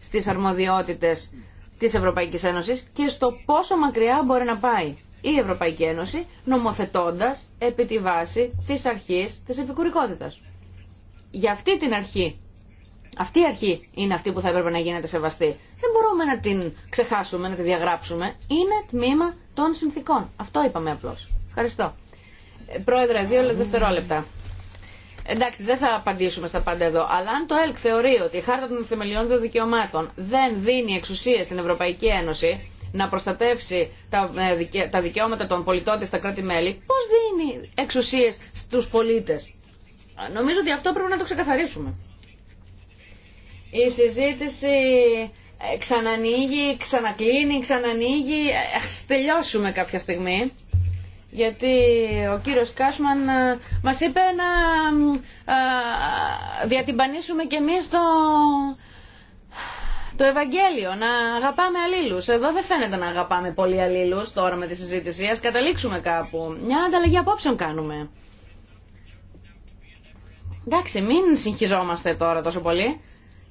στις αρμοδιότητες της Ευρωπαϊκής Ένωσης και στο πόσο μακριά μπορεί να πάει η Ευρωπαϊκή Ένωση νομοθετώντας επί τη βάση της αρχής της επικουρικότητας. Για αυτή την αρχή, αυτή η αρχή είναι αυτή που θα έπρεπε να γίνεται σεβαστή. Δεν μπορούμε να την ξεχάσουμε, να τη διαγράψουμε. Είναι τμήμα των συνθήκων. Αυτό είπαμε απλώς. Ευχαριστώ. Ε, πρόεδρε, δύο δευτερόλεπτα. Εντάξει, δεν θα απαντήσουμε στα πάντα εδώ, αλλά αν το ΕΛΚ θεωρεί ότι η Χάρτα των Θεμελιών Δικαιωμάτων δεν δίνει εξουσία στην Ευρωπαϊκή Ένωση να προστατεύσει ε, τα δικαιώματα των πολιτών της στα κράτη-μέλη, πώς δίνει εξουσίες στους πολίτες. Νομίζω ότι αυτό πρέπει να το ξεκαθαρίσουμε. Η συζήτηση ε, ξανανοίγει, ξανακλίνει, ξανανοίγει. Ε, ας τελειώσουμε κάποια στιγμή γιατί ο κύριος Κάσμαν ε, μας είπε να διατυμπανίσουμε κι εμείς το, το Ευαγγέλιο, να αγαπάμε αλλήλους. Εδώ δεν φαίνεται να αγαπάμε πολύ αλλήλους τώρα με τη συζήτηση, ας καταλήξουμε κάπου. Μια ανταλλαγή απόψεων κάνουμε. Εντάξει, μην συγχυζόμαστε τώρα τόσο πολύ.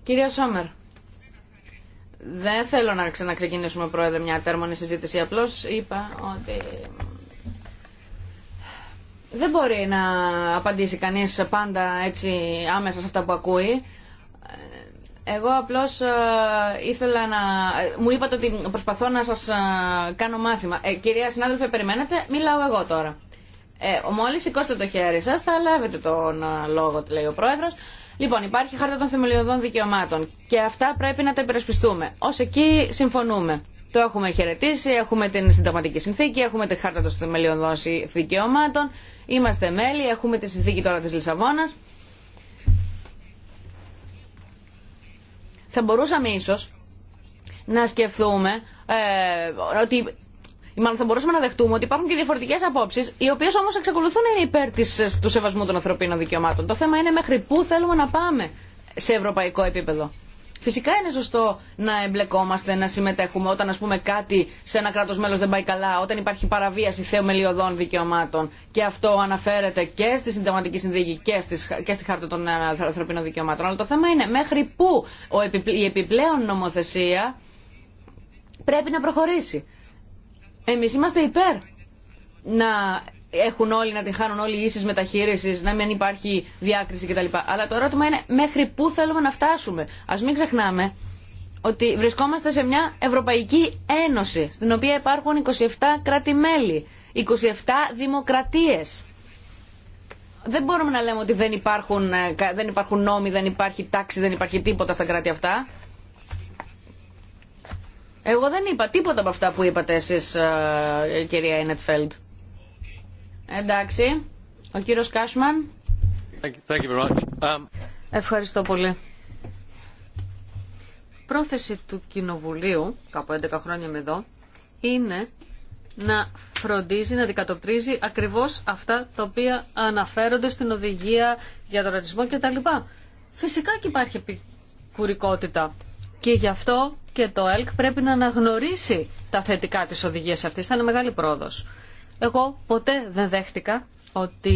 Κύριε Σόμερ. Δεν θέλω να ξαναξεκινήσουμε, Πρόεδρε, μια τέρμονη συζήτηση. Απλώς είπα ότι δεν μπορεί να απαντήσει κανείς πάντα έτσι άμεσα σε αυτά που ακούει. Εγώ απλώς ε, ήθελα να... Ε, μου είπατε ότι προσπαθώ να σας ε, κάνω μάθημα. Ε, κυρία συνάδελφε, περιμένετε, μιλάω εγώ τώρα. Ε, μόλις σηκώστε το χέρι σας, θα λάβετε τον λόγο, λέει ο πρόεδρος. Λοιπόν, υπάρχει χάρτα των θεμελιωδών δικαιωμάτων και αυτά πρέπει να τα υπερασπιστούμε. Ως εκεί συμφωνούμε. Το έχουμε χαιρετήσει, έχουμε την συνταγματική συνθήκη, έχουμε τη χάρτα των θεμελιωδών δικαιωμάτων, είμαστε μέλη, έχουμε τη συνθήκη τώρα της Λισαβόνας. Θα μπορούσαμε ίσως να σκεφτούμε ε, ότι μάλλον θα μπορούσαμε να δεχτούμε ότι υπάρχουν και διαφορετικέ απόψει, οι οποίε όμω εξακολουθούν να είναι υπέρ της, του σεβασμού των ανθρωπίνων δικαιωμάτων. Το θέμα είναι μέχρι πού θέλουμε να πάμε σε ευρωπαϊκό επίπεδο. Φυσικά είναι σωστό να εμπλεκόμαστε, να συμμετέχουμε όταν ας πούμε κάτι σε ένα κράτος μέλος δεν πάει καλά, όταν υπάρχει παραβίαση θεομελιωδών δικαιωμάτων και αυτό αναφέρεται και στη συνταγματική Συνδίκη και, και στη χάρτα των ανθρωπίνων δικαιωμάτων. Αλλά το θέμα είναι μέχρι πού η επιπλέον νομοθεσία πρέπει να προχωρήσει. Εμείς είμαστε υπέρ να έχουν όλοι να την χάνουν όλοι ίσει μεταχείριση, να μην υπάρχει διάκριση κτλ. Αλλά το ερώτημα είναι μέχρι πού θέλουμε να φτάσουμε. Α μην ξεχνάμε ότι βρισκόμαστε σε μια Ευρωπαϊκή Ένωση, στην οποία υπάρχουν 27 κράτη-μέλη, 27 δημοκρατίες. Δεν μπορούμε να λέμε ότι δεν υπάρχουν, ε, δεν υπάρχουν νόμοι, δεν υπάρχει τάξη, δεν υπάρχει τίποτα στα κράτη αυτά. Εγώ δεν είπα τίποτα από αυτά που είπατε εσείς, ε, κυρία Ινετφέλντ. Εντάξει. Ο κύριος Κάσμαν. Um, Ευχαριστώ πολύ. Πρόθεση του Κοινοβουλίου, κάπου 11 χρόνια με εδώ, είναι να φροντίζει, να δικατοπτρίζει ακριβώς αυτά τα οποία αναφέρονται στην οδηγία για τον ρατσισμό κτλ. Φυσικά και υπάρχει επικουρικότητα και γι' αυτό και το ΕΛΚ πρέπει να αναγνωρίσει τα θετικά της οδηγίας αυτής. Θα είναι μεγάλη πρόοδος. Εγώ ποτέ δεν δέχτηκα ότι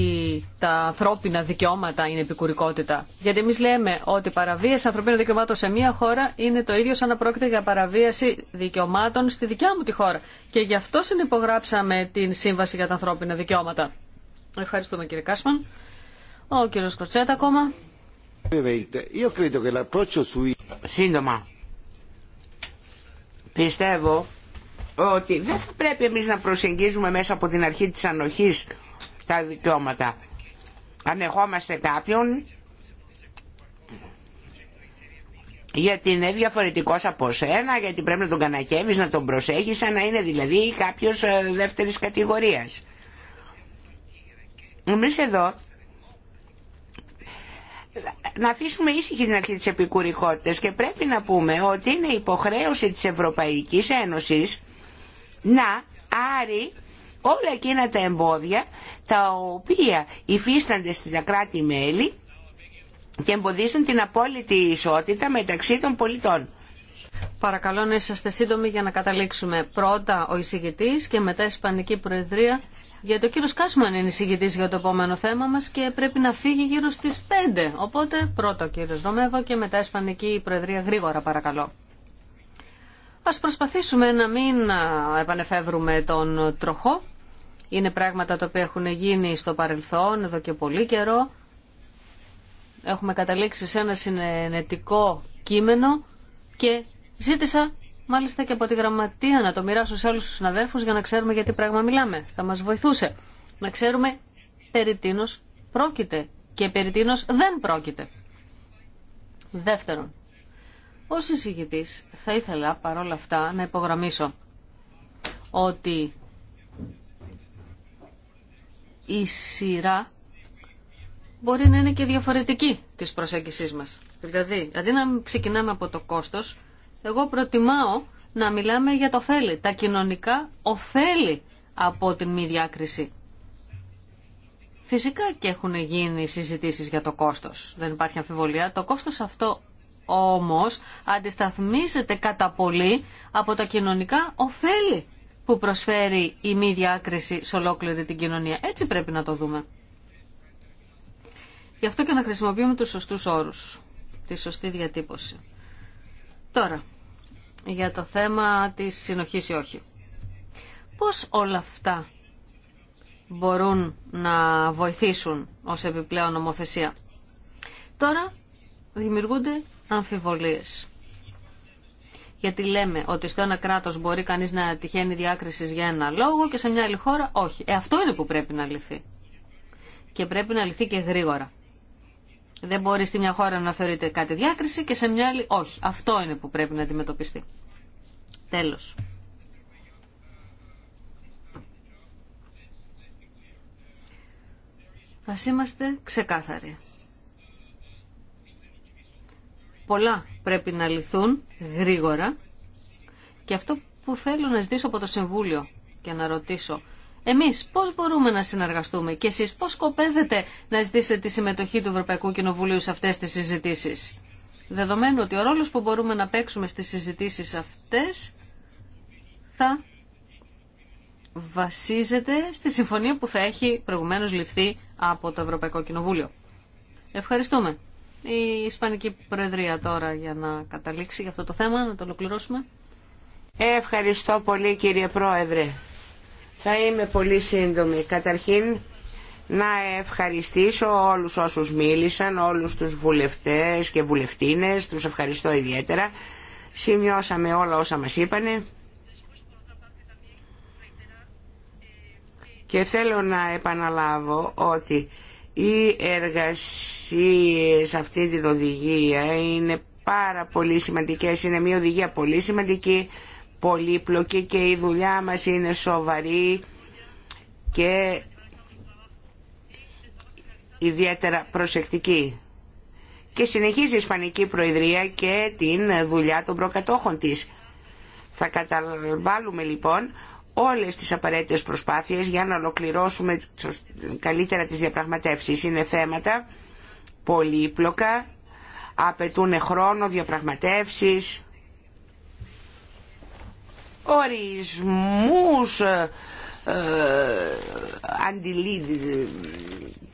τα ανθρώπινα δικαιώματα είναι επικουρικότητα. Γιατί εμεί λέμε ότι παραβίαση ανθρωπίνων δικαιωμάτων σε μία χώρα είναι το ίδιο σαν να πρόκειται για παραβίαση δικαιωμάτων στη δικιά μου τη χώρα. Και γι' αυτό συνυπογράψαμε την Σύμβαση για τα Ανθρώπινα Δικαιώματα. Ευχαριστούμε κύριε Κάσμαν. Ο κύριο Κορτσέτα ακόμα. Σύντομα. Πιστεύω ότι δεν θα πρέπει εμείς να προσεγγίζουμε μέσα από την αρχή της ανοχής τα δικαιώματα. Ανεχόμαστε κάποιον γιατί είναι διαφορετικός από σένα, γιατί πρέπει να τον κανακεύεις, να τον προσέχεις, σαν να είναι δηλαδή κάποιος ε, δεύτερης κατηγορίας. Εμείς εδώ να αφήσουμε ήσυχη την αρχή της επικουρικότητας και πρέπει να πούμε ότι είναι υποχρέωση της Ευρωπαϊκής Ένωσης να άρει όλα εκείνα τα εμπόδια τα οποία υφίστανται στην κράτη-μέλη και εμποδίζουν την απόλυτη ισότητα μεταξύ των πολιτών. Παρακαλώ να είσαστε σύντομοι για να καταλήξουμε πρώτα ο εισηγητής και μετά η Ισπανική Προεδρία. για ο κύριο Κάσμαν είναι εισηγητής για το επόμενο θέμα μα και πρέπει να φύγει γύρω στι 5. Οπότε πρώτα ο κύριο Δομεύο και μετά η Ισπανική Προεδρία γρήγορα παρακαλώ. Ας προσπαθήσουμε να μην επανεφεύρουμε τον τροχό. Είναι πράγματα τα οποία έχουν γίνει στο παρελθόν εδώ και πολύ καιρό. Έχουμε καταλήξει σε ένα συνενετικό κείμενο και ζήτησα μάλιστα και από τη γραμματεία να το μοιράσω σε όλους τους συναδέλφους για να ξέρουμε γιατί πράγμα μιλάμε. Θα μας βοηθούσε να ξέρουμε περί τίνος πρόκειται και περί τίνος δεν πρόκειται. Δεύτερον, ως εισηγητής θα ήθελα παρόλα αυτά να υπογραμμίσω ότι η σειρά μπορεί να είναι και διαφορετική της προσέγγισής μας. Δηλαδή, αντί να ξεκινάμε από το κόστος, εγώ προτιμάω να μιλάμε για το ωφέλη, τα κοινωνικά ωφέλη από την μη διάκριση. Φυσικά και έχουν γίνει συζητήσεις για το κόστος. Δεν υπάρχει αμφιβολία. Το κόστος αυτό όμως αντισταθμίζεται κατά πολύ από τα κοινωνικά ωφέλη που προσφέρει η μη διάκριση σε ολόκληρη την κοινωνία. Έτσι πρέπει να το δούμε. Γι' αυτό και να χρησιμοποιούμε τους σωστούς όρους, τη σωστή διατύπωση. Τώρα, για το θέμα της συνοχής ή όχι. Πώς όλα αυτά μπορούν να βοηθήσουν ως επιπλέον νομοθεσία. Τώρα δημιουργούνται αμφιβολίες. Γιατί λέμε ότι στο ένα κράτος μπορεί κανείς να τυχαίνει διάκριση για ένα λόγο και σε μια άλλη χώρα όχι. Ε, αυτό είναι που πρέπει να λυθεί. Και πρέπει να λυθεί και γρήγορα. Δεν μπορεί στη μια χώρα να θεωρείται κάτι διάκριση και σε μια άλλη όχι. Αυτό είναι που πρέπει να αντιμετωπιστεί. Τέλος. Ας είμαστε ξεκάθαροι. Πολλά πρέπει να λυθούν γρήγορα και αυτό που θέλω να ζητήσω από το Συμβούλιο και να ρωτήσω εμείς πώς μπορούμε να συνεργαστούμε και εσείς πώς σκοπεύετε να ζητήσετε τη συμμετοχή του Ευρωπαϊκού Κοινοβουλίου σε αυτές τις συζητήσεις. Δεδομένου ότι ο ρόλος που μπορούμε να παίξουμε στις συζητήσεις αυτές θα βασίζεται στη συμφωνία που θα έχει προηγουμένως ληφθεί από το Ευρωπαϊκό Κοινοβούλιο. Ευχαριστούμε η Ισπανική Προεδρία τώρα για να καταλήξει για αυτό το θέμα, να το ολοκληρώσουμε. Ευχαριστώ πολύ κύριε Πρόεδρε. Θα είμαι πολύ σύντομη. Καταρχήν να ευχαριστήσω όλους όσους μίλησαν, όλους τους βουλευτές και βουλευτίνες, τους ευχαριστώ ιδιαίτερα. Σημειώσαμε όλα όσα μας είπανε. Και θέλω να επαναλάβω ότι οι εργασίες αυτή την οδηγία είναι πάρα πολύ σημαντικές, είναι μια οδηγία πολύ σημαντική, πολύπλοκη και η δουλειά μας είναι σοβαρή και ιδιαίτερα προσεκτική. Και συνεχίζει η Ισπανική Προεδρία και την δουλειά των προκατόχων της. Θα καταβάλουμε λοιπόν όλες τις απαραίτητες προσπάθειες για να ολοκληρώσουμε καλύτερα τις διαπραγματεύσεις. Είναι θέματα πολύπλοκα, απαιτούν χρόνο διαπραγματεύσεις, ορισμούς ε, ε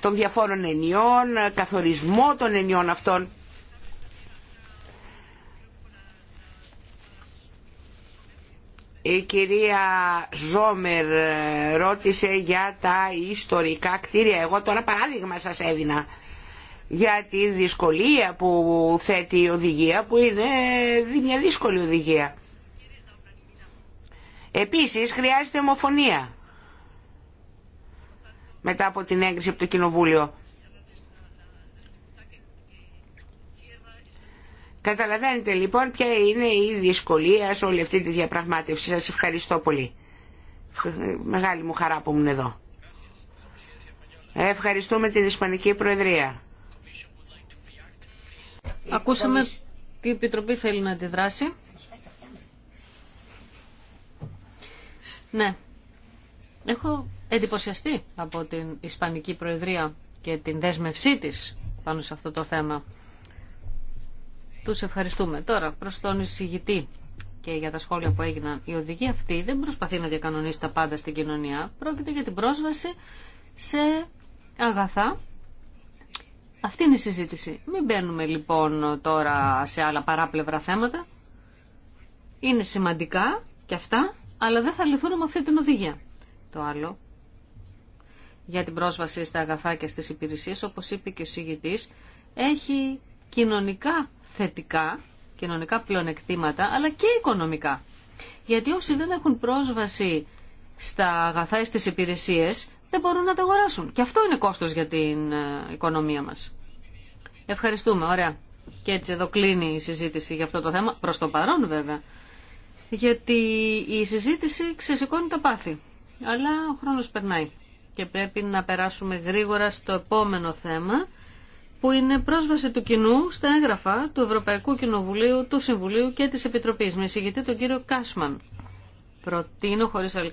των διαφόρων ενιών, καθορισμό των ενιών αυτών. Η κυρία Ζόμερ ε, ρώτησε για τα ιστορικά κτίρια. Εγώ τώρα παράδειγμα σας έδινα για τη δυσκολία που θέτει η οδηγία, που είναι μια δύσκολη οδηγία. Επίσης χρειάζεται ομοφωνία μετά από την έγκριση από το Κοινοβούλιο. Καταλαβαίνετε λοιπόν ποια είναι η δυσκολία σε όλη αυτή τη διαπραγμάτευση. Σας ευχαριστώ πολύ. Μεγάλη μου χαρά που ήμουν εδώ. Ευχαριστούμε την Ισπανική Προεδρία. Ακούσαμε τι η Επιτροπή θέλει να αντιδράσει. Ναι. Έχω εντυπωσιαστεί από την Ισπανική Προεδρία και την δέσμευσή της πάνω σε αυτό το θέμα. Τους ευχαριστούμε. Τώρα προς τον εισηγητή και για τα σχόλια που έγιναν. Η οδηγία αυτή δεν προσπαθεί να διακανονίσει τα πάντα στην κοινωνία. Πρόκειται για την πρόσβαση σε αγαθά. Αυτή είναι η συζήτηση. Μην μπαίνουμε λοιπόν τώρα σε άλλα παράπλευρα θέματα. Είναι σημαντικά και αυτά, αλλά δεν θα λυθούν με αυτή την οδηγία. Το άλλο, για την πρόσβαση στα αγαθά και στις υπηρεσίες, όπως είπε και ο συγητής, έχει κοινωνικά θετικά, κοινωνικά πλεονεκτήματα, αλλά και οικονομικά. Γιατί όσοι δεν έχουν πρόσβαση στα αγαθά ή στις υπηρεσίες, δεν μπορούν να τα αγοράσουν. Και αυτό είναι κόστος για την ε, οικονομία μας. Ευχαριστούμε, ωραία. Και έτσι εδώ κλείνει η συζήτηση για αυτό το θέμα, προς το παρόν βέβαια. Γιατί η συζήτηση ξεσηκώνει τα πάθη. Αλλά ο χρόνος περνάει και πρέπει να περάσουμε γρήγορα στο επόμενο θέμα που είναι πρόσβαση του κοινού στα έγγραφα του Ευρωπαϊκού Κοινοβουλίου, του Συμβουλίου και της Επιτροπής. Με εισηγητή τον κύριο Κάσμαν. Προτείνω χωρίς άλλη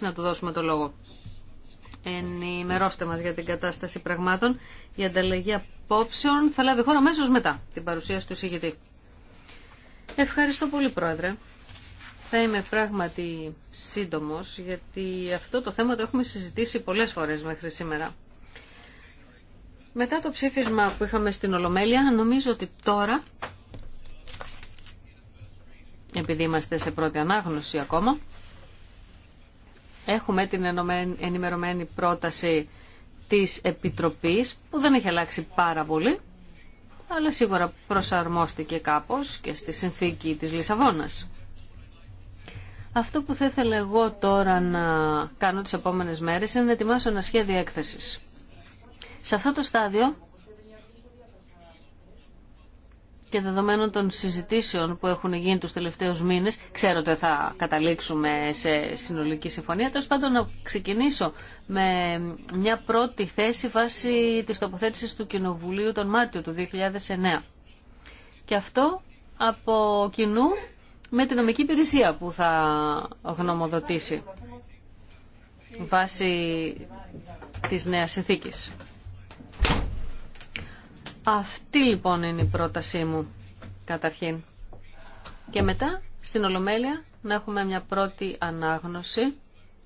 να του δώσουμε το λόγο. Ενημερώστε μας για την κατάσταση πραγμάτων. Η ανταλλαγή απόψεων θα λάβει χώρα αμέσως μετά την παρουσίαση του εισηγητή. Ευχαριστώ πολύ Πρόεδρε. Θα είμαι πράγματι σύντομος γιατί αυτό το θέμα το έχουμε συζητήσει πολλές φορές μέχρι σήμερα. Μετά το ψήφισμα που είχαμε στην Ολομέλεια, νομίζω ότι τώρα, επειδή είμαστε σε πρώτη ανάγνωση ακόμα, έχουμε την ενημερωμένη πρόταση της Επιτροπής, που δεν έχει αλλάξει πάρα πολύ, αλλά σίγουρα προσαρμόστηκε κάπως και στη συνθήκη της Λισαβόνας. Αυτό που θα ήθελα εγώ τώρα να κάνω τις επόμενες μέρες είναι να ετοιμάσω ένα σχέδιο έκθεσης. Σε αυτό το στάδιο και δεδομένων των συζητήσεων που έχουν γίνει τους τελευταίους μήνες, ξέρω ότι θα καταλήξουμε σε συνολική συμφωνία, τέλος πάντων να ξεκινήσω με μια πρώτη θέση βάσει της τοποθέτησης του Κοινοβουλίου τον Μάρτιο του 2009. Και αυτό από κοινού με την νομική υπηρεσία που θα γνωμοδοτήσει βάσει της νέας συνθήκης. Αυτή λοιπόν είναι η πρότασή μου καταρχήν. Και μετά στην Ολομέλεια να έχουμε μια πρώτη ανάγνωση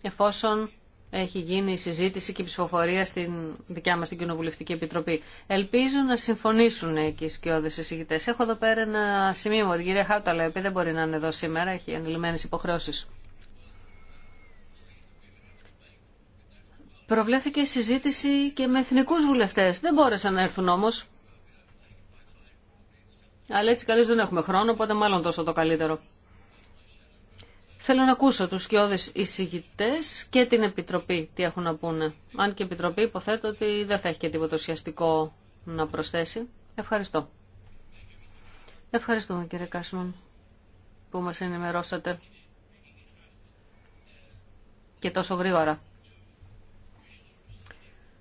εφόσον έχει γίνει η συζήτηση και η ψηφοφορία στην δικιά μας την Κοινοβουλευτική Επιτροπή. Ελπίζω να συμφωνήσουν και οι σκιώδες εισηγητές. Έχω εδώ πέρα ένα σημείο μου, η κυρία Χάουταλα, επειδή δεν μπορεί να είναι εδώ σήμερα, έχει ανηλυμένες υποχρεώσεις. Προβλέθηκε συζήτηση και με εθνικούς βουλευτές. Δεν μπόρεσαν να έρθουν όμως. Αλλά έτσι καλώς δεν έχουμε χρόνο, οπότε μάλλον τόσο το καλύτερο. Θέλω να ακούσω τους σκιώδες εισηγητέ και την Επιτροπή τι έχουν να πούνε. Αν και η Επιτροπή υποθέτω ότι δεν θα έχει και τίποτα ουσιαστικό να προσθέσει. Ευχαριστώ. Ευχαριστούμε κύριε Κάσμαν που μας ενημερώσατε και τόσο γρήγορα.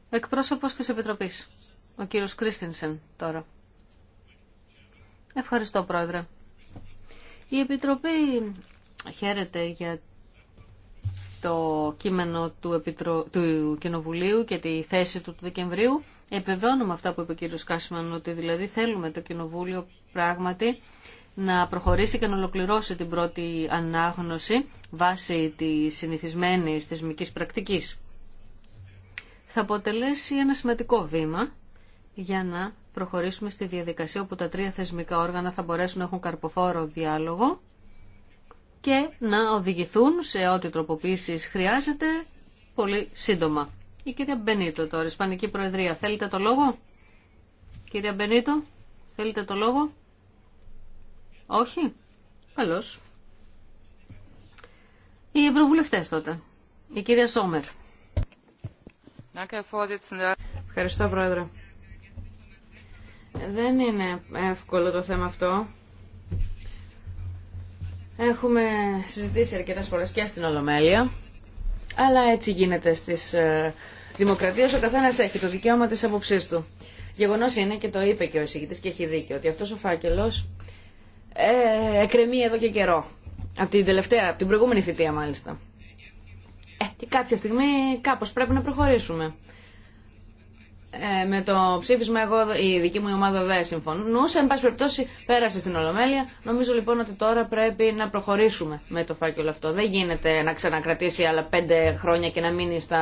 Εκπρόσωπος της Επιτροπής, ο κύριος Κρίστινσεν τώρα. Ευχαριστώ, Πρόεδρε. Η Επιτροπή χαίρεται για το κείμενο του, Επιτρο... του Κοινοβουλίου και τη θέση του του Δεκεμβρίου. Επιβεβαιώνουμε αυτά που είπε ο κ. Κάσιμαν, ότι δηλαδή θέλουμε το Κοινοβούλιο πράγματι να προχωρήσει και να ολοκληρώσει την πρώτη ανάγνωση βάσει της συνηθισμένη θεσμική πρακτικής. Θα αποτελέσει ένα σημαντικό βήμα για να προχωρήσουμε στη διαδικασία όπου τα τρία θεσμικά όργανα θα μπορέσουν να έχουν καρποφόρο διάλογο και να οδηγηθούν σε ό,τι τροποποίησης χρειάζεται πολύ σύντομα. Η κυρία Μπενίτο τώρα, Ισπανική Προεδρία, θέλετε το λόγο? Κυρία Μπενίτο, θέλετε το λόγο? Όχι? Καλώς. Οι ευρωβουλευτές τότε. Η κυρία Σόμερ. Ευχαριστώ, Πρόεδρε. Δεν είναι εύκολο το θέμα αυτό. Έχουμε συζητήσει αρκετέ φορέ και στην Ολομέλεια, αλλά έτσι γίνεται στις ε, δημοκρατίες. Ο καθένας έχει το δικαίωμα της αποψή του. γεγονό είναι, και το είπε και ο εισηγητή και έχει δίκιο, ότι αυτός ο φάκελος ε, εκρεμεί εδώ και καιρό. Από την τελευταία, από την προηγούμενη θητεία μάλιστα. Ε, και κάποια στιγμή κάπω πρέπει να προχωρήσουμε ε, με το ψήφισμα εγώ, η δική μου ομάδα δεν συμφωνούσε. Εν πάση περιπτώσει πέρασε στην Ολομέλεια. Νομίζω λοιπόν ότι τώρα πρέπει να προχωρήσουμε με το φάκελο αυτό. Δεν γίνεται να ξανακρατήσει άλλα πέντε χρόνια και να μείνει στα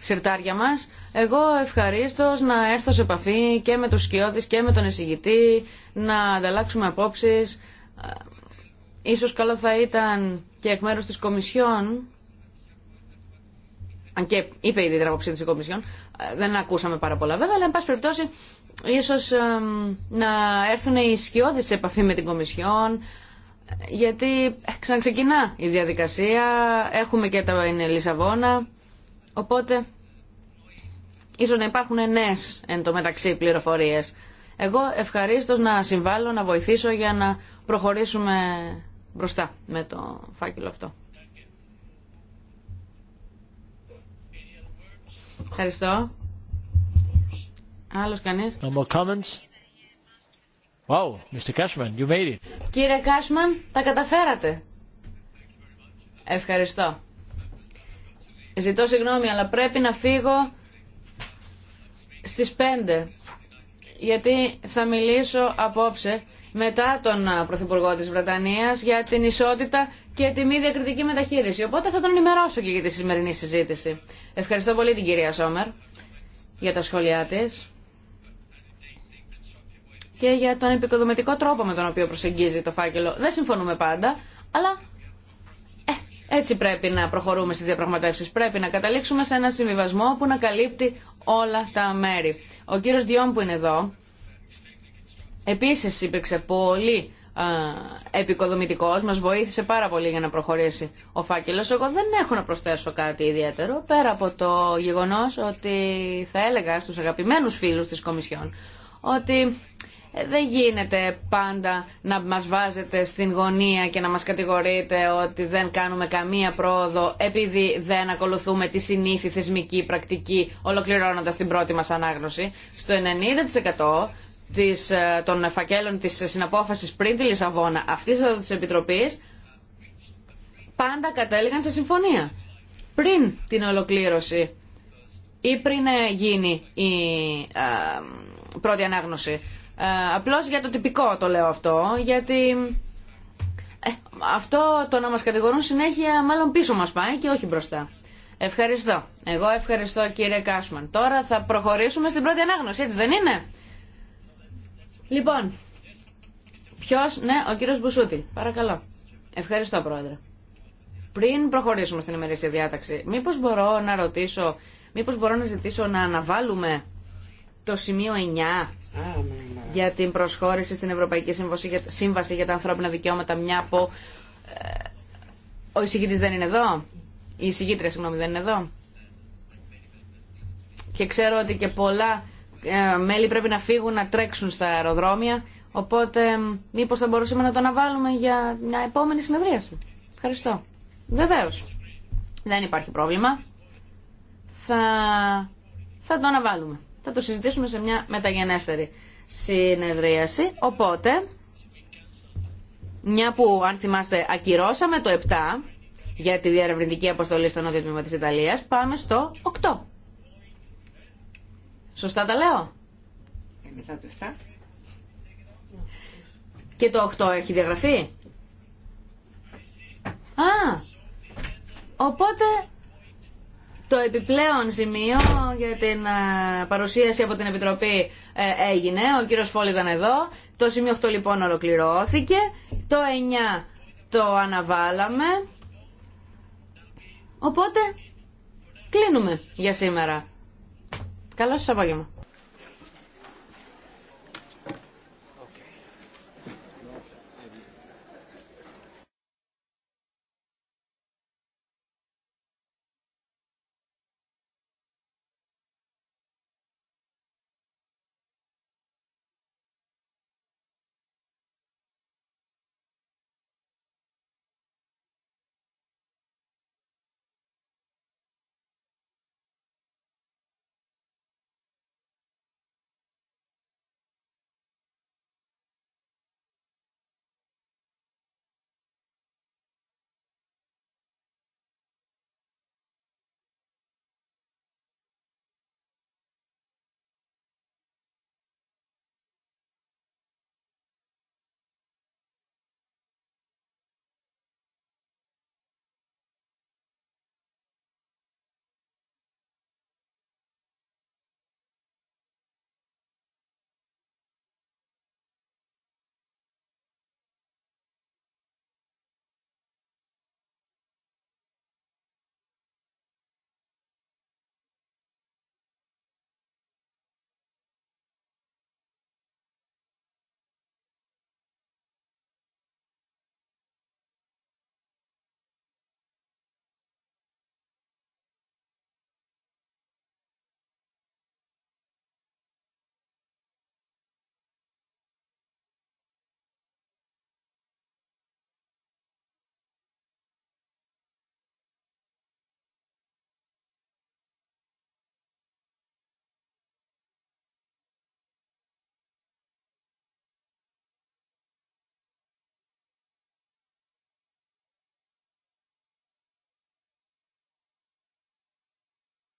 σιρτάρια μας. Εγώ ευχαρίστω να έρθω σε επαφή και με τους σκιώδεις και με τον εισηγητή, να ανταλλάξουμε απόψει. Ε, ίσως καλό θα ήταν και εκ μέρους της Κομισιόν αν και είπε η την τη Κομισιόν, ε, δεν ακούσαμε πάρα πολλά βέβαια, αλλά εν πάση περιπτώσει ίσω να έρθουν οι σκιώδει σε επαφή με την Κομισιόν, γιατί ε, ξαναξεκινά η διαδικασία, έχουμε και τα είναι Λισαβόνα, οπότε ίσως να υπάρχουν νέες εν τω μεταξύ πληροφορίες. Εγώ ευχαρίστω να συμβάλλω, να βοηθήσω για να προχωρήσουμε μπροστά με το φάκελο αυτό. Ευχαριστώ. Άλλος κανείς. No more comments. Wow, Κύριε Κάσμαν, τα καταφέρατε. Ευχαριστώ. Ζητώ συγγνώμη, αλλά πρέπει να φύγω στις 5, γιατί θα μιλήσω απόψε μετά τον Πρωθυπουργό της Βρετανίας για την ισότητα και τη μη διακριτική μεταχείριση. Οπότε θα τον ενημερώσω και για τη σημερινή συζήτηση. Ευχαριστώ πολύ την κυρία Σόμερ για τα σχόλιά της και για τον επικοδομητικό τρόπο με τον οποίο προσεγγίζει το φάκελο. Δεν συμφωνούμε πάντα, αλλά ε, έτσι πρέπει να προχωρούμε στις διαπραγματεύσεις. Πρέπει να καταλήξουμε σε ένα συμβιβασμό που να καλύπτει όλα τα μέρη. Ο κύριος Διόν που είναι εδώ Επίσης υπήρξε πολύ επικοδομητικός, μας βοήθησε πάρα πολύ για να προχωρήσει ο φάκελος. Εγώ δεν έχω να προσθέσω κάτι ιδιαίτερο, πέρα από το γεγονός ότι θα έλεγα στους αγαπημένους φίλους της Κομισιόν ότι ε, δεν γίνεται πάντα να μας βάζετε στην γωνία και να μας κατηγορείτε ότι δεν κάνουμε καμία πρόοδο επειδή δεν ακολουθούμε τη συνήθι θεσμική πρακτική ολοκληρώνοντας την πρώτη μας ανάγνωση. Στο 90% ε, των φακέλων της συναπόφασης πριν τη Λισαβόνα αυτής της Επιτροπής πάντα κατέληγαν σε συμφωνία. Πριν την ολοκλήρωση ή πριν ε, γίνει η ε, πρώτη ανάγνωση. Απλώς για το τυπικό το λέω αυτό, γιατί αυτό το να μας κατηγορούν συνέχεια μάλλον πίσω μας πάει και όχι μπροστά. Ευχαριστώ. Εγώ ευχαριστώ κύριε Κάσμαν. Τώρα θα προχωρήσουμε στην πρώτη ανάγνωση, έτσι δεν είναι. Λοιπόν, ποιο, ναι, ο κύριο Μπουσούτη, παρακαλώ. Ευχαριστώ, Πρόεδρε. Πριν προχωρήσουμε στην ημερήσια διάταξη, μήπω μπορώ να ρωτήσω, μήπω μπορώ να ζητήσω να αναβάλουμε το σημείο 9 για την προσχώρηση στην Ευρωπαϊκή Σύμβαση για τα Ανθρώπινα Δικαιώματα, μια από. Ε, ο εισηγητή δεν είναι εδώ. Η εισηγήτρια, συγγνώμη, δεν είναι εδώ. Και ξέρω ότι και πολλά ε, μέλη πρέπει να φύγουν, να τρέξουν στα αεροδρόμια. Οπότε, μήπω θα μπορούσαμε να το αναβάλουμε για μια επόμενη συνεδρίαση. Ευχαριστώ. Βεβαίω. Δεν υπάρχει πρόβλημα. Θα, θα το αναβάλουμε. Θα το συζητήσουμε σε μια μεταγενέστερη συνεδρίαση. Οπότε, μια που, αν θυμάστε, ακυρώσαμε το 7 για τη διαρευνητική αποστολή στο νότιο τμήμα της Ιταλίας, πάμε στο 8. Σωστά τα λέω. Ε, το Και το 8 έχει διαγραφεί. Α, οπότε το επιπλέον σημείο για την ε, παρουσίαση από την Επιτροπή ε, έγινε. Ο κύριος Φόλ ήταν εδώ. Το σημείο 8 λοιπόν ολοκληρώθηκε. Το 9 το αναβάλαμε. Οπότε κλείνουμε για σήμερα. Καλό σας απόγευμα.